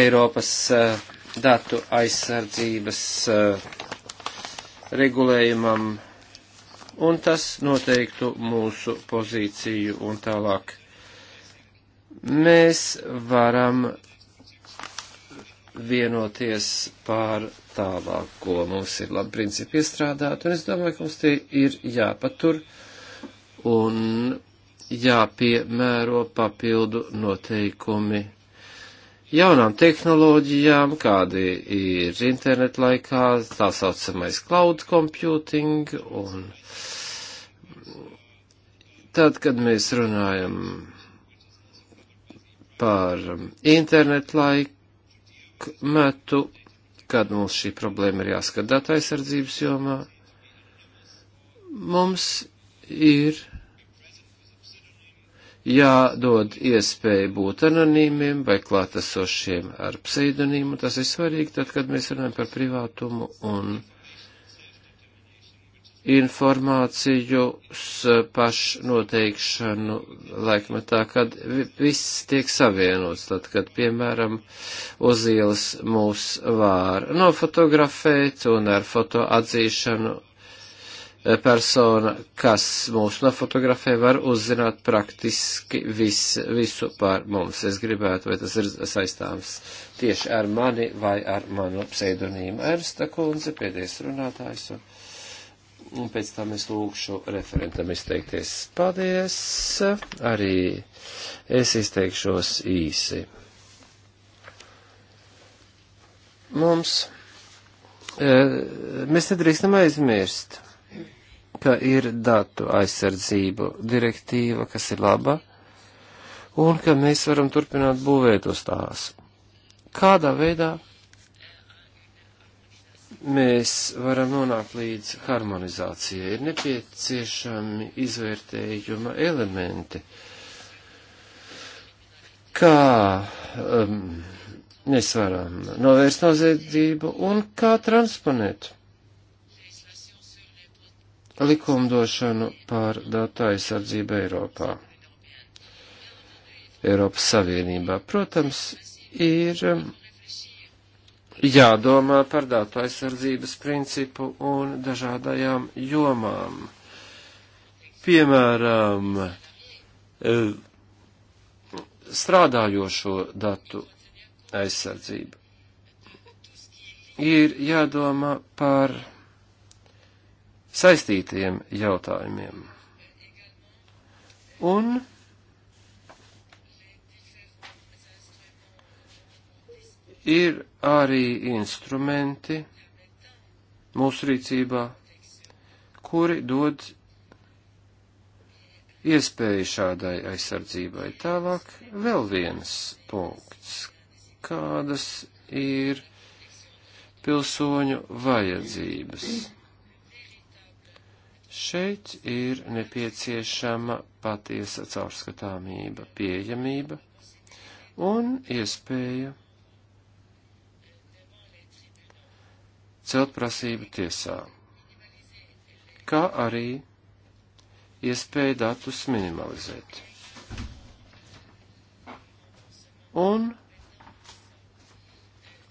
Eiropas eh, datu aizsardzības eh, regulējumam, un tas noteiktu mūsu pozīciju un tālāk. Mēs varam vienoties pār tālāko. Mums ir labi principi iestrādāt, un es domāju, ka mums tie ir jāpatur un jāpiemēro papildu noteikumi jaunām tehnoloģijām, kādi ir internetu laikā, tā saucamais cloud computing, un tad, kad mēs runājam par internetu laiku, metu, kad mums šī problēma ir jāskat data aizsardzības jomā, mums ir jādod iespēja būt anonīmiem vai klātesošiem ar pseidonīmu. Tas ir svarīgi tad, kad mēs runājam par privātumu un informāciju eh, pašnoteikšanu laikmetā, kad viss tiek savienots, tad, kad, piemēram, uz ielas mūs var nofotografēt un ar foto atzīšanu eh, persona, kas mūs nofotografē, var uzzināt praktiski vis, visu par mums. Es gribētu, vai tas ir saistāms tieši ar mani vai ar manu pseidonīmu Ernsta Kunze, pēdējais runātājs. Un un pēc tam es lūgšu referentam izteikties. Paldies! Arī es izteikšos īsi. Mums, e, mēs nedrīkstam aizmirst, ka ir datu aizsardzību direktīva, kas ir laba, un ka mēs varam turpināt būvēt uz tās. Kādā veidā mēs varam nonākt līdz harmonizācijai. Ir nepieciešami izvērtējuma elementi, kā um, mēs varam novērst noziedzību un kā transponēt likumdošanu pār datu aizsardzību Eiropā. Eiropas Savienībā, protams, ir um, jādomā par datu aizsardzības principu un dažādajām jomām. Piemēram, e, strādājošo datu aizsardzību. Ir jādomā par saistītiem jautājumiem. Un Ir arī instrumenti mūsu rīcībā, kuri dod iespēju šādai aizsardzībai. Tālāk vēl viens punkts, kādas ir pilsoņu vajadzības. Šeit ir nepieciešama patiesa caurskatāmība, pieejamība un iespēja celt prasību tiesā, kā arī iespēja datus minimalizēt. Un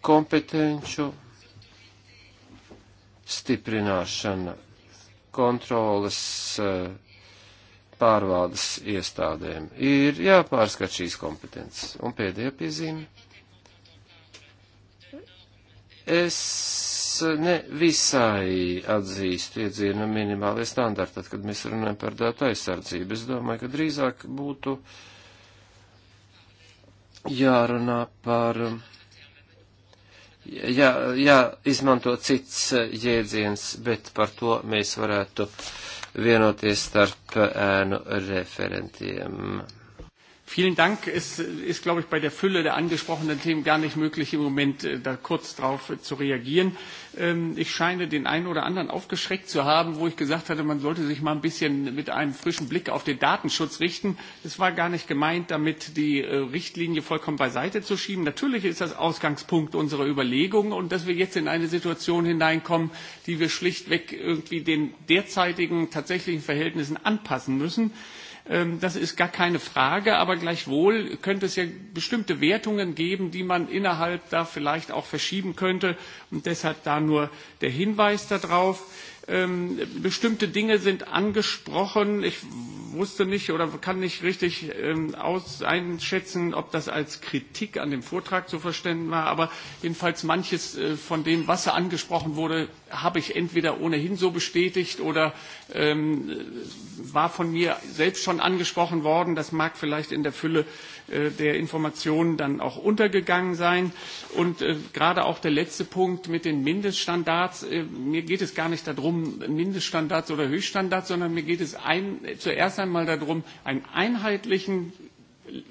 kompetenču stiprināšana kontrolas eh, pārvaldes iestādēm ir jāpārskat šīs kompetences. Un pēdējā piezīme. Es ne visai atzīstu iedzīna minimālie standarti, tad, kad mēs runājam par datu aizsardzību. Es domāju, ka drīzāk būtu jārunā par jā, jā, izmanto cits jēdziens, bet par to mēs varētu vienoties starp ēnu referentiem. Vielen Dank. Es ist, glaube ich, bei der Fülle der angesprochenen Themen gar nicht möglich, im Moment äh, da kurz drauf äh, zu reagieren. Ähm, ich scheine den einen oder anderen aufgeschreckt zu haben, wo ich gesagt hatte, man sollte sich mal ein bisschen mit einem frischen Blick auf den Datenschutz richten. Es war gar nicht gemeint, damit die äh, Richtlinie vollkommen beiseite zu schieben. Natürlich ist das Ausgangspunkt unserer Überlegungen und dass wir jetzt in eine Situation hineinkommen, die wir schlichtweg irgendwie den derzeitigen tatsächlichen Verhältnissen anpassen müssen. Müssen. Ähm, das ist gar keine Frage, aber gleichwohl könnte es ja bestimmte Wertungen geben, die man innerhalb da vielleicht auch verschieben könnte. Und deshalb da nur der Hinweis darauf ähm, bestimmte Dinge sind angesprochen. Ich wusste nicht oder kann nicht richtig ähm, aus, einschätzen, ob das als Kritik an dem Vortrag zu verstehen war. Aber jedenfalls manches äh, von dem, was angesprochen wurde, habe ich entweder ohnehin so bestätigt oder ähm, war von mir selbst schon angesprochen worden. Das mag vielleicht in der Fülle äh, Äh, der Informationen dann auch untergegangen sein. Und äh, gerade auch der letzte Punkt mit den Mindeststandards. Äh, mir geht es gar nicht darum, Mindeststandards oder Höchststandards, sondern mir geht es ein, zuerst einmal darum, einen einheitlichen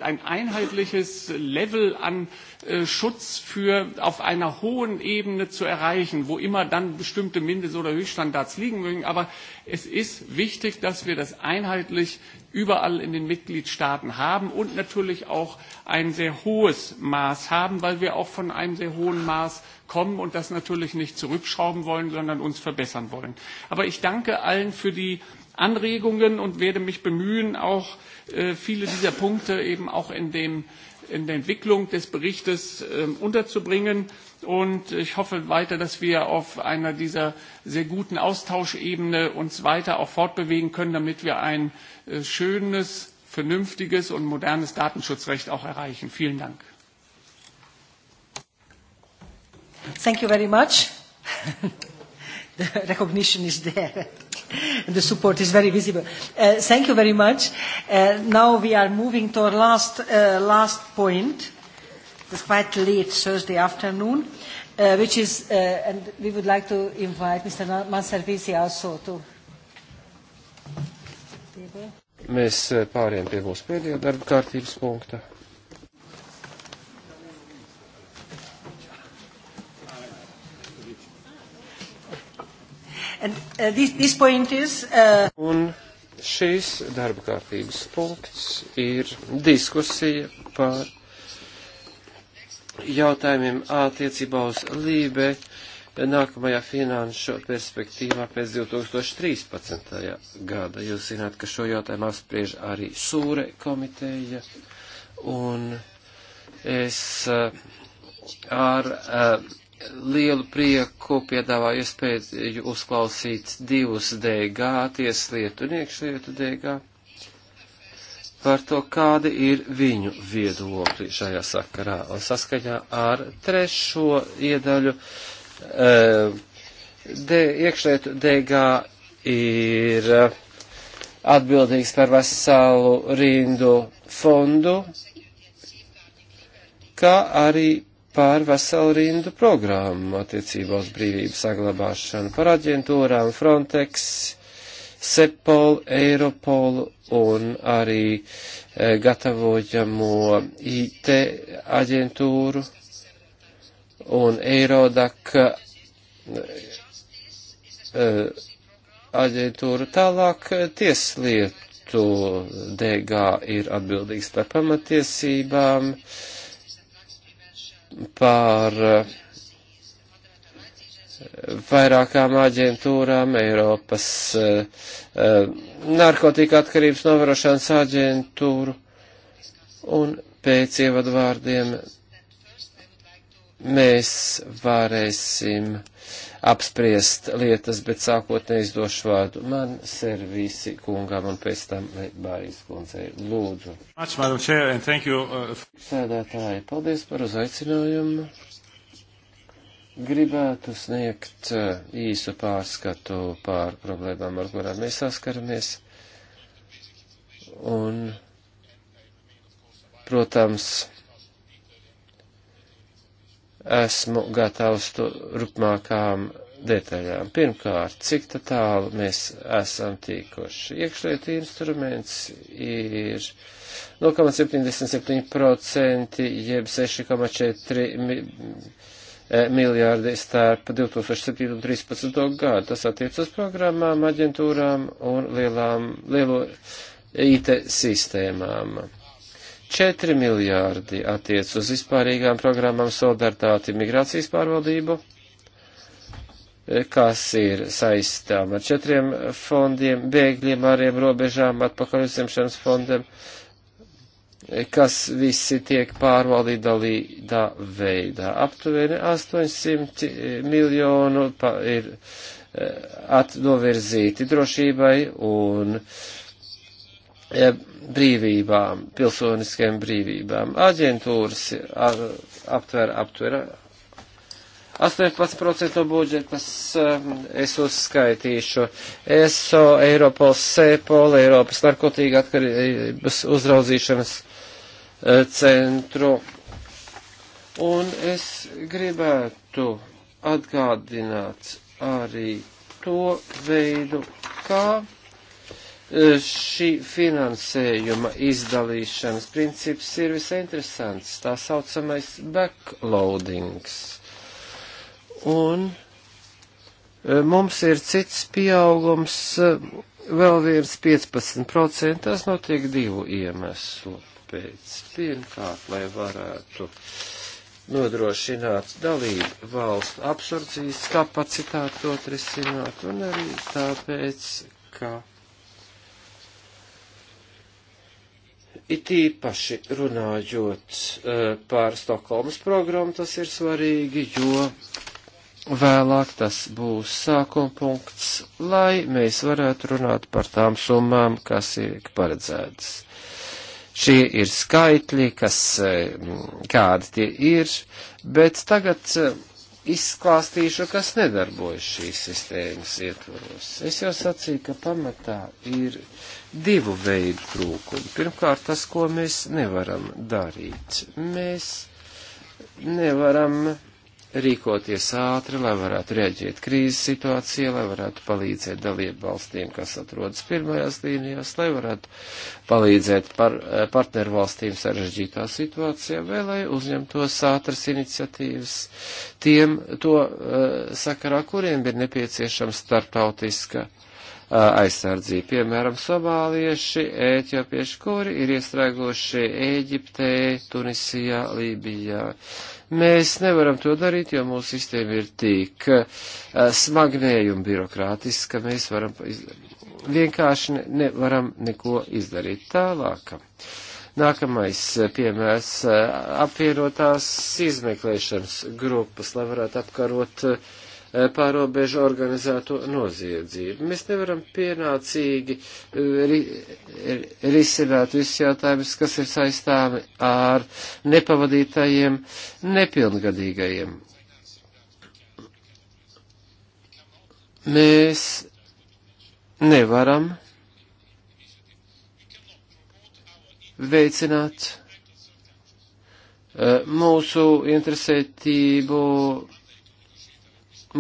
ein einheitliches Level an äh, Schutz für auf einer hohen Ebene zu erreichen, wo immer dann bestimmte Mindest- oder Höchststandards liegen mögen. Aber es ist wichtig, dass wir das einheitlich überall in den Mitgliedstaaten haben und natürlich auch ein sehr hohes Maß haben, weil wir auch von einem sehr hohen Maß kommen und das natürlich nicht zurückschrauben wollen, sondern uns verbessern wollen. Aber ich danke allen für die äh, Anregungen und werde mich bemühen, auch äh, viele dieser Punkte eben auch in, dem, in der Entwicklung des Berichtes äh, unterzubringen. Und ich hoffe weiter, dass wir auf einer dieser sehr guten Austauschebene uns weiter auch fortbewegen können, damit wir ein äh, schönes, vernünftiges und modernes Datenschutzrecht auch erreichen. Vielen Dank. Thank you very much. the recognition is there. the support is very visible. Uh, thank you very much. Uh, now we are moving to our last, uh, last point. It's quite late Thursday afternoon, uh, which is, uh, and we would like to invite Mr. Manservisi also to. Mēs uh, pāriem pie mūsu pēdējā darba kārtības punkta. And, uh, this, this point is, uh... Un šīs darba kārtības punkts ir diskusija par jautājumiem attiecībā uz Lībe nākamajā finanšu perspektīvā pēc 2013. gada. Jūs zināt, ka šo jautājumu apspriež arī Sūre komiteja, un es uh, ar uh, lielu prieku piedāvāju iespēju uzklausīt divus DG, tieslietu un iekšlietu DG, par to, kādi ir viņu viedokļi šajā sakarā, saskaņā ar trešo iedaļu. Eh, D, iekšlietu DG ir atbildīgs par veselu rindu fondu, kā arī pār veselu rindu programmu attiecībā uz brīvības saglabāšanu par aģentūrām Frontex, Sepol, Eiropol un arī e, gatavojamo IT aģentūru un Eirodak e, aģentūru tālāk e, tieslietu DG ir atbildīgs par pamatiesībām. Uh, pār eh, vairākām aģentūrām, Eiropas eh, eh, narkotika atkarības novērošanas aģentūru, un pēc ievadvārdiem mēs varēsim apspriest lietas, bet sākotnēji izdošu vārdu man servisi kungam un pēc tam Bāris kundzei. Lūdzu. Uh, Sēdētāji, paldies par uzaicinājumu. Gribētu sniegt uh, īsu pārskatu pār problēmām, ar kurām mēs saskaramies. Un, protams, esmu gatavs turpmākām detaļām. Pirmkārt, cik tālu mēs esam tīkoši. Iekšlietu instruments ir 0,77% jeb 6,4 e, miljārdi starp 2007 un 2013. gadu. Tas attiec uz programmām, aģentūrām un lielām, lielo IT sistēmām. 4 miljārdi attiec uz vispārīgām programmām solidaritāti migrācijas pārvaldību, e, kas ir saistām ar četriem fondiem, bēgļiem, āriem robežām, atpakaļ uzņemšanas fondiem, e, kas visi tiek pārvaldīti dalīdā veidā. Aptuveni 800 e, miljonu pa, ir at, novirzīti drošībai un uh, brīvībām, pilsoniskajām brīvībām. Aģentūras aptver, aptver 18% no budžetas um, es uzskaitīšu ESO, Eiropas SEPOL, Eiropas narkotīga atkarības uzraudzīšanas e, centru. Un es gribētu atgādināt arī to veidu, kā šī finansējuma izdalīšanas princips ir visai interesants, tā saucamais backloadings. Un e, mums ir cits pieaugums, e, vēl viens 15%, tas notiek divu iemeslu pēc. Pirmkārt, lai varētu nodrošināt dalību valstu absorpcijas kapacitāti to atrisināt, un arī tāpēc, ka It īpaši runājot eh, par Stokholmas programmu, tas ir svarīgi, jo vēlāk tas būs sākuma punkts, lai mēs varētu runāt par tām summām, kas ir paredzētas. Šie ir skaitļi, kas, eh, nu, kādi tie ir, bet tagad eh, izklāstīšu, kas nedarbojas šīs sistēmas ietvaros. Es jau sacīju, ka pamatā ir divu veidu trūkumi. Pirmkārt, tas, ko mēs nevaram darīt. Mēs nevaram rīkoties ātri, lai varētu rēģēt krīzes situācijā, lai varētu palīdzēt dalību valstīm, kas atrodas pirmajās līnijās, lai varētu palīdzēt par, eh, partneru valstīm sarežģītā situācijā, vai lai uzņemtos ātras iniciatīvas tiem to uh, sakarā, kuriem ir nepieciešama starptautiska uh, aizsardzība. Piemēram, somālieši, ēķopieši, kuri ir iestrēguši Ēģiptē, Tunisijā, Lībijā. Mēs nevaram to darīt, jo mūsu sistēma ir tik eh, smagnēja un birokrātiska, ka mēs varam vienkārši nevaram neko izdarīt tālāk. Nākamais eh, piemērs eh, - apvienotās izmeklēšanas grupas, lai varētu apkarot uh, Eh, pārobežu organizēto noziedzību. Mēs nevaram pienācīgi eh, ri, risināt visus jautājumus, kas ir saistāmi ar nepavadītajiem, nepilngadīgajiem. Mēs nevaram veicināt eh, mūsu interesētību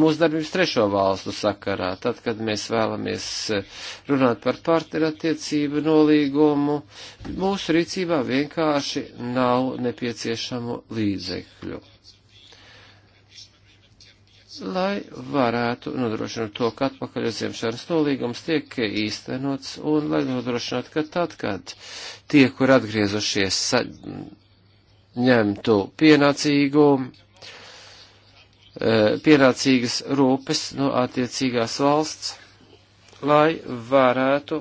mūsu darbības trešo valstu sakarā, tad, kad mēs vēlamies eh, runāt par partnerattiecību nolīgumu, mūsu rīcībā vienkārši nav nepieciešamu līdzekļu. Lai varētu nodrošināt to, ka atpakaļ uzņemšanas nolīgums tiek īstenots un lai nodrošinātu, ka tad, kad tie, kur atgriezušies, ņemtu pienācīgumu, Eh, pienācīgas rūpes no attiecīgās valsts, lai varētu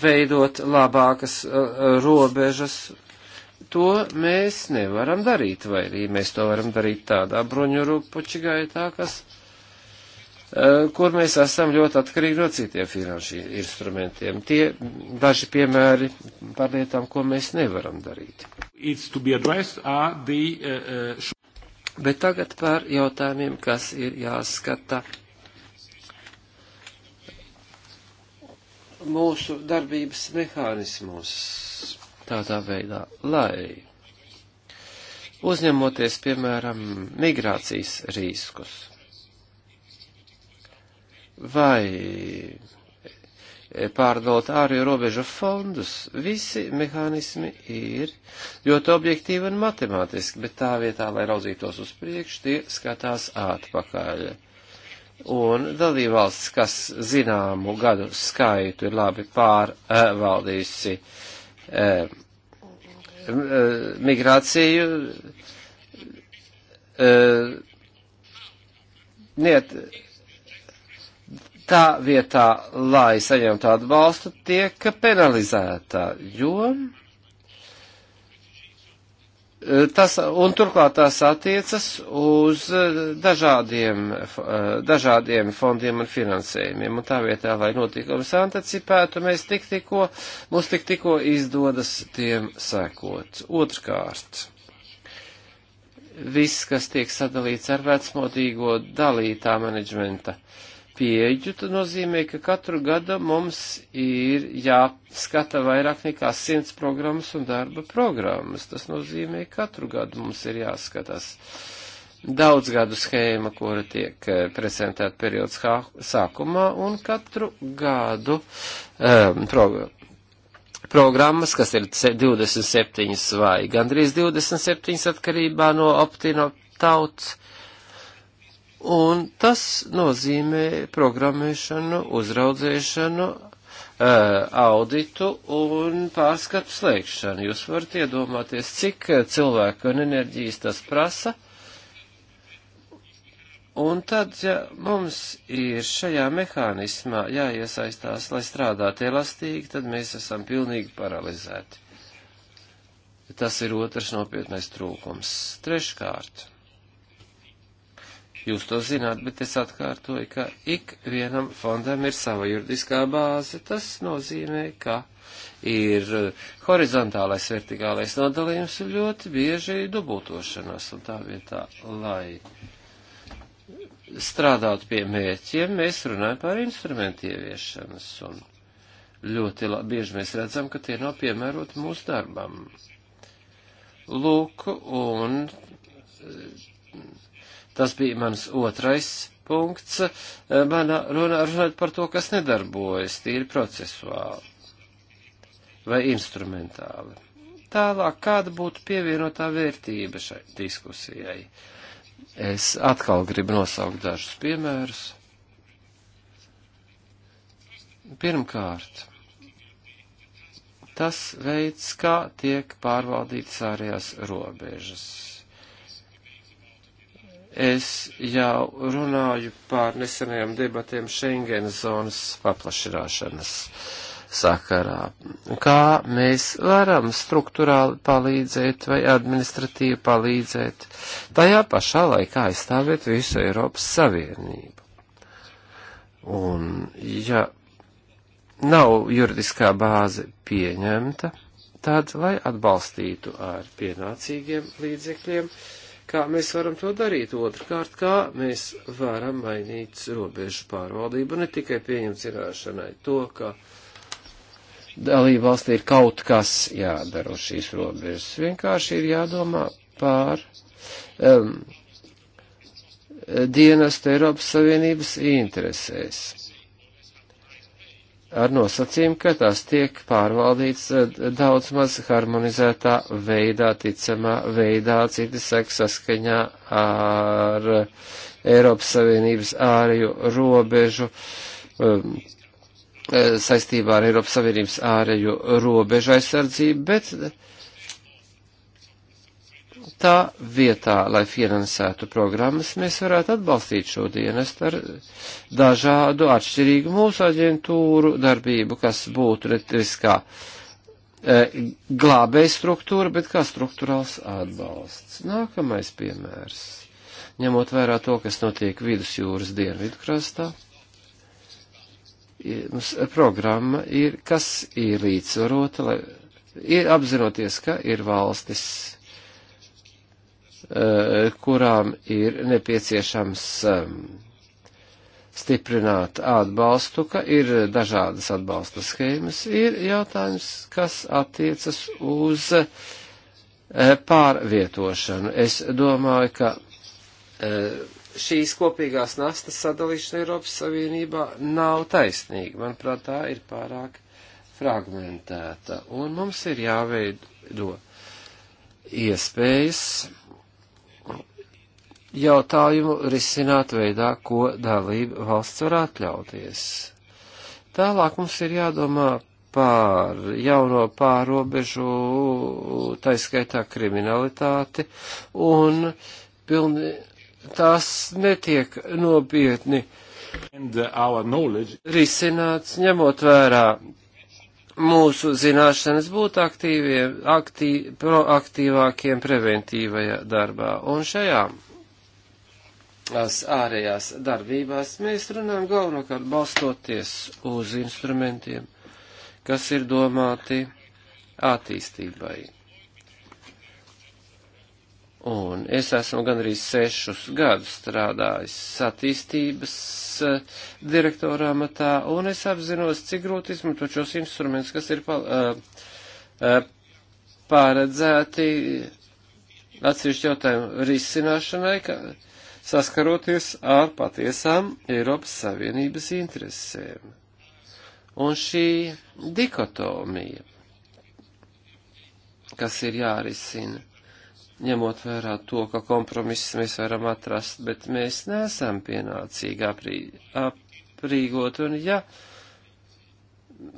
veidot labākas eh, robežas. To mēs nevaram darīt, vai arī mēs to varam darīt tādā bruņu rupuči gaitā, kas, eh, kur mēs esam ļoti atkarīgi no citiem finanšu instrumentiem. Tie daži piemēri par lietām, ko mēs nevaram darīt. The, uh, Bet tagad par jautājumiem, kas ir jāskata mūsu darbības mehānismus tādā veidā, lai uzņemoties, piemēram, migrācijas riskus vai pārdot ārējo robežu fondus. Visi mehānismi ir ļoti objektīvi un matemātiski, bet tā vietā, lai raudzītos uz priekšu, tie skatās atpakaļ. Un dalībvalsts, kas zināmu gadu skaitu ir labi pārvaldījusi eh, migrāciju, eh, niet, tā vietā, lai saņemtu atbalstu, tiek penalizēta, jo eh, tas, un turklāt tās attiecas uz eh, dažādiem, eh, dažādiem fondiem un finansējumiem, un tā vietā, lai notikums anticipētu, mēs tik tikko, mums tik tikko izdodas tiem sekot. Otrkārt viss, kas tiek sadalīts ar vecmodīgo dalītā menedžmenta uh, pieeju, tas nozīmē, ka katru gadu mums ir jāskata vairāk nekā simts programmas un darba programmas. Tas nozīmē, ka katru gadu mums ir jāskatās daudz gadu schēma, kura tiek eh, prezentēta periods sākumā, un katru gadu um, ehm, programmu programmas, kas ir 27 vai gandrīz 27 atkarībā no optino tauts Un tas nozīmē programmēšanu, uzraudzēšanu, auditu un pārskatu slēgšanu. Jūs varat iedomāties, cik cilvēku un enerģijas tas prasa. Un tad, ja mums ir šajā mehānismā jāiesaistās, lai strādātu elastīgi, tad mēs esam pilnīgi paralizēti. Tas ir otrs nopietnais trūkums. Treškārt. Jūs to zināt, bet es atkārtoju, ka ik vienam fondam ir sava juridiskā bāze. Tas nozīmē, ka ir horizontālais, vertikālais nodalījums un ļoti bieži dubultošanās. Un tā vietā, lai strādātu pie mērķiem, mēs runājam par instrumentu ieviešanas. Un ļoti labi, bieži mēs redzam, ka tie nav piemēroti mūsu darbam. Lūk, un Tas bija mans otrais punkts. Eh, mana runa runāt par to, kas nedarbojas tīri procesuāli vai instrumentāli. Tālāk, kāda būtu pievienotā vērtība šai diskusijai? Es atkal gribu nosaukt dažus piemērus. Pirmkārt, tas veids, kā tiek pārvaldītas ārējās robežas Es jau runāju par nesenajām debatēm Schengen zonas paplašināšanas sakarā. Kā mēs varam struktūrāli palīdzēt vai administratīvi palīdzēt, tajā pašā laikā aizstāvēt visu Eiropas Savienību. Un, ja nav juridiskā bāze pieņemta, tad, lai atbalstītu ar pienācīgiem līdzekļiem, uh, kā mēs varam to darīt, otrkārt, kā mēs varam mainīt robežu pārvaldību, ne tikai pieņemt zināšanai to, ka dalība valstī ir kaut kas jādara uz šīs robežas. Vienkārši ir jādomā pār um, dienestu Eiropas Savienības interesēs ar nosacījumu, ka tās tiek pārvaldīts eh, daudz maz harmonizētā veidā, ticamā veidā, citi saka saskaņā ar Eiropas Savienības ārēju robežu, um, eh, saistībā ar Eiropas Savienības ārēju robežu aizsardzību, bet tā vietā, lai finansētu programmas, mēs varētu atbalstīt šo dienestu ar dažādu atšķirīgu mūsu aģentūru darbību, kas būtu nevis kā e, glābēja struktūra, bet kā struktūrāls atbalsts. Nākamais piemērs. Ņemot vērā to, kas notiek vidusjūras dienvidu krastā, mums programma ir, kas ir līdzsvarota, lai ir apzinoties, ka ir valstis, Eh, kurām ir nepieciešams eh, stiprināt atbalstu, ka ir dažādas atbalsta schēmas, ir jautājums, kas attiecas uz eh, pārvietošanu. Es domāju, ka šīs kopīgās nastas sadalīšana Eiropas Savienībā nav taisnīga. Manuprāt, tā ir pārāk fragmentēta. Un mums ir jāveido iespējas jautājumu risināt veidā, ko dalība valsts var atļauties. Tālāk mums ir jādomā pār jauno pārobežu, taiskaitā kriminalitāti, un pilni, tās netiek nopietni risināts, ņemot vērā mūsu zināšanas būt aktīviem, aktī, proaktīvākiem preventīvajā darbā. Un šajā ārējās darbībās, mēs runājam galvenokārt balstoties uz instrumentiem, kas ir domāti attīstībai. Un es esmu gandrīz sešus gadus strādājis attīstības eh, direktorā matā, un es apzinos, cik grūti izmantot šos instrumentus, kas ir eh, eh, paredzēti atsevišķi jautājumu risināšanai, ka, uh, saskaroties ar patiesām Eiropas Savienības interesēm. Un šī dikotomija, kas ir jārisina, ņemot vērā to, ka kompromiss mēs varam atrast, bet mēs nesam pienācīgi aprī, aprīgot, un ja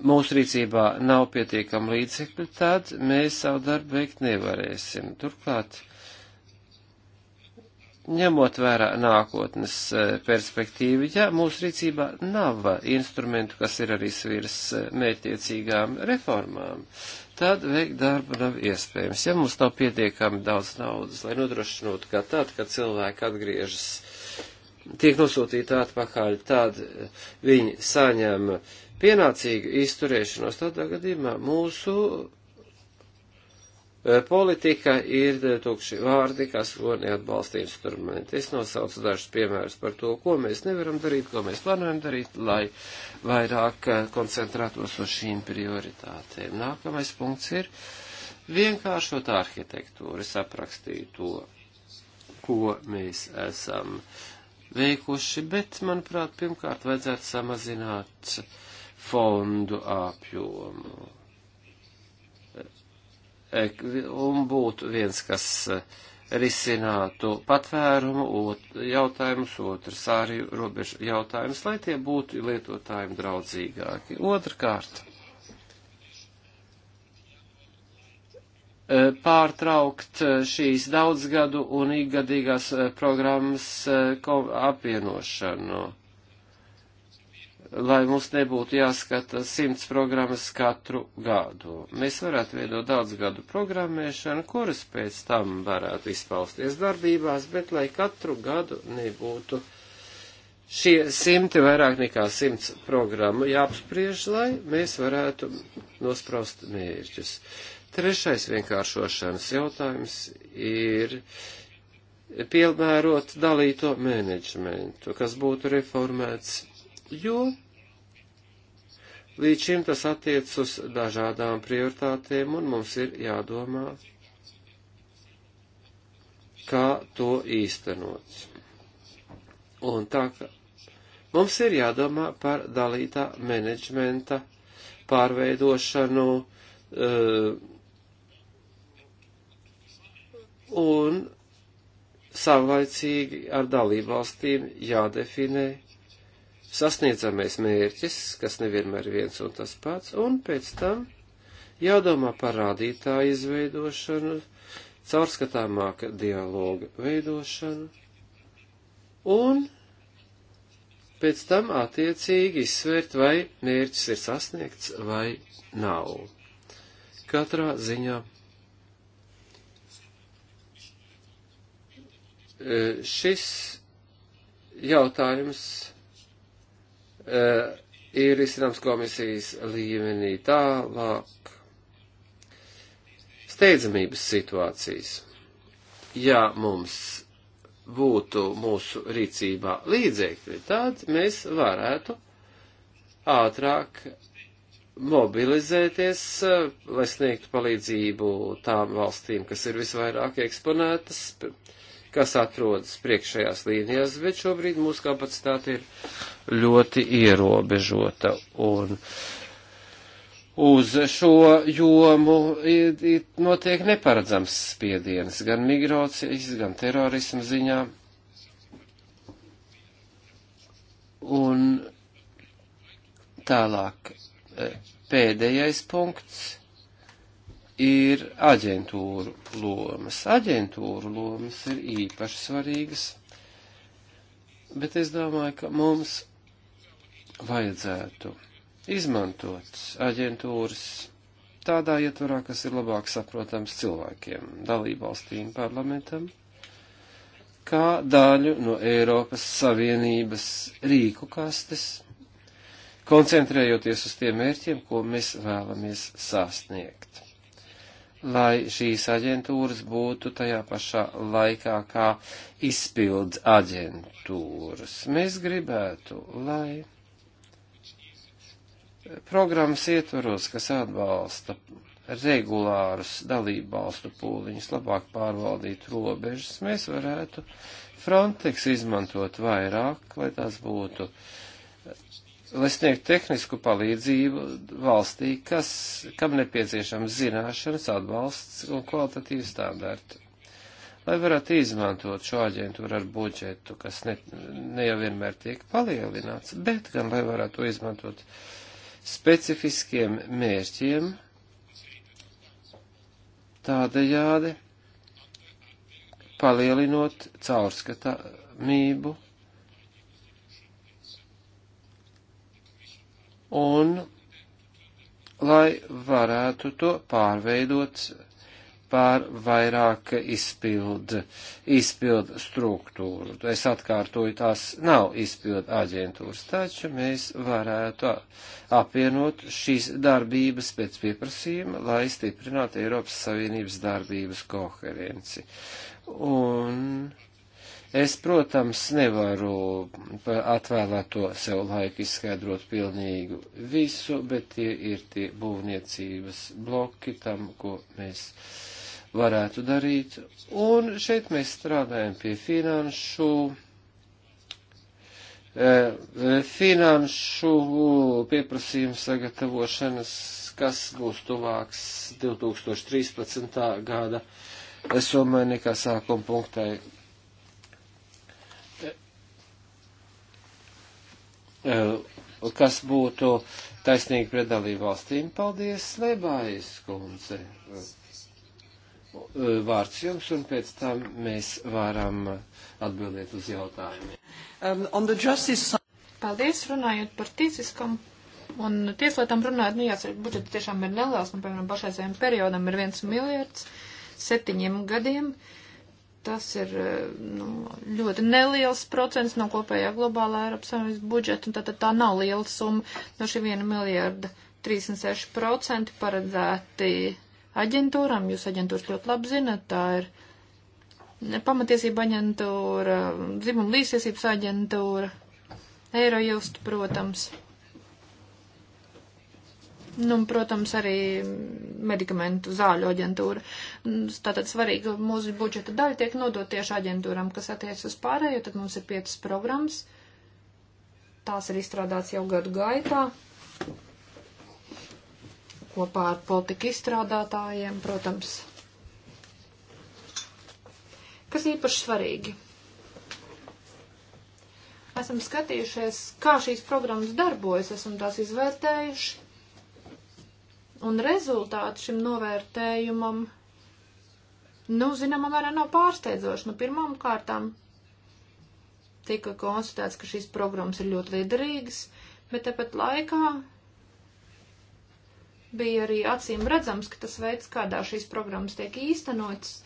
mūsu rīcībā nav pietiekama līdzekļu, tad mēs savu darbu veikt nevarēsim. Turklāt ņemot vērā nākotnes e, perspektīvu, ja mūsu rīcībā nav instrumentu, kas ir arī svirs e, mērķiecīgām reformām, tad veikt darbu nav iespējams. Ja mums nav pietiekami daudz naudas, lai nodrošinātu, ka tad, kad cilvēki atgriežas, tiek nosūtīti atpakaļ, tad e, viņi saņem pienācīgu izturēšanos, tādā gadījumā mūsu Politika ir tukši vārdi, kas var neatbalstīt instrumenti. Es nosaucu dažus piemērus par to, ko mēs nevaram darīt, ko mēs plānojam darīt, lai vairāk koncentrētos uz šīm prioritātēm. Nākamais punkts ir vienkāršot arhitektūru. Es aprakstīju to, ko mēs esam veikuši, bet, manuprāt, pirmkārt vajadzētu samazināt fondu apjomu un būtu viens, kas eh, risinātu patvērumu ot, jautājumus, otrs arī robežu jautājumus, lai tie būtu lietotājiem draudzīgāki. Otrkārt, eh, pārtraukt eh, šīs daudzgadu un ikgadīgās programmas apvienošanu. No lai mums nebūtu jāskata simts programmas katru gadu. Mēs varētu veidot daudz gadu programmēšanu, kuras pēc tam varētu izpausties darbībās, bet lai katru gadu nebūtu šie simti vairāk nekā simts programmu jāapspriež, lai mēs varētu nospraust mērķus. Trešais vienkāršošanas jautājums ir piemērot dalīto menedžmentu, kas būtu reformēts jo līdz šim tas attiec uz dažādām prioritātēm, un mums ir jādomā, kā to īstenot. Un tā, ka mums ir jādomā par dalītā menedžmenta pārveidošanu uh, un savlaicīgi ar dalībvalstīm jādefinē sasniedzamais mērķis, kas nevienmēr ir viens un tas pats, un pēc tam jādomā par rādītāju izveidošanu, caurskatāmāka dialoga veidošanu, un pēc tam attiecīgi izsvērt, vai mērķis ir sasniegts vai nav. Katrā ziņā e, šis jautājums Eh, ir izsināms komisijas līmenī tālāk. Steidzamības situācijas. Ja mums būtu mūsu rīcībā līdzekļi, tad mēs varētu ātrāk mobilizēties, eh, lai sniegtu palīdzību tām valstīm, kas ir visvairāk eksponētas kas atrodas priekšējās līnijās, bet šobrīd mūsu kapacitāte ir ļoti ierobežota. Un uz šo jomu notiek neparedzams spiediens gan migrācijas, gan terorismu ziņā. Un tālāk eh, pēdējais punkts ir aģentūru lomas. Aģentūru lomas ir īpaši svarīgas, bet es domāju, ka mums vajadzētu izmantot aģentūras tādā ietvarā, kas ir labāk saprotams cilvēkiem, dalībvalstīm, parlamentam, kā daļu no Eiropas Savienības rīku kastes, koncentrējoties uz tiem mērķiem, ko mēs vēlamies sasniegt lai šīs aģentūras būtu tajā pašā laikā kā izpildes aģentūras. Mēs gribētu, lai programmas ietvaros, kas atbalsta regulārus dalību valstu pūliņus, labāk pārvaldīt robežas, mēs varētu Frontex izmantot vairāk, lai tās būtu uh, lai sniegtu tehnisku palīdzību valstī, kas, kam nepieciešams zināšanas, atbalsts un kvalitatīvi standarti. Lai varētu izmantot šo aģentūru ar budžetu, kas ne, ne jau vienmēr tiek palielināts, bet gan lai varētu to izmantot specifiskiem mērķiem, tādējādi palielinot caurskatāmību un lai varētu to pārveidot pār vairāk izpild, izpild struktūru. Es atkārtoju, tās nav izpild aģentūras, taču mēs varētu apvienot šīs darbības pēc pieprasījuma, lai stiprinātu Eiropas Savienības darbības koherenci. Un Es, protams, nevaru atvēlēt to sev laiku izskaidrot pilnīgu visu, bet tie ir tie būvniecības bloki tam, ko mēs varētu darīt. Un šeit mēs strādājam pie finanšu, eh, finanšu pieprasījumu sagatavošanas, kas būs tuvāks 2013. gada. Es domāju, nekā sākuma punktai Eh, kas būtu taisnīgi pret dalību valstīm. Paldies, Lebājas kundze. Eh, vārds jums, un pēc tam mēs varam atbildēt uz jautājumiem. Um, justice... Paldies, runājot par tiesiskumu. Un tieslietām runājot, nu jāsaka, budžets tiešām ir neliels, nu, piemēram, pašreizējiem periodam ir viens miljards septiņiem gadiem. Uh, Tas ir eh, nu, ļoti neliels procents no kopējā globālā Eiropas Savienības budžeta, un tātad tā nav liela summa. No šī 1 miljārda 36% paredzēti aģentūram. Jūs aģentūras ļoti labi zinat, tā ir pamatiesība aģentūra, dzimuma līdztiesības aģentūra, Eirojust, protams. Nu, protams, arī medikamentu zāļu aģentūra. Tātad svarīga mūsu budžeta daļa tiek nodot tieši aģentūram, kas attiec uz pārējo, tad mums ir piecas programmas. Tās ir izstrādāts jau gadu gaitā kopā ar politika izstrādātājiem, protams. Kas īpaši svarīgi? Esam skatījušies, kā šīs programmas darbojas, esam tās izvērtējuši Un rezultāti šim novērtējumam, nu, zināmā mērā nav pārsteidzoši. Nu, pirmām kārtām tika konstatēts, ka šīs programmas ir ļoti liederīgas, bet tāpat laikā bija arī acīm redzams, ka tas veids, kādā šīs programmas tiek īstenotas,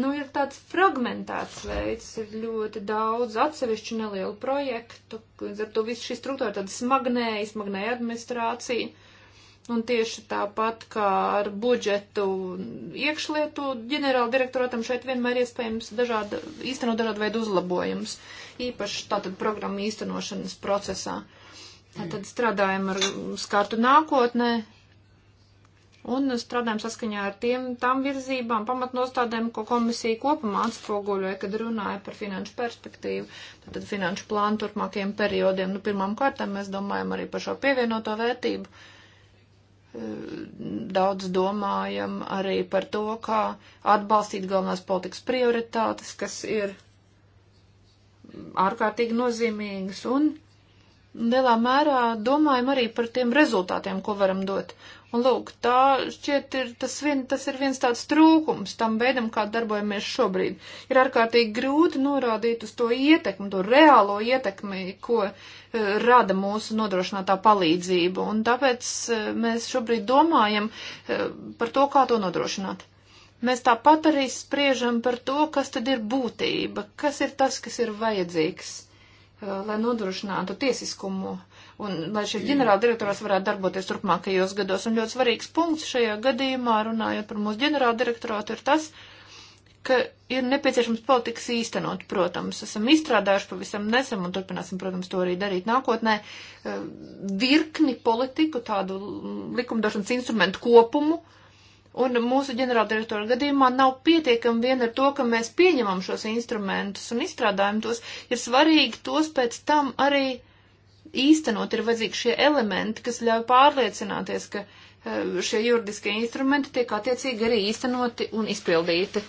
nu, ir tāds fragmentēts veids, ir ļoti daudz atsevišķu nelielu projektu, līdz ar to viss šī struktūra tāda smagnēja, smagnēja administrācija. Un tieši tāpat kā ar budžetu iekšlietu ģenerāla direktoratam šeit vienmēr iespējams dažāda, īstenot dažādu veidu uzlabojumus, īpaši tātad programmu īstenošanas procesā. Tātad strādājam ar skārtu nākotnē un strādājam saskaņā ar tiem, tām virzībām, pamatnostādēm, ko komisija kopumā atspoguļoja, kad runāja par finanšu perspektīvu, tātad finanšu plānu turpmākajiem periodiem. Nu, pirmām kārtām mēs domājam arī par šo pievienoto vērtību daudz domājam arī par to, kā atbalstīt galvenās politikas prioritātes, kas ir ārkārtīgi nozīmīgas un lielā mērā domājam arī par tiem rezultātiem, ko varam dot. Un lūk, tā šķiet ir tas, vien, tas ir viens tāds trūkums tam veidam, kā darbojamies šobrīd. Ir ārkārtīgi grūti norādīt uz to ietekmi, to reālo ietekmi, ko uh, rada mūsu nodrošinātā palīdzība. Un tāpēc uh, mēs šobrīd domājam uh, par to, kā to nodrošināt. Mēs tāpat arī spriežam par to, kas tad ir būtība, kas ir tas, kas ir vajadzīgs, lai nodrošinātu tiesiskumu uh, un lai šis ģenerāldirektors varētu darboties turpmākajos gados. Un ļoti svarīgs punkts šajā gadījumā, runājot par mūsu ģenerāldirektorātu, ir tas, ka ir nepieciešams politikas īstenot, protams. Esam izstrādājuši pavisam nesam un turpināsim, protams, to arī darīt nākotnē eh, virkni politiku, tādu likumdošanas instrumentu kopumu, Un mūsu ģenerāldirektora gadījumā nav pietiekami vien ar to, ka mēs pieņemam šos instrumentus un izstrādājam tos. Ir svarīgi tos pēc tam arī īstenot, ir vajadzīgi šie elementi, kas ļauj pārliecināties, ka e, šie juridiskie instrumenti tiek attiecīgi arī īstenoti un izpildīti.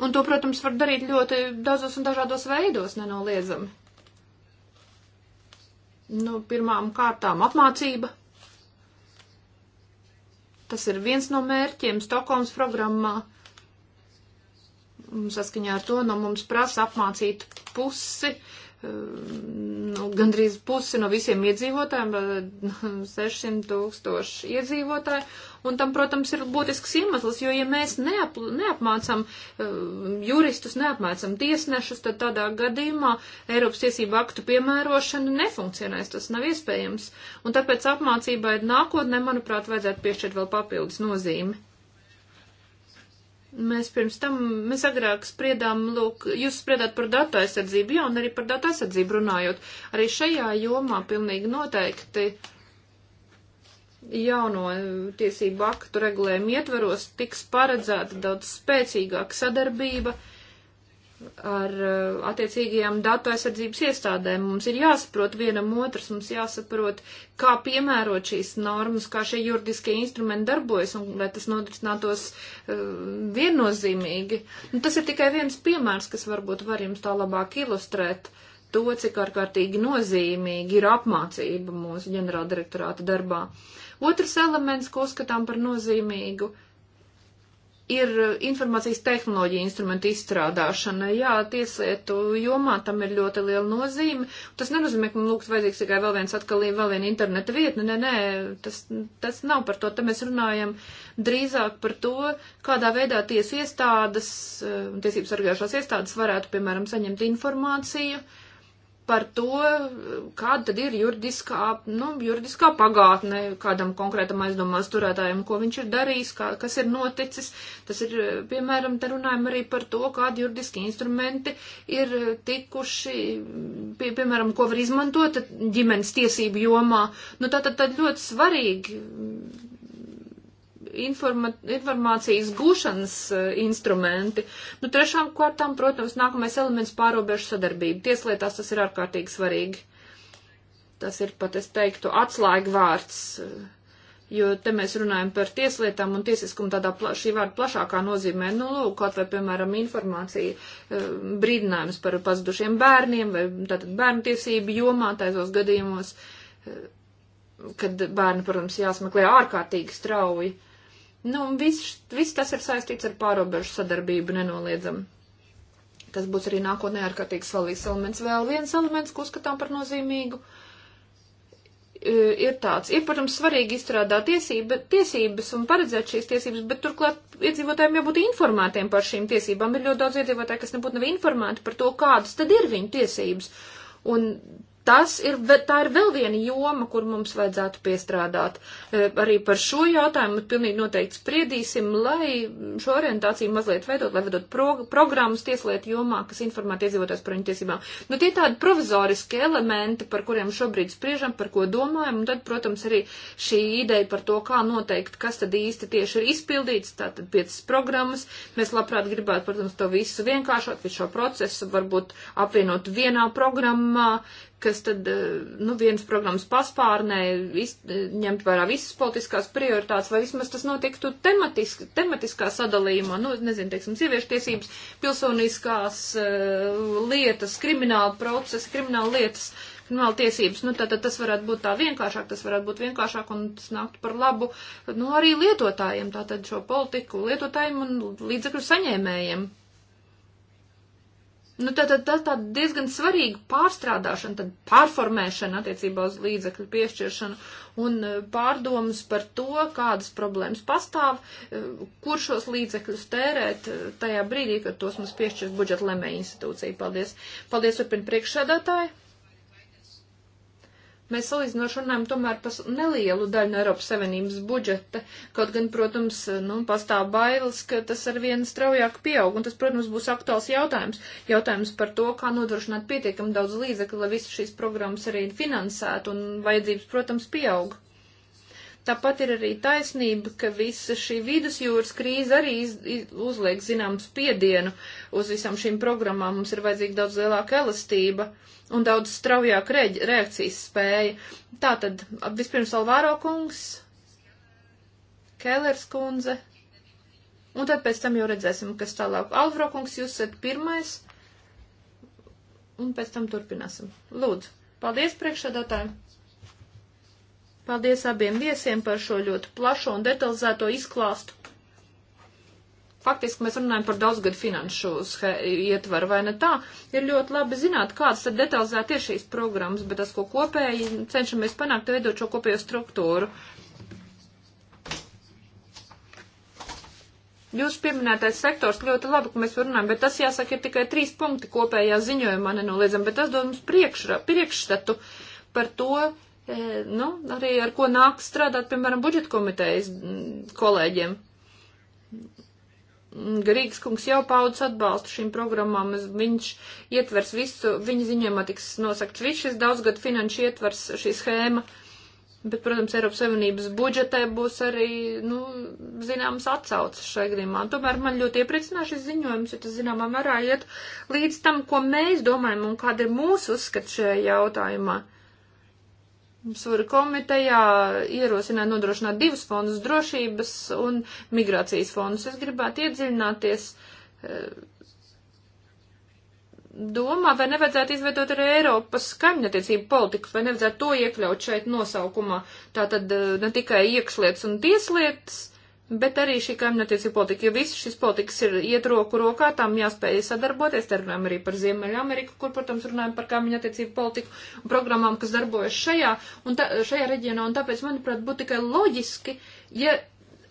Un to, protams, var darīt ļoti daudzos un dažādos veidos, nenoliedzami. Nu, pirmām kārtām apmācība. Tas ir viens no mērķiem Stokholmas programmā. Saskaņā ar to no mums prasa apmācīt pusi Ehm, nu, gandrīz pusi no visiem iedzīvotājiem, 600 eh, tūkstoši iedzīvotāji, un tam, protams, ir būtisks iemesls, jo ja mēs neap, neapmācam ehm, juristus, neapmācam tiesnešus, tad tādā gadījumā Eiropas tiesību aktu piemērošana nefunkcionēs, tas nav iespējams, un tāpēc apmācībai nākotnē, manuprāt, vajadzētu piešķirt vēl papildus nozīmi. Mēs pirms tam, mēs agrāk spriedām, lūk, jūs spriedāt par datu aizsardzību, jā, un arī par datu aizsardzību runājot. Arī šajā jomā pilnīgi noteikti jauno tiesību aktu regulējumu ietveros tiks paredzēta daudz spēcīgāka sadarbība ar eh, attiecīgajām datu aizsardzības iestādēm. Mums ir jāsaprot vienam otrs, mums jāsaprot, kā piemērot šīs normas, kā šie juridiskie instrumenti darbojas un lai tas nodricinātos uh, eh, viennozīmīgi. Nu, tas ir tikai viens piemērs, kas varbūt var jums tā labāk ilustrēt to, cik ārkārtīgi nozīmīgi ir apmācība mūsu ģenerāldirektorāta darbā. Otrs elements, ko uzskatām par nozīmīgu, ir ir uh, informācijas tehnoloģija instrumentu izstrādāšana. Jā, tieslietu jomā tam ir ļoti liela nozīme. Tas nenozīmē, ka mums lūgt vajadzīgs tikai vēl viens atkal, vēl viena interneta vietne. Nē, nē, tas, tas nav par to. Te mēs runājam drīzāk par to, kādā veidā tiesu iestādes, uh, tiesības sargājušās iestādes varētu, piemēram, saņemt informāciju. Uh, par to, kāda tad ir juridiskā, nu, juridiskā pagātne kādam konkrētam aizdomās turētājam, ko viņš ir darījis, kā, kas ir noticis. Tas ir, piemēram, te runājam arī par to, kādi juridiski instrumenti ir tikuši, pie, piemēram, ko var izmantot ģimenes tiesību jomā. Nu, tā tad, tad ļoti svarīgi informa informācijas gūšanas eh, instrumenti. Nu, trešām kārtām, protams, nākamais elements pārobežu sadarbība. Tieslietās tas ir ārkārtīgi svarīgi. Tas ir pat, es teiktu, atslēgvārds. vārds eh, jo te mēs runājam par tieslietām un tiesiskumu tādā pla šī vārda plašākā nozīmē, nu, lūk, kaut vai, piemēram, informācija, eh, brīdinājums par pazudušiem bērniem vai tātad bērnu tiesību jomā taisos gadījumos, kad bērni, protams, jāsmeklē ārkārtīgi strauji. Uh, Nu, viss, viss tas ir saistīts ar pārobežu sadarbību nenoliedzami. Tas būs arī nākotnē ārkārtīgi svarīgs elements. Vēl viens elements, ko uzskatām par nozīmīgu, e, ir tāds. Ir, protams, svarīgi izstrādāt tiesība, tiesības un paredzēt šīs tiesības, bet turklāt iedzīvotājiem jābūt informētiem par šīm tiesībām. Ir ļoti daudz iedzīvotāju, kas nebūtu nav informēti par to, kādas tad ir viņu tiesības. Un tas ir, tā ir vēl viena joma, kur mums vajadzētu piestrādāt. E, arī par šo jautājumu pilnīgi noteikti spriedīsim, lai šo orientāciju mazliet veidot, lai vedot pro, programmas tieslietu jomā, kas informētu iedzīvotājs par viņu tiesībām. Nu, tie tādi provizoriski elementi, par kuriem šobrīd spriežam, par ko domājam, un tad, protams, arī šī ideja par to, kā noteikt, kas tad īsti tieši ir izpildīts, tātad piecas programmas. Mēs labprāt gribētu, protams, to visu vienkāršot, visu šo procesu varbūt apvienot vienā programmā, kas tad, eh, nu, viens programmas paspārnē iz, eh, ņemt vērā visas politiskās prioritātes, vai vismaz tas notiktu tematiski, tematiskā sadalījumā, nu, nezinu, teiksim, sieviešu tiesības, pilsoniskās uh, lietas, krimināla procesa, krimināla lietas, krimināla tiesības, nu, tad, tad tas varētu būt tā vienkāršāk, tas varētu būt vienkāršāk un tas nāktu par labu, nu, arī lietotājiem, tātad šo politiku lietotājiem un līdzekļu saņēmējiem. Nu, tā, tā, tā, tā diezgan svarīga pārstrādāšana, tad pārformēšana attiecībā uz līdzekļu piešķiršanu un e, pārdomas par to, kādas problēmas pastāv, e, kur šos līdzekļus tērēt e, tajā brīdī, kad tos mums piešķirs budžeta lemē institūcija. Paldies. Paldies, turpin priekšsēdētāji. Mēs salīdzinoši runājam tomēr par nelielu daļu no Eiropas Savienības budžeta, kaut gan, protams, nu, pastāv bailes, ka tas ar vienu straujāk pieaug, un tas, protams, būs aktuāls jautājums. Jautājums par to, kā nodrošināt pietiekam daudz līdzekļu, lai visas šīs programmas arī finansētu, un vajadzības, protams, pieaug. Tāpat ir arī taisnība, ka visa šī vidusjūras krīze arī iz, iz, uzliek zināmu spiedienu uz visām šīm programmām. Mums ir vajadzīga daudz lielāka elastība un daudz straujāka reģ, reakcijas spēja. Tātad, vispirms Alvāro kungs, Kēlers kundze, un tad pēc tam jau redzēsim, kas tālāk. Alvāro kungs, jūs esat pirmais, un pēc tam turpināsim. Lūdzu, paldies priekšsēdētājiem! Paldies abiem viesiem par šo ļoti plašo un detalizēto izklāstu. Faktiski mēs runājam par daudzgadu finanšu ietvaru, vai ne tā? Ir ļoti labi zināt, kāds tad detalizēti ir šīs programmas, bet tas, ko kopēji cenšamies panākt, veidot šo kopējo struktūru. Jūsu pieminētais sektors ļoti labi, ka mēs runājam, bet tas jāsaka ir tikai trīs punkti kopējā ziņojumā nenoliedzam, bet tas dod mums priekšra, priekšstatu par to, E, nu, arī ar ko nāk strādāt, piemēram, budžetkomitejas mm, kolēģiem. Grīgas kungs jau paudzes atbalstu šīm programmām, viņš ietvers visu, viņa ziņojumā tiks nosakts viss šis daudzgad finanšu ietvers, šī schēma, bet, protams, Eiropas Savienības budžetē būs arī, nu, zināmas atsaucas šai gadījumā. Tomēr man ļoti iepriecinā šis ziņojums, jo tas, zināmā mērā, iet līdz tam, ko mēs domājam un kāda ir mūsu uzskats šajā jautājumā. Uh, Svara komitejā ierosināja nodrošināt divus fondus - drošības un migrācijas fondus. Es gribētu iedziļināties eh, domā, vai nevajadzētu izveidot arī Eiropas kaimiņattiecību politiku, vai nevajadzētu to iekļaut šeit nosaukumā. Tātad eh, ne tikai iekšlietas un tieslietas, bet arī šī kaimiņattiecība politika, jo viss šis politikas ir iet roku rokā, tām jāspēj sadarboties, te runājam arī par Ziemeļameriku, kur, protams, runājam par kaimiņattiecību politiku un programmām, kas darbojas šajā, un tā, šajā reģionā, un tāpēc, manuprāt, būtu tikai loģiski, ja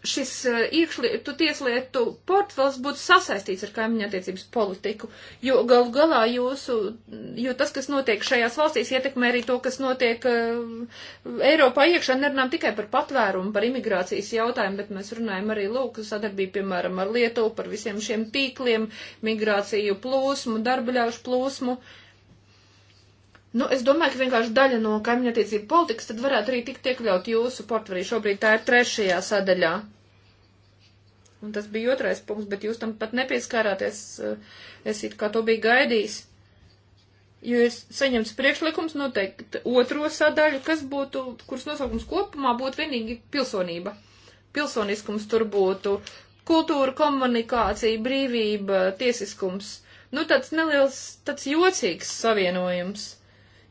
šis eh, iekšlietu tieslietu portfels būtu sasaistīts ar kaimiņu attiecības politiku, jo galu galā jūsu, jo tas, kas notiek šajās valstīs, ietekmē arī to, kas notiek uh, Eiropā iekšā. Nerunājam tikai par patvērumu, par imigrācijas jautājumu, bet mēs runājam arī, lūk, sadarbību, piemēram, ar Lietuvu, par visiem šiem tīkliem, migrāciju plūsmu, darbaļaušu plūsmu. Uh, Nu, es domāju, ka vienkārši daļa no kaimiņattiecību politikas tad varētu arī tikt iekļaut jūsu portfelī. Šobrīd tā ir trešajā sadaļā. Un tas bija otrais punkts, bet jūs tam pat nepieskārāties. Eh, es it kā to biju gaidījis. Jo ir saņemts priekšlikums noteikti otro sadaļu, kas būtu, kuras nosaukums kopumā būtu vienīgi pilsonība. Pilsoniskums tur būtu kultūra, komunikācija, brīvība, tiesiskums. Nu, tāds neliels, tāds jocīgs savienojums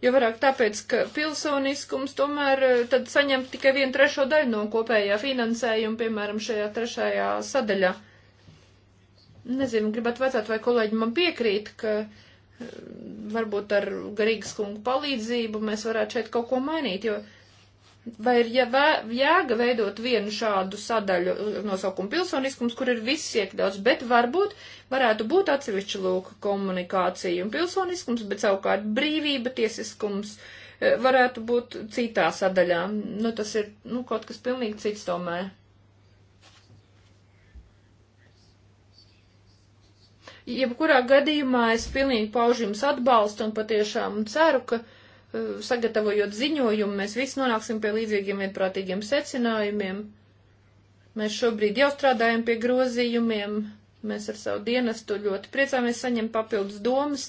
jo vairāk tāpēc, ka pilsoniskums tomēr eh, tad saņem tikai vienu trešo daļu no kopējā finansējuma, piemēram, šajā trešajā sadaļā. Nezinu, gribētu vecāt, vai kolēģi man piekrīt, ka eh, varbūt ar garīgas kungu palīdzību mēs varētu šeit kaut ko mainīt, jo Vai ir ja jēga veidot vienu šādu sadaļu nosaukumu pilsoniskums, kur ir viss iekļauts, bet varbūt varētu būt atsevišķi lūk komunikācija un pilsoniskums, bet savukārt brīvība, tiesiskums e, varētu būt citā sadaļā. Nu, tas ir, nu, kaut kas pilnīgi cits tomēr. Jebkurā gadījumā es pilnīgi paužu jums atbalstu un patiešām ceru, ka Eh, sagatavojot ziņojumu, mēs visi nonāksim pie līdzīgiem vienprātīgiem secinājumiem. Mēs šobrīd jau strādājam pie grozījumiem, mēs ar savu dienestu ļoti priecāmies saņemt papildus domas,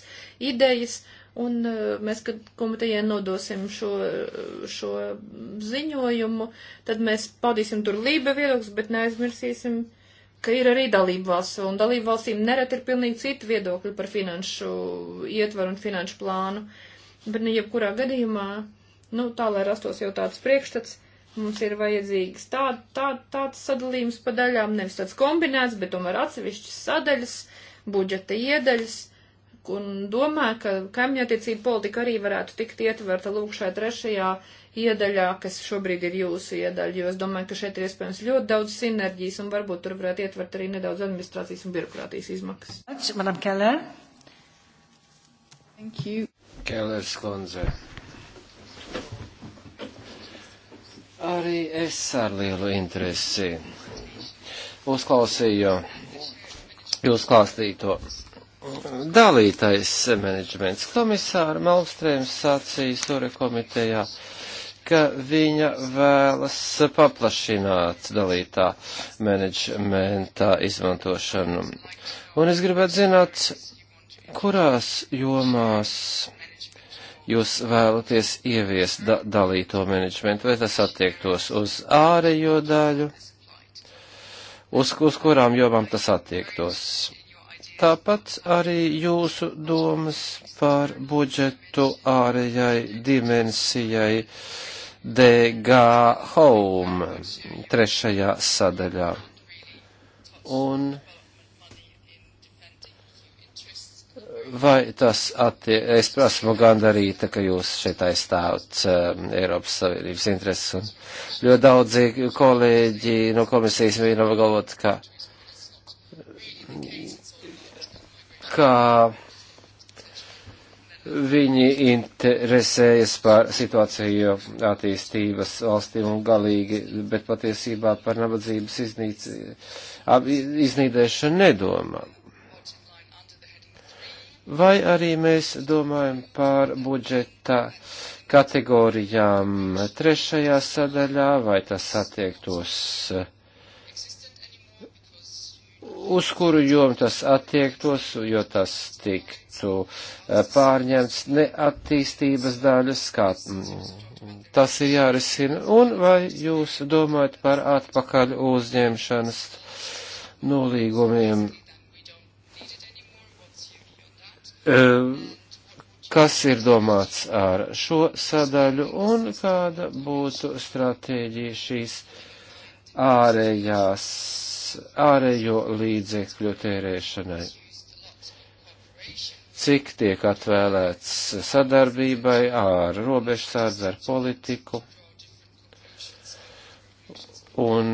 idejas, un eh, mēs, kad komitejai nodosim šo, šo ziņojumu, tad mēs paudīsim tur lība viedokļus, bet neaizmirsīsim ka ir arī dalībvalsts, un dalībvalstīm nereti ir pilnīgi citi viedokļi par finanšu ietvaru un finanšu plānu. Uh, bet ne jebkurā gadījumā, nu, tā lai rastos jau tāds priekšstats, mums ir vajadzīgs tā, tā, tāds sadalījums pa daļām, nevis tāds kombinēts, bet tomēr atsevišķas sadaļas, budžeta iedaļas, un domāju, ka kaimiņattiecība politika arī varētu tikt ietverta lūk šajā trešajā iedaļā, kas šobrīd ir jūsu iedaļa, jo es domāju, ka šeit ir iespējams ļoti daudz sinerģijas, un varbūt tur varētu ietvert arī nedaudz administrācijas un birokrātijas izmaksas. Madam Keller. Thank you. Kellers kundze. Arī es ar lielu interesi uzklausīju jūs klāstīto dalītais menedžments komisāra Malmstrēms sacīja Sore komitejā, ka viņa vēlas paplašināt dalītā menedžmentā izmantošanu. Un es gribētu zināt, kurās jomās jūs vēlaties ieviest da dalīto menedžmentu, vai tas attiektos uz ārējo daļu, uz, uz kurām jomām tas attiektos. Tāpat arī jūsu domas par budžetu ārējai dimensijai DG Home trešajā sadaļā. Un vai tas attie, es esmu gandarīta, ka jūs šeit aizstāvat um, Eiropas Savienības intereses, un ļoti daudzi kolēģi no komisijas vīna galvot, ka, ka viņi interesējas par situāciju attīstības valstīm un galīgi, bet patiesībā par nabadzības iznīc, iznīdēšanu nedomā vai arī mēs domājam par budžeta kategorijām trešajā sadaļā, vai tas attiektos, uz kuru jomu tas attiektos, jo tas tiktu eh, pārņemts neattīstības daļas, kā mm, tas ir jārisina, un vai jūs domājat par atpakaļ uzņemšanas nolīgumiem kas ir domāts ar šo sadaļu un kāda būtu stratēģija šīs ārējās, ārējo līdzekļu tērēšanai. Cik tiek atvēlēts sadarbībai ar robežsārdz, ar politiku. Un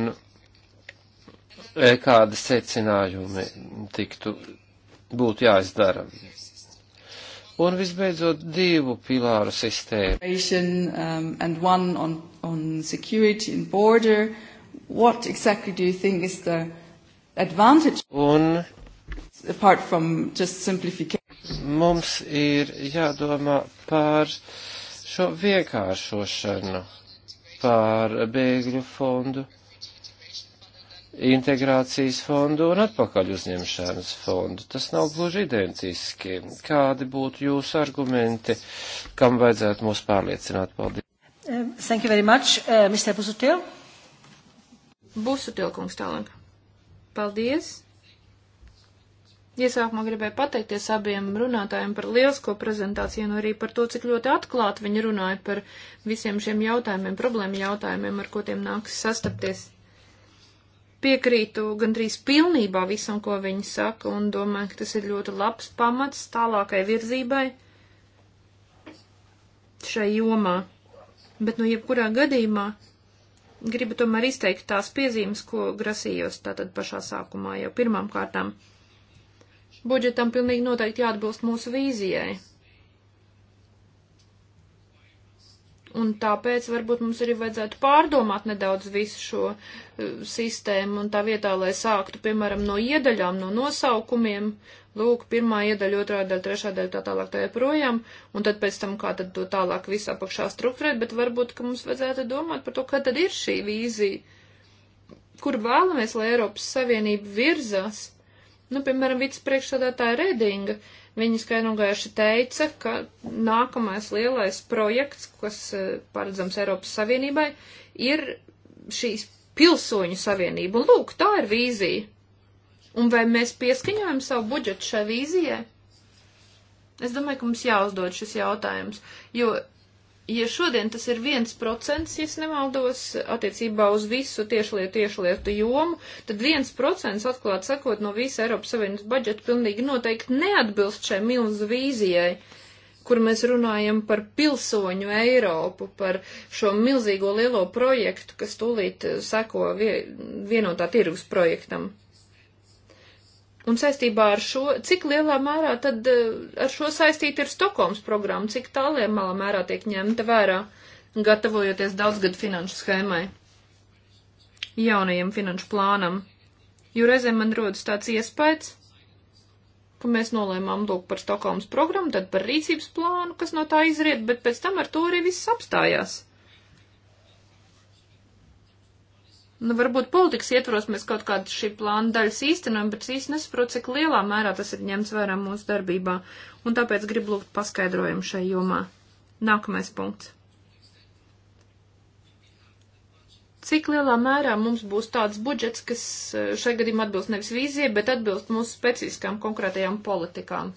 e, kādi secinājumi tiktu, būtu jāizdara Un visbeidzot divu pilāru sistēmu. Um, on, on What exactly do you think is the advantage? Un apart from just simplification. Mums ir jādomā par šo vienkāršošanu, par bēgļu fondu integrācijas fondu un atpakaļ uzņemšanas fondu. Tas nav gluži identiski. Kādi būtu jūsu argumenti, kam vajadzētu mūs pārliecināt? Paldies. Eh, thank you very much, uh, eh, Mr. Busutil. Busutil, kungs tālāk. Paldies. Iesākumā gribēju pateikties abiem runātājiem par lielisko prezentāciju un arī par to, cik ļoti atklāti viņi runāja par visiem šiem jautājumiem, problēmu jautājumiem, ar ko tiem nāks sastapties piekrītu gandrīz pilnībā visam, ko viņi saka, un domāju, ka tas ir ļoti labs pamats tālākai virzībai šai jomā. Bet, nu, jebkurā gadījumā gribu tomēr izteikt tās piezīmes, ko grasījos tātad pašā sākumā jau pirmām kārtām. Budžetam pilnīgi noteikti jāatbilst mūsu vīzijai. Un tāpēc varbūt mums arī vajadzētu pārdomāt nedaudz visu šo uh, sistēmu un tā vietā, lai sāktu, piemēram, no iedaļām, no nosaukumiem. Lūk, pirmā iedaļa, otrā daļa, trešā daļa, tā tālāk tā joprojām, un tad pēc tam, kā tad to tālāk visu apakšā strukturēt, bet varbūt, ka mums vajadzētu domāt par to, kā tad ir šī vīzija, kur vēlamies, lai Eiropas Savienība virzās. Nu, piemēram, vicepriekšsādātāja Redinga. Uh, Viņi skaidri un gaiši teica, ka nākamais lielais projekts, kas e, paredzams Eiropas Savienībai, ir šīs pilsoņu savienība. Un lūk, tā ir vīzija. Un vai mēs pieskaņojam savu budžetu šai vīzijai? Es domāju, ka mums jāuzdod šis jautājums, jo ja šodien tas ir viens procents, ja nemaldos, attiecībā uz visu tiešlietu, tiešlietu jomu, tad viens procents, atklāt sakot, no visa Eiropas Savienības budžeta pilnīgi noteikti neatbilst šai milzu vīzijai, kur mēs runājam par pilsoņu Eiropu, par šo milzīgo lielo projektu, kas tūlīt seko vie, vienotā tirgus projektam. Un saistībā ar šo, cik lielā mērā tad eh, ar šo saistīta ir Stokholmas programma, cik tālēmālā mērā tiek ņemta vērā, gatavojoties daudzgadu finanšu schēmai, jaunajam finanšu plānam. Jo reizēm man rodas tāds iespējas, ka mēs nolēmām lūk par Stokholmas programmu, tad par rīcības plānu, kas no tā izriet, bet pēc tam ar to arī viss apstājās. Nu, varbūt politikas ietvaros mēs kaut kādu šī plāna daļas īstenojam, bet es īsti nesaprotu, cik lielā mērā tas ir ņemts vērā mūsu darbībā, un tāpēc gribu lūgt paskaidrojumu šai jomā. Nākamais punkts. Cik lielā mērā mums būs tāds budžets, kas eh, šai gadījumā atbilst nevis vīzijai, bet atbilst mūsu specifiskām konkrētajām politikām?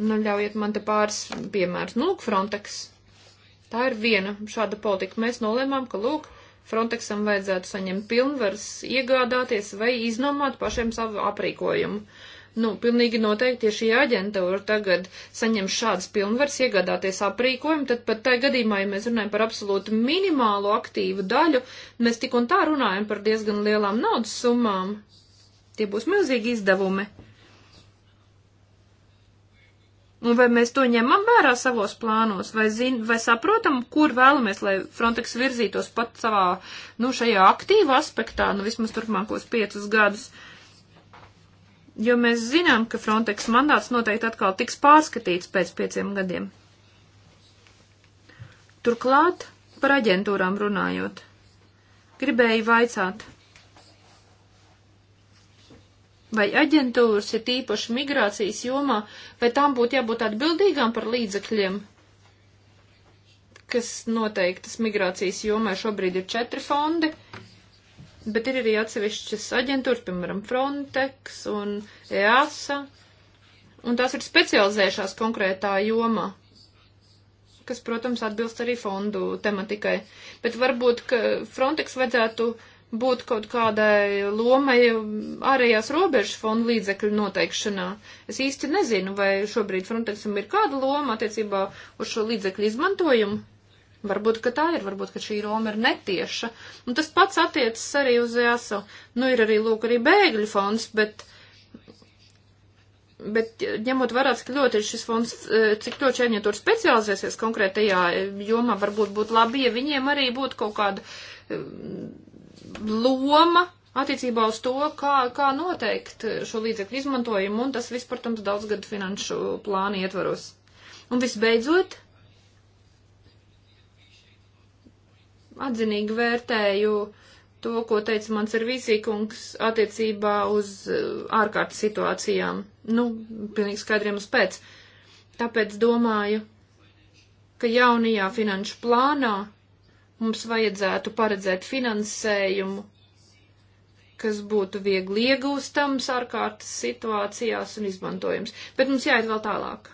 Nu, ļaujiet man te pāris piemērus. Nu, lūk, Frontex. Tā ir viena šāda politika. Mēs nolēmām, ka, lūk, Frontexam vajadzētu saņemt pilnvars iegādāties vai iznomāt pašiem savu aprīkojumu. Nu, pilnīgi noteikti, ja šī aģentūra tagad saņem šādas pilnvars iegādāties aprīkojumu, tad pat tajā gadījumā, ja mēs runājam par absolūtu minimālo aktīvu daļu, mēs tik un tā runājam par diezgan lielām naudas summām. Tie būs milzīgi izdevumi. Un vai mēs to ņemam vērā savos plānos, vai, zin, vai saprotam, kur vēlamies, lai Frontex virzītos pat savā, nu, šajā aktīva aspektā, nu, vismaz turpmākos piecus gadus. Jo mēs zinām, ka Frontex mandāts noteikti atkal tiks pārskatīts pēc pieciem gadiem. Turklāt, par aģentūrām runājot, gribēju vaicāt, vai aģentūras, ir tīpaši migrācijas jomā, vai tām būtu jābūt atbildīgām par līdzekļiem, kas noteiktas migrācijas jomā. Šobrīd ir četri fondi, bet ir arī atsevišķas aģentūras, piemēram, Frontex un EASA, un tās ir specializējušās konkrētā jomā kas, protams, atbilst arī fondu tematikai. Bet varbūt, ka Frontex vajadzētu uh, būt kaut kādai lomai ārējās robežas fonda līdzekļu noteikšanā. Es īsti nezinu, vai šobrīd Frontexam ir kāda loma attiecībā uz šo līdzekļu izmantojumu. Varbūt, ka tā ir, varbūt, ka šī Roma ir netieša. Un tas pats attiecas arī uz ESO. Nu, ir arī, lūk, arī bēgļu fonds, bet, bet ņemot vērā, cik ļoti šis fonds, e, cik ļoti šeit tur specializēsies konkrētajā jomā, varbūt būtu labi, ja viņiem arī būtu kaut kāda e, loma attiecībā uz to, kā, kā noteikt šo līdzekļu izmantojumu, un tas viss, protams, daudz gadu finanšu plānu ietvaros. Un visbeidzot, atzinīgi vērtēju to, ko teica mans ar vīzīkungs attiecībā uz eh, ārkārtas situācijām. Nu, pilnīgi skaidriem uz pēc. Tāpēc domāju, ka jaunajā finanšu plānā Mums vajadzētu paredzēt finansējumu, kas būtu viegli iegūstams ārkārtas situācijās un izmantojams. Bet mums jāiet vēl tālāk.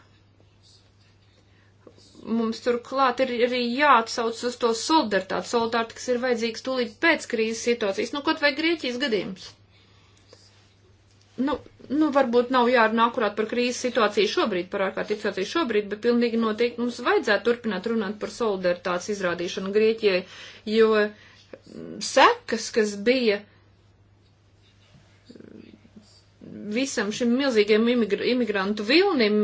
Mums turklāt ir arī jāatsauc uz to solidaritāti, solidaritāti, kas ir vajadzīgs tūlīt pēc krīzes situācijas, nu, kaut vai Grieķijas gadījums. Nu, nu, varbūt nav jārunā akurāt par krīzes situāciju šobrīd, par ārkārtīgu situāciju šobrīd, bet pilnīgi noteikti mums vajadzētu turpināt runāt par solidaritātes izrādīšanu Grieķijai, jo mm, sekas, kas bija visam šim milzīgiem imigr imigrantu vilnim,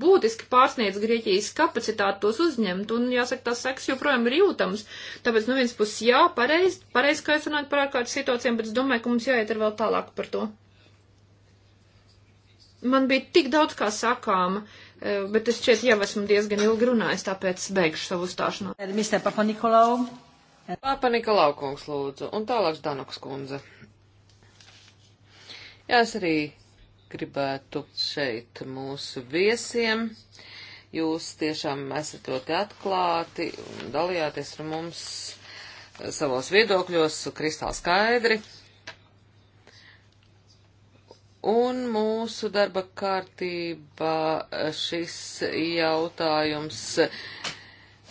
būtiski pārsniedz Grieķijas kapacitāti tos uzņemt, un jāsaka, tas seks joprojām ir jūtams. Tāpēc, nu, viens puses jā, pareizi, pareizi, ka jūs runājat par ārkārtas situācijām, bet es domāju, ka mums jāiet ar vēl tālāk par to man bija tik daudz kā sakām, eh, bet es šķiet jau esmu diezgan ilgi runājis, tāpēc beigšu savu uzstāšanos. Eh, Mr. Papa Nikolau. Eh. Papa Nikolau kungs lūdzu, un tālāk Danuks kundze. Jā, es arī gribētu šeit mūsu viesiem. Jūs tiešām esat ļoti atklāti un dalījāties ar mums savos viedokļos kristāli skaidri. Un mūsu darba kārtībā eh, šis jautājums eh,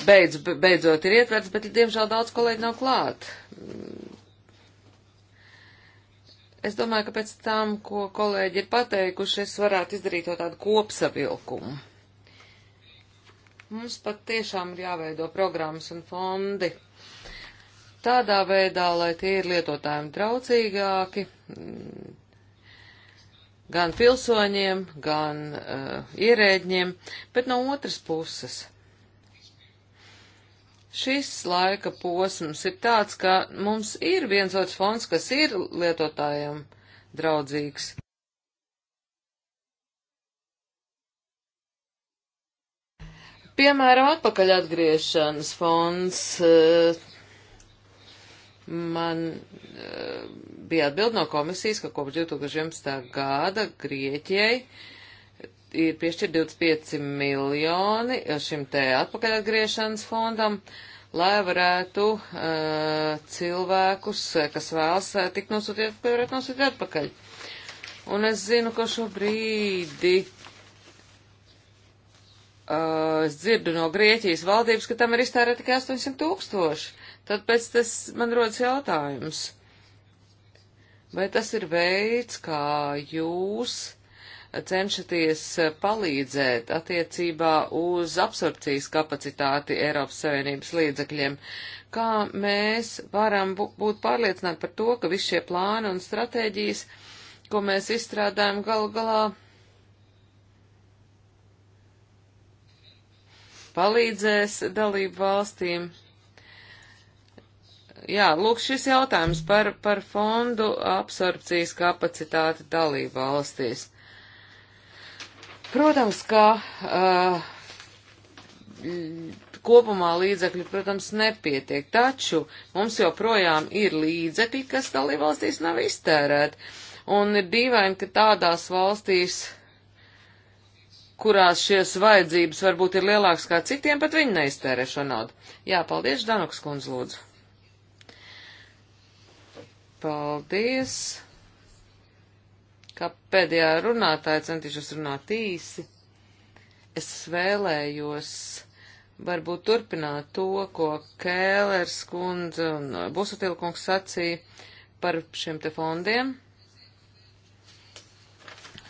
beidz, beidzot ir ietverts, bet, diemžēl, daudz kolēģi nav klāt. Es domāju, ka pēc tam, ko kolēģi ir pateikuši, es varētu izdarīt to tādu kopsavilkumu. Mums pat tiešām ir jāveido programmas un fondi tādā veidā, lai tie ir lietotājiem traucīgāki, gan pilsoņiem, gan uh, ierēģiem, bet no otras puses. Šis laika posms ir tāds, ka mums ir viens otrs fonds, kas ir lietotājiem draudzīgs. Piemēram, atpakaļ atgriešanas fonds. Uh, man uh, bija atbild no komisijas, ka kopš 2011. gada Grieķijai ir piešķirt 25 miljoni šim te atpakaļatgriešanas fondam, lai varētu uh, cilvēkus, eh, kas vēlas eh, tikt nosūtīt, varētu nosūtīt atpakaļ. Un es zinu, ka šobrīdi uh, es dzirdu no Grieķijas valdības, ka tam ir iztērēta tikai 800 tūkstoši. Tad pēc tas man rodas jautājums Vai tas ir veids, kā jūs cenšaties palīdzēt attiecībā uz absorpcijas kapacitāti Eiropas Savienības līdzekļiem? Kā mēs varam būt pārliecināti par to, ka visi šie plāni un stratēģijas, ko mēs izstrādājam galu galā, palīdzēs dalību valstīm Jā, lūk, šis jautājums par, par fondu absorpcijas kapacitāti dalību valstīs. Protams, ka uh, kopumā līdzekļi, protams, nepietiek, taču mums joprojām ir līdzekļi, kas dalībvalstīs nav iztērēti. Un ir dīvaini, ka tādās valstīs, kurās šies vajadzības varbūt ir lielākas kā citiem, pat viņi neiztērē šo naudu. Jā, paldies, Danuks kundz, lūdzu. Paldies, kā pēdējā runātāja centīšos runāt īsi. Es vēlējos varbūt turpināt to, ko Kēlers kundze un Busatilkungs sacīja par šiem te fondiem.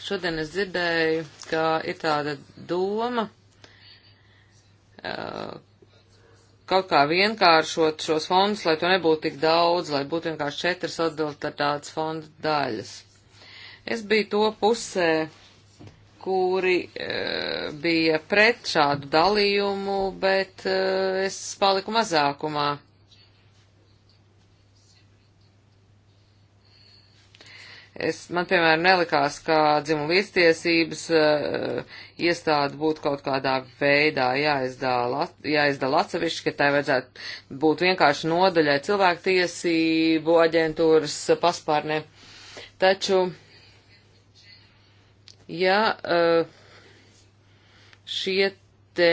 Šodien es dzirdēju, ka ir tāda doma, kaut kā vienkāršot šos fondus, lai to nebūtu tik daudz, lai būtu vienkārši četras atbildētātas fonda daļas. Es biju to pusē, kuri e, bija pret šādu dalījumu, bet e, es paliku mazākumā. Es, man, piemēram, nelikās, ka dzimuma līdztiesības uh, iestāde būtu kaut kādā veidā jāizdala, jāizdala atsevišķi, ka tai vajadzētu būt vienkārši nodaļai cilvēktiesību aģentūras paspārnē. Taču, ja uh, šie te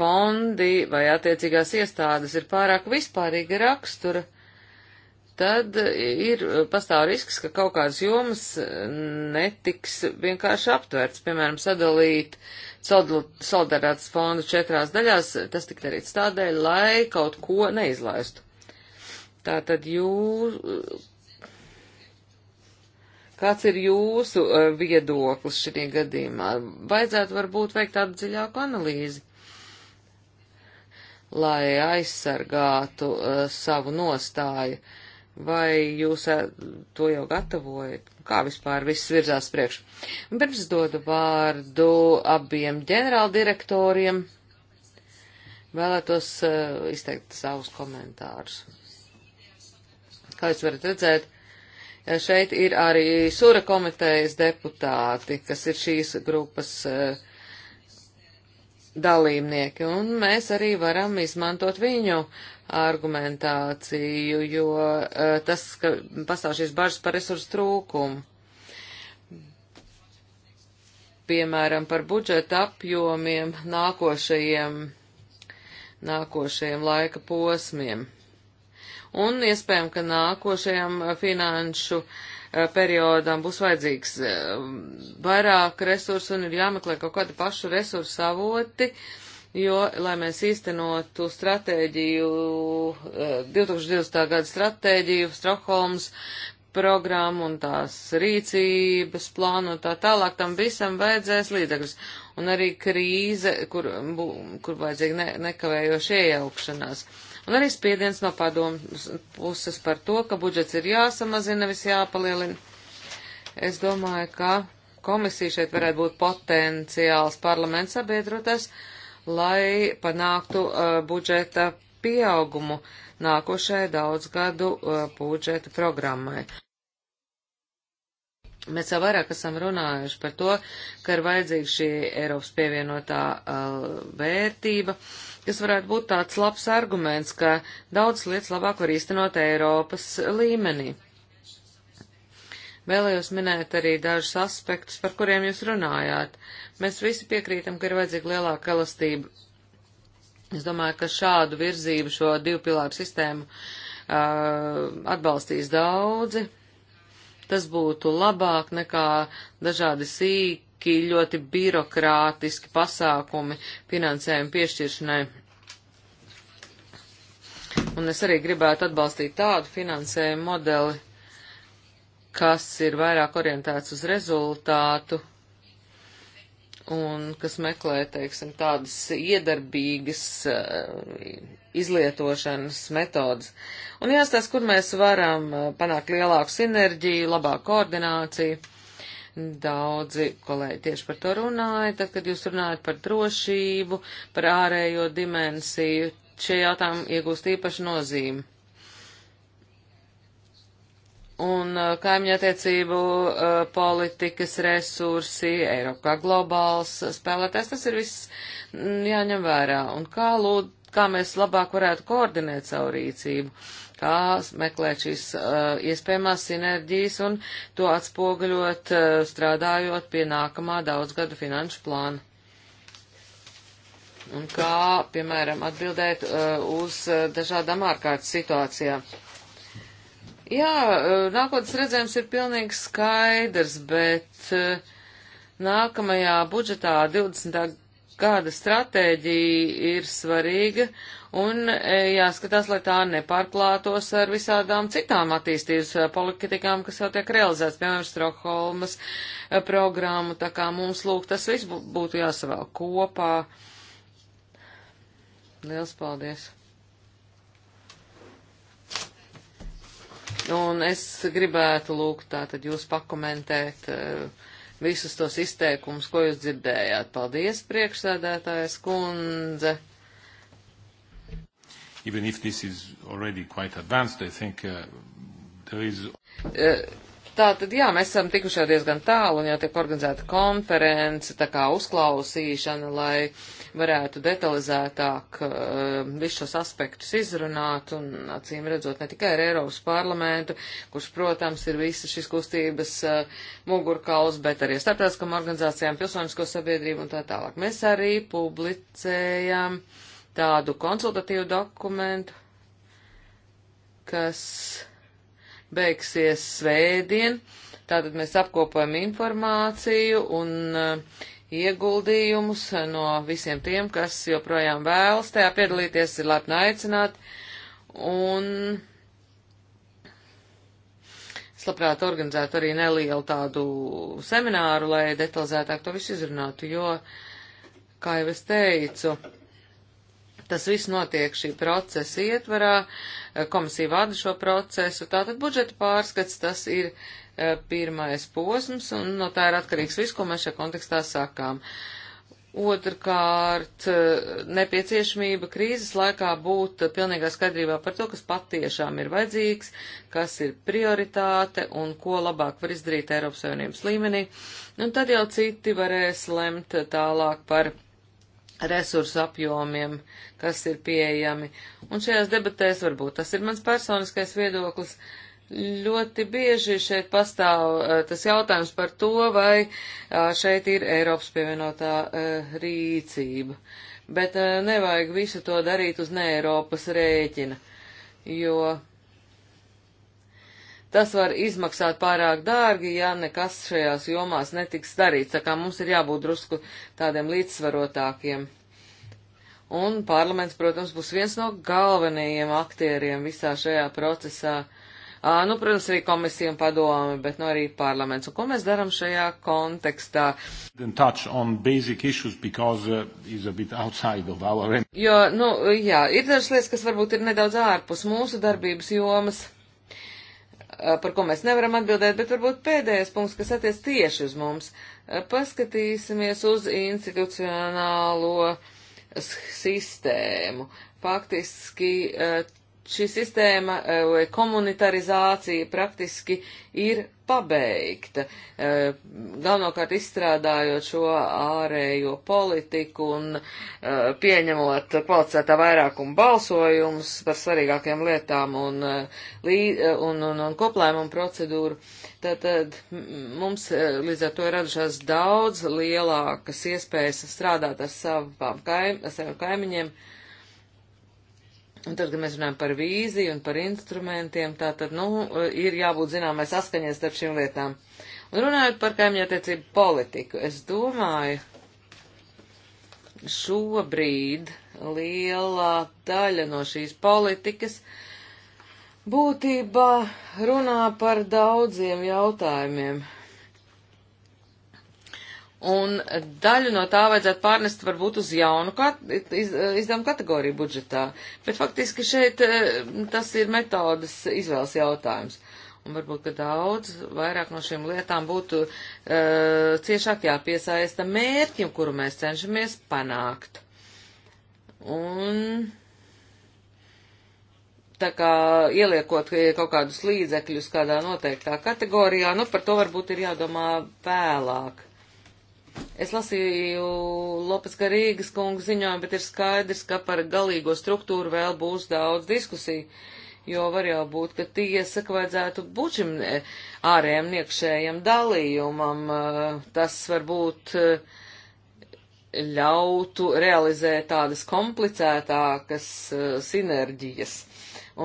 fondi vai attiecīgās iestādes ir pārāk vispārīga rakstura, tad ir pastāv risks, ka kaut kādas jomas netiks vienkārši aptverts, piemēram, sadalīt solidaritātes fondu četrās daļās, tas tik darīts tādēļ, lai kaut ko neizlaistu. Tātad jūs, kāds ir jūsu e, viedoklis šī gadījumā? Vajadzētu varbūt veikt tādu dziļāku analīzi lai aizsargātu uh, savu nostāju. Uh, vai jūs to jau gatavojat? Kā vispār viss virzās priekš? Un pirms es dodu vārdu abiem ģenerāldirektoriem, vēlētos uh, izteikt savus komentārus. Kā jūs varat redzēt, šeit ir arī Sura komitejas deputāti, kas ir šīs grupas uh, dalībnieki, un mēs arī varam izmantot viņu argumentāciju, jo uh, tas, ka pastāv šīs bažas par resursu trūkumu. Piemēram, par budžeta apjomiem nākošajiem, nākošajiem laika posmiem. Un iespējams, ka nākošajam finanšu uh, Eh, periodam būs vajadzīgs eh, vairāk resursu un ir jāmeklē kaut kādi pašu resursu avoti, jo, lai mēs īstenotu stratēģiju, 2020. Eh, gada stratēģiju, Stokholmas programmu un tās rīcības plānu un tā tālāk, tam visam vajadzēs līdzekļus. Un arī krīze, kur, kur vajadzīga ne, nekavējoša iejaukšanās. Uh, un arī spiediens no padomas puses par to, ka budžets ir jāsamazina, nevis jāpalielina. Es domāju, ka komisija šeit varētu būt potenciāls parlaments sabiedrotas, lai panāktu uh, budžeta pieaugumu nākošajai daudzgadu uh, budžeta programmai. Mēs jau vairāk esam runājuši par to, ka ir vajadzīga šī Eiropas pievienotā uh, vērtība. Uh, kas varētu būt tāds labs arguments, ka daudz lietas labāk var īstenot Eiropas līmenī. Vēlējos minēt arī dažus aspektus, par kuriem jūs runājāt. Mēs visi piekrītam, ka ir vajadzīga lielāka elastība. Es domāju, ka šādu virzību, šo divu pilāru sistēmu uh, atbalstīs daudzi. Tas būtu labāk nekā dažādi sīk lieki, ļoti birokrātiski pasākumi finansējumu piešķiršanai. Un es arī gribētu atbalstīt tādu finansējumu modeli, kas ir vairāk orientēts uz rezultātu un kas meklē, teiksim, tādas iedarbīgas eh, izlietošanas metodas. Un jāstāsta, kur mēs varam eh, panākt lielāku sinerģiju, labāku koordināciju Daudzi kolēģi tieši par to runāja, tad, kad jūs runājat par drošību, par ārējo dimensiju, šie jautājumi iegūst īpašu nozīmi. Un uh, kaimiņa attiecību uh, politikas resursi, Eiropa kā globāls spēlētājs, tas ir viss mm, jāņem vērā. Un kā lūd, kā mēs labāk varētu koordinēt savu rīcību? kā meklēt šīs uh, iespējamās sinerģijas un to atspoguļot, uh, strādājot pie nākamā daudzgada finanšu plāna. Un kā, piemēram, atbildēt uh, uz uh, dažādām ārkārtas situācijām. Jā, uh, nākotnes redzējums ir pilnīgi skaidrs, bet uh, nākamajā budžetā 20. gada stratēģija ir svarīga un e, jāskatās, lai tā nepārklātos ar visādām citām attīstības e, politikām, kas jau tiek realizētas, piemēram, Strokholmas e, programmu, tā kā mums lūk, tas viss būtu jāsavēl kopā. Liels paldies! Un es gribētu lūgt tātad jūs pakomentēt uh, visus tos izteikumus, ko jūs dzirdējāt. Paldies, priekšsēdētājas kundze! even if this is already quite advanced, I think uh, there is. E, tā tad, jā, mēs esam tikuši jau diezgan tālu, un jau tiek organizēta konference, tā kā uzklausīšana, lai varētu detalizētāk uh, visus šos aspektus izrunāt, un acīm redzot ne tikai ar Eiropas parlamentu, kurš, protams, ir visa šis kustības uh, mugurkauls, bet arī starptautiskam organizācijām, pilsonisko sabiedrību un tā tālāk. Mēs arī publicējam. Uh, tādu konsultatīvu dokumentu, kas beigsies svētdien. Tātad mēs apkopojam informāciju un uh, ieguldījumus no visiem tiem, kas joprojām vēlas tajā piedalīties, ir labi aicināt. Un es labprāt organizētu arī nelielu tādu semināru, lai detalizētāk to visu izrunātu, jo, kā jau es teicu, Tas viss notiek šī procesa ietvarā, komisija vada šo procesu, tātad budžeta pārskats tas ir e, pirmais posms, un no tā ir atkarīgs viss, ko mēs šajā kontekstā sakām. Otrkārt, e, nepieciešamība krīzes laikā būt pilnīgā skaidrībā par to, kas patiešām ir vajadzīgs, kas ir prioritāte un ko labāk var izdarīt Eiropas Savienības līmenī, un tad jau citi varēs lemt tālāk par resursu apjomiem, kas ir pieejami. Un šajās debatēs varbūt tas ir mans personiskais viedoklis. Ļoti bieži šeit pastāv eh, tas jautājums par to, vai eh, šeit ir Eiropas pievienotā eh, rīcība. Bet nevajag visu to darīt uz ne Eiropas rēķina, jo Tas var izmaksāt pārāk dārgi, ja nekas šajās jomās netiks darīts, tā kā mums ir jābūt drusku tādiem līdzsvarotākiem. Un parlaments, protams, būs viens no galvenajiem aktieriem visā šajā procesā. À, nu, protams, arī komisija un padomi, bet nu, arī parlaments. Un ko mēs darām šajā kontekstā? Uh, our... Jo, nu, jā, ir dažas lietas, kas varbūt ir nedaudz ārpus mūsu darbības jomas Eh, par ko mēs nevaram atbildēt, bet varbūt pēdējais punkts, kas attiec tieši uz mums. Eh, paskatīsimies uz institucionālo sistēmu. Faktiski eh, šī sistēma eh, vai komunitarizācija praktiski ir pabeigta, eh, galvenokārt izstrādājot šo ārējo politiku un eh, pieņemot kvalificētā vairākuma balsojums par svarīgākajām lietām un, un, un, un koplēmumu procedūru. Tātad mums līdz ar to ir radušās daudz lielākas iespējas strādāt ar savām kaim, ar saviem kaimiņiem. Kaim, Un tad, kad mēs runājam par vīziju un par instrumentiem, tā tad, nu, ir jābūt zināmai saskaņai starp šīm lietām. Un runājot par kaimiņattiecību politiku, es domāju, šobrīd lielā daļa no šīs politikas būtībā runā par daudziem jautājumiem un daļu no tā vajadzētu pārnest varbūt uz jaunu kat iz izdevumu kategoriju budžetā. Bet faktiski šeit eh, tas ir metodas izvēles jautājums. Un varbūt, ka daudz vairāk no šīm lietām būtu uh, ciešāk jāpiesaista mērķim, kuru mēs cenšamies panākt. Un tā kā ieliekot kaut kādus līdzekļus kādā noteiktā kategorijā, nu par to varbūt ir jādomā vēlāk. Es lasīju Lopes Garīgas kungu ziņojumu, bet ir skaidrs, ka par galīgo struktūru vēl būs daudz diskusiju, jo var jau būt, ka tiesa, ka vajadzētu būt šim eh, ārējiem niekšējiem dalījumam, eh, tas varbūt eh, ļautu realizēt tādas komplicētākas sinerģijas.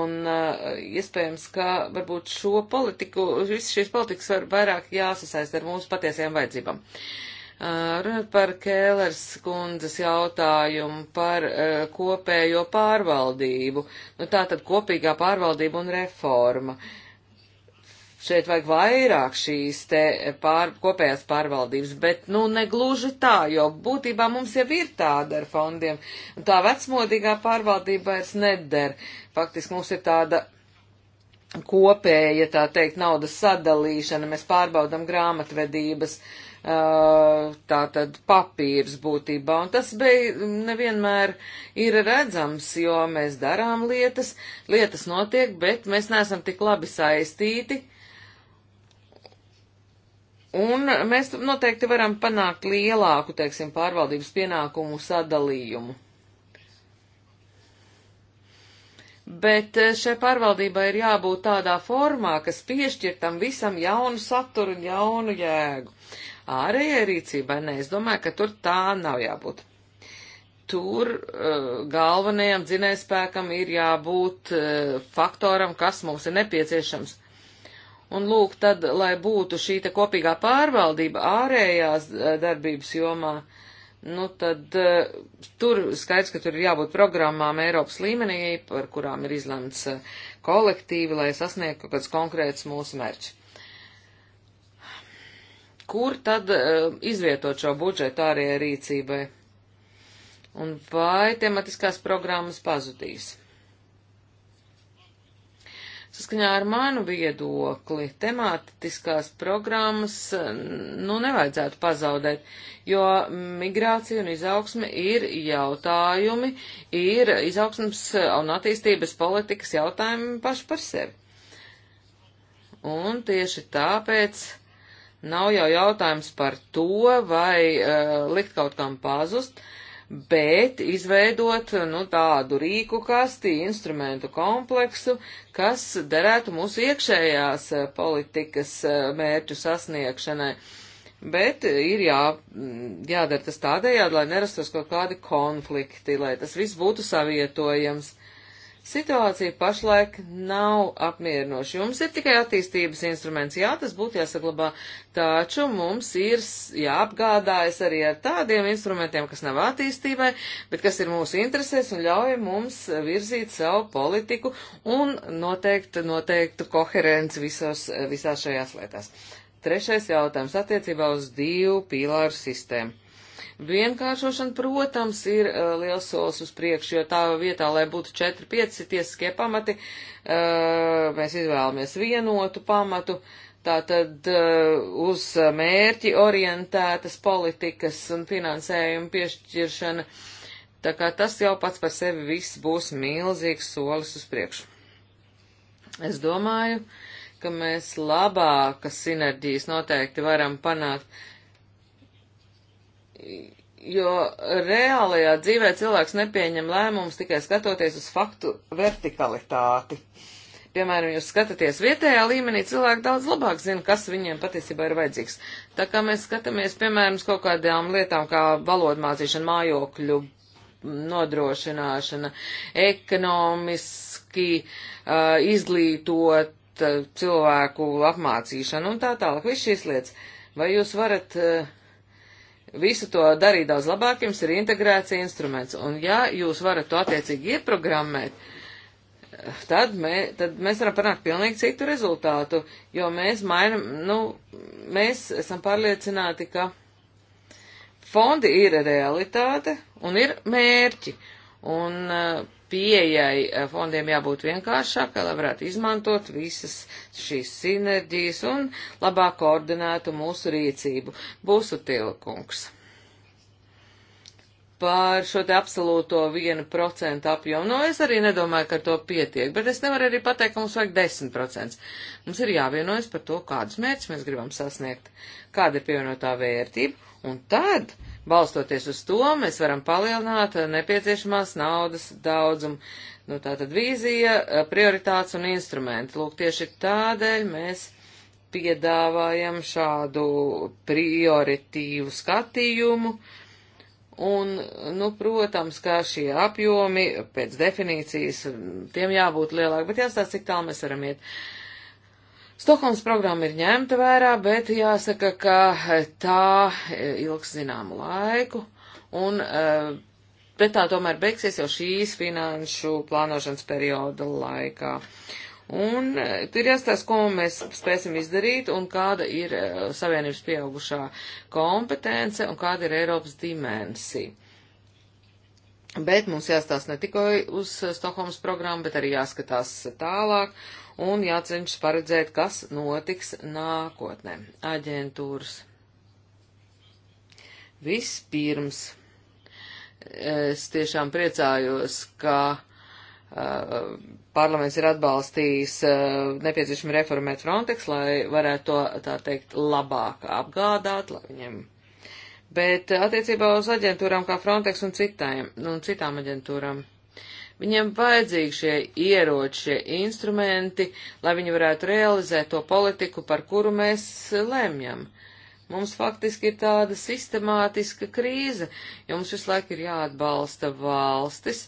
Un iespējams, ka varbūt šo politiku, visas šīs politikas var vairāk jāsasaist ar mūsu patiesajām vajadzībām. Uh, Runāt par Kēlers kundzes jautājumu par uh, kopējo pārvaldību. Nu, tā tad kopīgā pārvaldība un reforma. Šeit vajag vairāk šīs te pār, kopējās pārvaldības, bet nu negluži tā, jo būtībā mums jau ir tāda ar fondiem. Un tā vecmodīgā pārvaldība vairs neder. Faktiski mums ir tāda kopēja, tā teikt, naudas sadalīšana, mēs pārbaudam grāmatvedības. Uh, Eh, tātad papīrs būtībā, un tas bija nevienmēr ir redzams, jo mēs darām lietas, lietas notiek, bet mēs neesam tik labi saistīti, un mēs noteikti varam panākt lielāku, teiksim, pārvaldības pienākumu sadalījumu. Bet eh, šai pārvaldībai ir jābūt tādā formā, kas piešķir tam visam jaunu saturu un jaunu jēgu ārējai rīcībai, nē, es domāju, ka tur tā nav jābūt. Tur uh, galvenajam dzinējspēkam ir jābūt uh, faktoram, kas mums ir nepieciešams. Un lūk, tad, lai būtu šī te kopīgā pārvaldība ārējās eh, darbības jomā, nu tad uh, tur skaidrs, ka tur ir jābūt programmām Eiropas līmenī, par kurām ir izlemts kolektīvi, lai sasniegtu kaut kāds konkrēts mūsu mērķis kur tad uh, izvietot šo budžetu ārējai rīcībai? Un vai tematiskās programmas pazudīs? Saskaņā ar manu viedokli, tematiskās programmas eh, nu nevajadzētu pazaudēt, jo migrācija un izaugsme ir jautājumi, ir izaugsmes un attīstības politikas jautājumi paši par sevi. Un tieši tāpēc Nav jau jautājums par to, vai uh, likt kaut kam pazust, bet izveidot nu, tādu rīku kasti, instrumentu kompleksu, kas derētu mūsu iekšējās eh, politikas eh, mērķu sasniegšanai. Bet ir jā, jādara tas tādējādi, lai nerastos kaut kādi konflikti, lai tas viss būtu savietojams. Situācija pašlaik nav apmierinoša. Jums ir tikai attīstības instruments, jā, tas būtu jāsaglabā, taču mums ir jāapgādājas arī ar tādiem instrumentiem, kas nav attīstībai, bet kas ir mūsu interesēs un ļauj mums virzīt savu politiku un noteikt, noteiktu koherenci visos, visās šajās lietās. Trešais jautājums attiecībā uz divu pīlāru sistēmu. Vienkāršošana, protams, ir uh, liels solis uz priekšu, jo tā vietā, lai būtu 4-5 tiesiskie pamati, uh, mēs izvēlamies vienotu pamatu, tātad uh, uz mērķi orientētas politikas un finansējuma piešķiršana. Tā kā tas jau pats par sevi viss būs milzīgs solis uz priekšu. Es domāju, ka mēs labākas sinerģijas noteikti varam panākt jo reālajā dzīvē cilvēks nepieņem lēmumus tikai skatoties uz faktu vertikalitāti. Piemēram, jūs skatāties vietējā līmenī, cilvēki daudz labāk zina, kas viņiem patiesībā ir vajadzīgs. Tā kā mēs skatāmies, piemēram, uz kaut kādām lietām, kā valodmācīšana, mājokļu nodrošināšana, ekonomiski uh, izglītot uh, cilvēku apmācīšanu un tā tālāk, viss šīs lietas. Vai jūs varat uh, visu to darīt daudz labāk, jums ir integrēts instruments. Un ja jūs varat to attiecīgi ieprogrammēt, tad, mē, tad mēs varam panākt pilnīgi citu rezultātu, jo mēs mainam, nu, mēs esam pārliecināti, ka fondi ir realitāte un ir mērķi. Un uh, pieejai eh, fondiem jābūt vienkāršākai, lai varētu izmantot visas šīs sinerģijas un labāk koordinētu mūsu rīcību. Būsu tilkungs. Par šo te absolūto 1% apjomu, nu es arī nedomāju, ka ar to pietiek, bet es nevaru arī pateikt, ka mums vajag 10%. Mums ir jāvienojas par to, kādus mērķus mēs gribam sasniegt, kāda ir pievienotā vērtība, un tad uh, Balstoties uz to, mēs varam palielināt eh, nepieciešamās naudas daudzumu. Nu, tā tad vīzija, eh, prioritāts un instrumenti. Lūk, tieši tādēļ mēs piedāvājam šādu prioritīvu skatījumu. Un, nu, protams, kā šie apjomi pēc definīcijas, tiem jābūt lielāk, bet jāstāsta, cik tālu mēs varam iet. Uh, Stokholmas programma ir ņemta vērā, bet jāsaka, ka tā e, ilgs zināmu laiku, un, e, bet tā tomēr beigsies jau šīs finanšu plānošanas perioda laikā. Un tur e, jāstāsta, ko mēs spēsim izdarīt un kāda ir Savienības pieaugušā kompetence un kāda ir Eiropas dimensija. Bet mums jāstāsta ne tikai uz Stokholmas programmu, bet arī jāskatās tālāk un jācenšas paredzēt, kas notiks nākotnē. Aģentūras. Vispirms es tiešām priecājos, ka uh, parlaments ir atbalstījis uh, nepieciešami reformēt Frontex, lai varētu to, tā teikt, labāk apgādāt, lai viņiem. Bet attiecībā uz aģentūrām kā Frontex un, citām, un citām aģentūrām. Uh, Viņiem vajadzīgi šie ieroči, šie instrumenti, lai viņi varētu realizēt to politiku, par kuru mēs lemjam. Mums faktiski ir tāda sistemātiska krīze, jo mums visu laiku ir jāatbalsta valstis,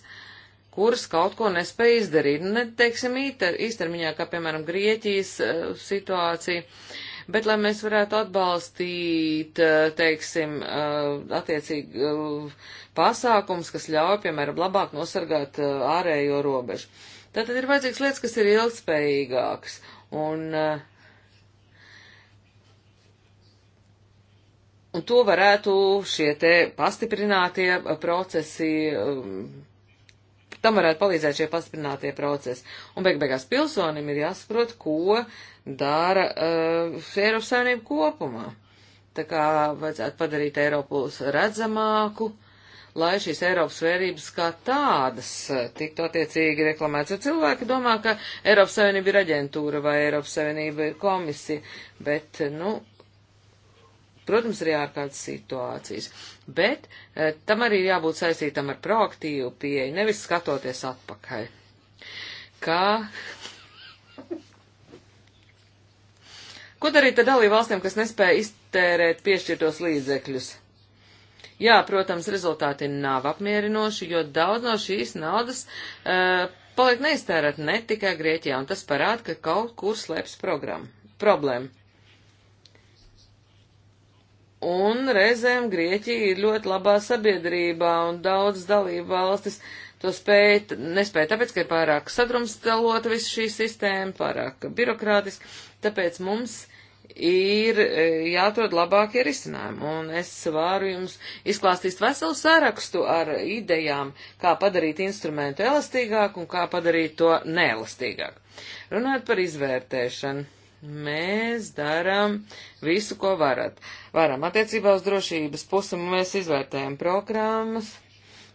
kuras kaut ko nespēja izdarīt. Nu, ne, teiksim, īstermiņā, kā piemēram Grieķijas eh, situācija. Uh, Bet, lai mēs varētu atbalstīt, eh, teiksim, eh, attiecīgi eh, pasākums, kas ļauj, piemēram, labāk nosargāt ārējo robežu. Tātad ir vajadzīgs lietas, kas ir ilgspējīgāks. Un, un to varētu šie te pastiprinātie procesi Tam varētu palīdzēt šie pastiprinātie procesi. Un beig beigās pilsonim ir jāsaprot, ko dara uh, Eiropas Savienība kopumā. Tā kā vajadzētu padarīt Eiropus redzamāku, lai šīs Eiropas vērības kā tādas uh, tiktu attiecīgi reklamētas. Jo cilvēki domā, ka Eiropas Savienība ir aģentūra vai Eiropas Savienība ir komisija, bet, nu, Protams, ir ārkārtas situācijas, bet e, tam arī jābūt saistītam ar proaktīvu pieeju, nevis skatoties atpakaļ. Kā? Ko darīt ar dalību valstīm, kas nespēja iztērēt piešķirtos līdzekļus? Jā, protams, rezultāti nav apmierinoši, jo daudz no šīs naudas uh, paliek neiztērēt ne tikai Grieķijā, un tas parāda, ka kaut kur slēps programma. Problēma. Un reizēm Grieķija ir ļoti labā sabiedrībā, un daudz dalību valstis to spēja, nespēja tāpēc, ka ir pārāk sadrumstalota visa šī sistēma, pārāk birokrātiski, tāpēc mums ir e, jāatrod labākie risinājumi. Un es varu jums izklāstīt veselu sarakstu ar idejām, kā padarīt instrumentu elastīgāku un kā padarīt to neelastīgāku. Runājot par izvērtēšanu Mēs darām visu, ko varat. varam. Attiecībā uz drošības pusi mēs izvērtējam programmas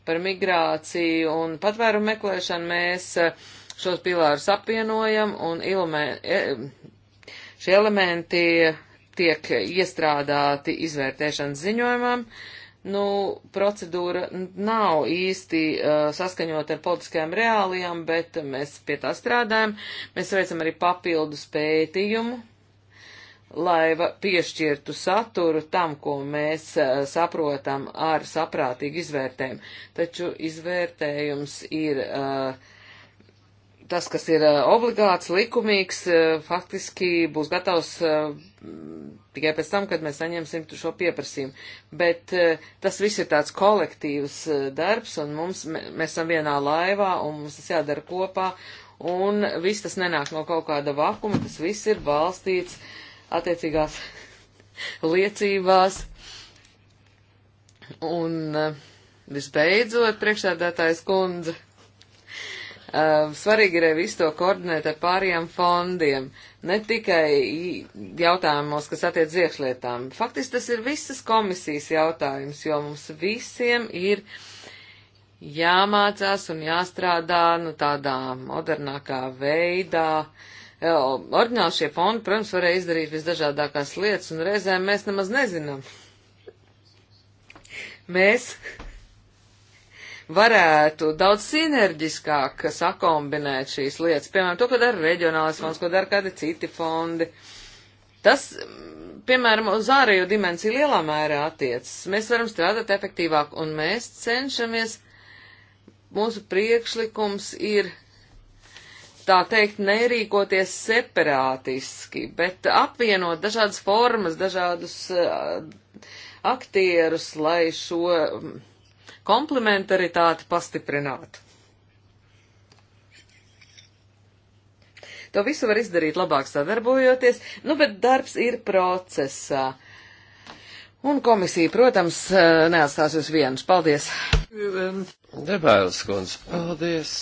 par migrāciju un patvērumu meklēšanu. Mēs eh, šos pilārus apvienojam un ilme, e, šie elementi tiek iestrādāti izvērtēšanas ziņojumam. Uh, nu, procedūra nav īsti uh, saskaņot ar politiskajām reālijām, bet mēs pie tā strādājam. Mēs veicam arī papildus pētījumu, lai piešķirtu saturu tam, ko mēs uh, saprotam ar saprātīgu izvērtējumu. Taču izvērtējums ir uh, tas, kas ir eh, obligāts, likumīgs, eh, faktiski būs gatavs eh, tikai pēc tam, kad mēs saņemsim šo pieprasījumu. Bet tas viss ir tāds kolektīvs darbs, un mums, mēs esam vienā laivā, un mums tas jādara kopā, un viss tas nenāk no kaut kāda vakuma, tas viss ir balstīts attiecīgās liecībās. Un visbeidzot, priekšsēdētājs kundze Ehm, svarīgi ir visu to koordinēt ar pārējiem fondiem, ne tikai jautājumos, kas attiec iekšlietām. Faktiski tas ir visas komisijas jautājums, jo mums visiem ir jāmācās un jāstrādā nu, tādā modernākā veidā. Ehm, Ordināli šie fondi, protams, varēja izdarīt visdažādākās lietas, un reizēm mēs nemaz nezinām. Mēs varētu daudz sinerģiskāk sakombinēt šīs lietas, piemēram, to, ko dara reģionālais fonds, ko dara kādi citi fondi. Tas, piemēram, uz ārējo dimensiju lielā mērā attiecas. Mēs varam strādāt efektīvāk, un mēs cenšamies, mūsu priekšlikums ir, tā teikt, nerīkoties separātiski, bet apvienot dažādas formas, dažādus uh, aktierus, lai šo. Um, komplementaritāti pastiprinātu. To visu var izdarīt labāk sadarbojoties, nu, bet darbs ir procesā. Un komisija, protams, neatstās jūs vienus. Paldies! Debēls kundz, paldies!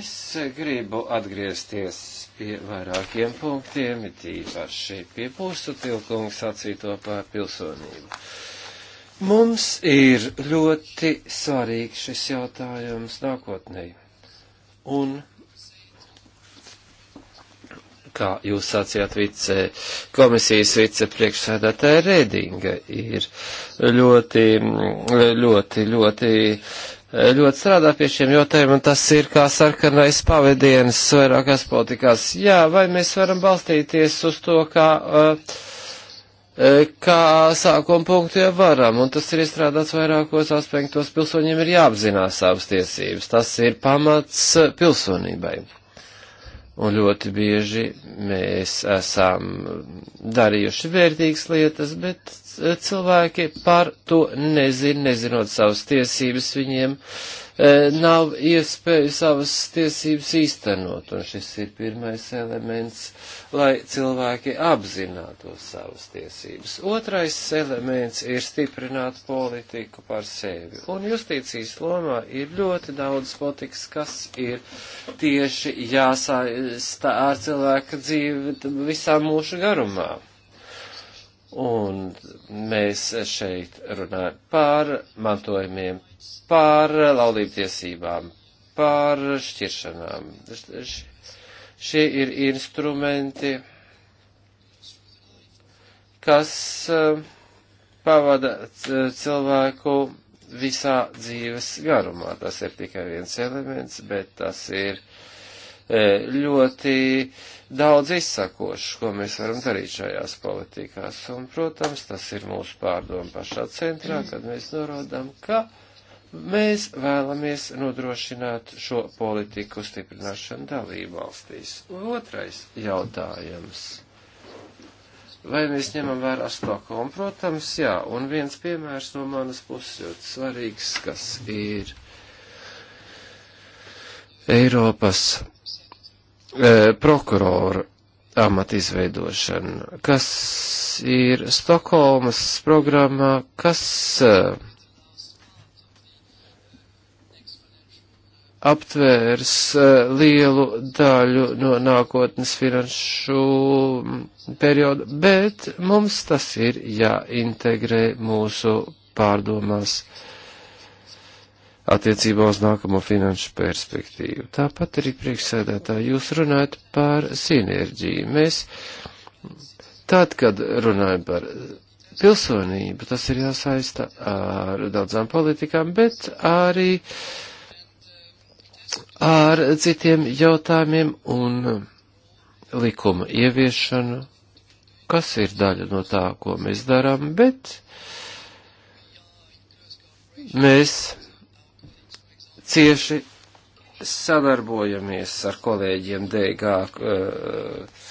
Es gribu atgriezties pie vairākiem punktiem, it īpaši pie pusu tilkungs sacīto par pilsonību. Mums ir ļoti svarīgs šis jautājums nākotnē. Un, kā jūs sacījāt, vice, komisijas vicepriekšsēdētāja Redinga ir ļoti, ļoti, ļoti ļoti strādā pie šiem jautājumiem, un tas ir kā sarkanais pavadienis vairākās politikās. Jā, vai mēs varam balstīties uz to, kā uh, E, kā sākuma punktu jau varam, un tas ir iestrādāts vairākos aspektos. Pilsoņiem ir jāapzinās savas tiesības. Tas ir pamats pilsonībai. Un ļoti bieži mēs esam darījuši vērtīgas lietas, bet cilvēki par to nezin, nezinot savas tiesības viņiem. Uh, Eh, nav iespēju savas tiesības īstenot, un šis ir pirmais elements, lai cilvēki apzinātu savas tiesības. Otrais elements ir stiprināt politiku par sevi, un justīcijas lomā ir ļoti daudz politikas, kas ir tieši jāsaistā ar cilvēka dzīvi visā mūsu garumā. Un mēs šeit runājam par mantojumiem, par laulību tiesībām, par šķiršanām. Šie ir instrumenti, kas eh, pavada cilvēku visā dzīves garumā. Tas ir tikai viens elements, bet tas ir eh, ļoti uh, daudz izsakošs, ko mēs varam darīt šajās politikās. Un, protams, tas ir mūsu pārdoma pašā centrā, kad mēs norādām, ka mēs vēlamies nodrošināt šo politiku stiprināšanu dalību valstīs. Otrais jautājums. Vai mēs ņemam vērā Stokholmu? Protams, jā. Un viens piemērs no manas puses ļoti svarīgs, kas ir Eiropas Eh, prokuroru amatu izveidošanu, kas ir Stokholmas programmā, kas eh, aptvērs eh, lielu daļu no nākotnes finanšu mm, perioda, bet mums tas ir jāintegrē mūsu pārdomās. Ja attiecībā uz nākamo finanšu perspektīvu. Tāpat arī priekšsēdētāji, jūs runājat par sinerģiju. Mēs tad, kad runājam par pilsonību, tas ir jāsaista ar daudzām politikām, bet arī ar citiem jautājumiem un likuma ieviešanu, kas ir daļa no tā, ko mēs darām, bet mēs cieši sadarbojamies ar kolēģiem DG, eh,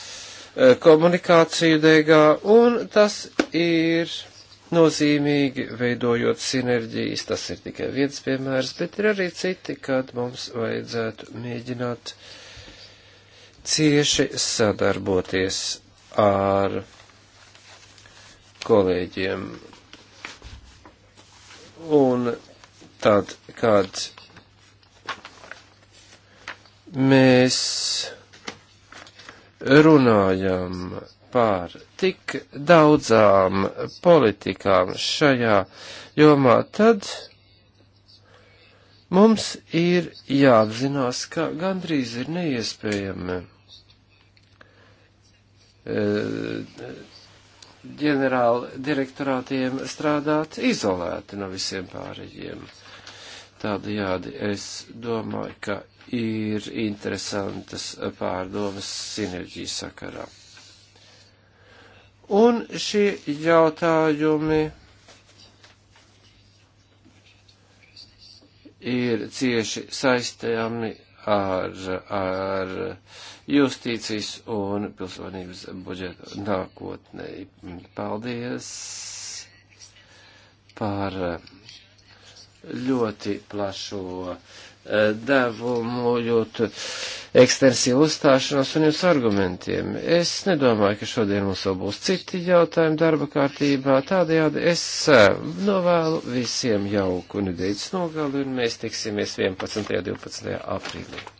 eh, komunikāciju DG, un tas ir nozīmīgi, veidojot sinerģijas. Tas ir tikai viens piemērs, bet ir arī citi, kad mums vajadzētu mēģināt cieši sadarboties ar kolēģiem. Un tad, kad mēs runājam par tik daudzām politikām šajā jomā, tad mums ir jāapzinās, ka gandrīz ir neiespējami e, ģenerāla direktorātiem strādāt izolēti no visiem pārējiem. Tādējādi es domāju, ka ir interesantas pārdomas sinerģijas sakarā. Un šie jautājumi ir cieši saistējami ar, ar justīcijas un pilsonības budžetu nākotnē. Paldies par ļoti plašo uh, devumu, jūtu ekstensīvu uzstāšanos un jūsu argumentiem. Es nedomāju, ka šodien mums vēl būs citi jautājumi darba kārtībā. Tādējādi es eh, novēlu visiem jauku nedēļas nogali un mēs tiksimies 11. un 12. aprīlī.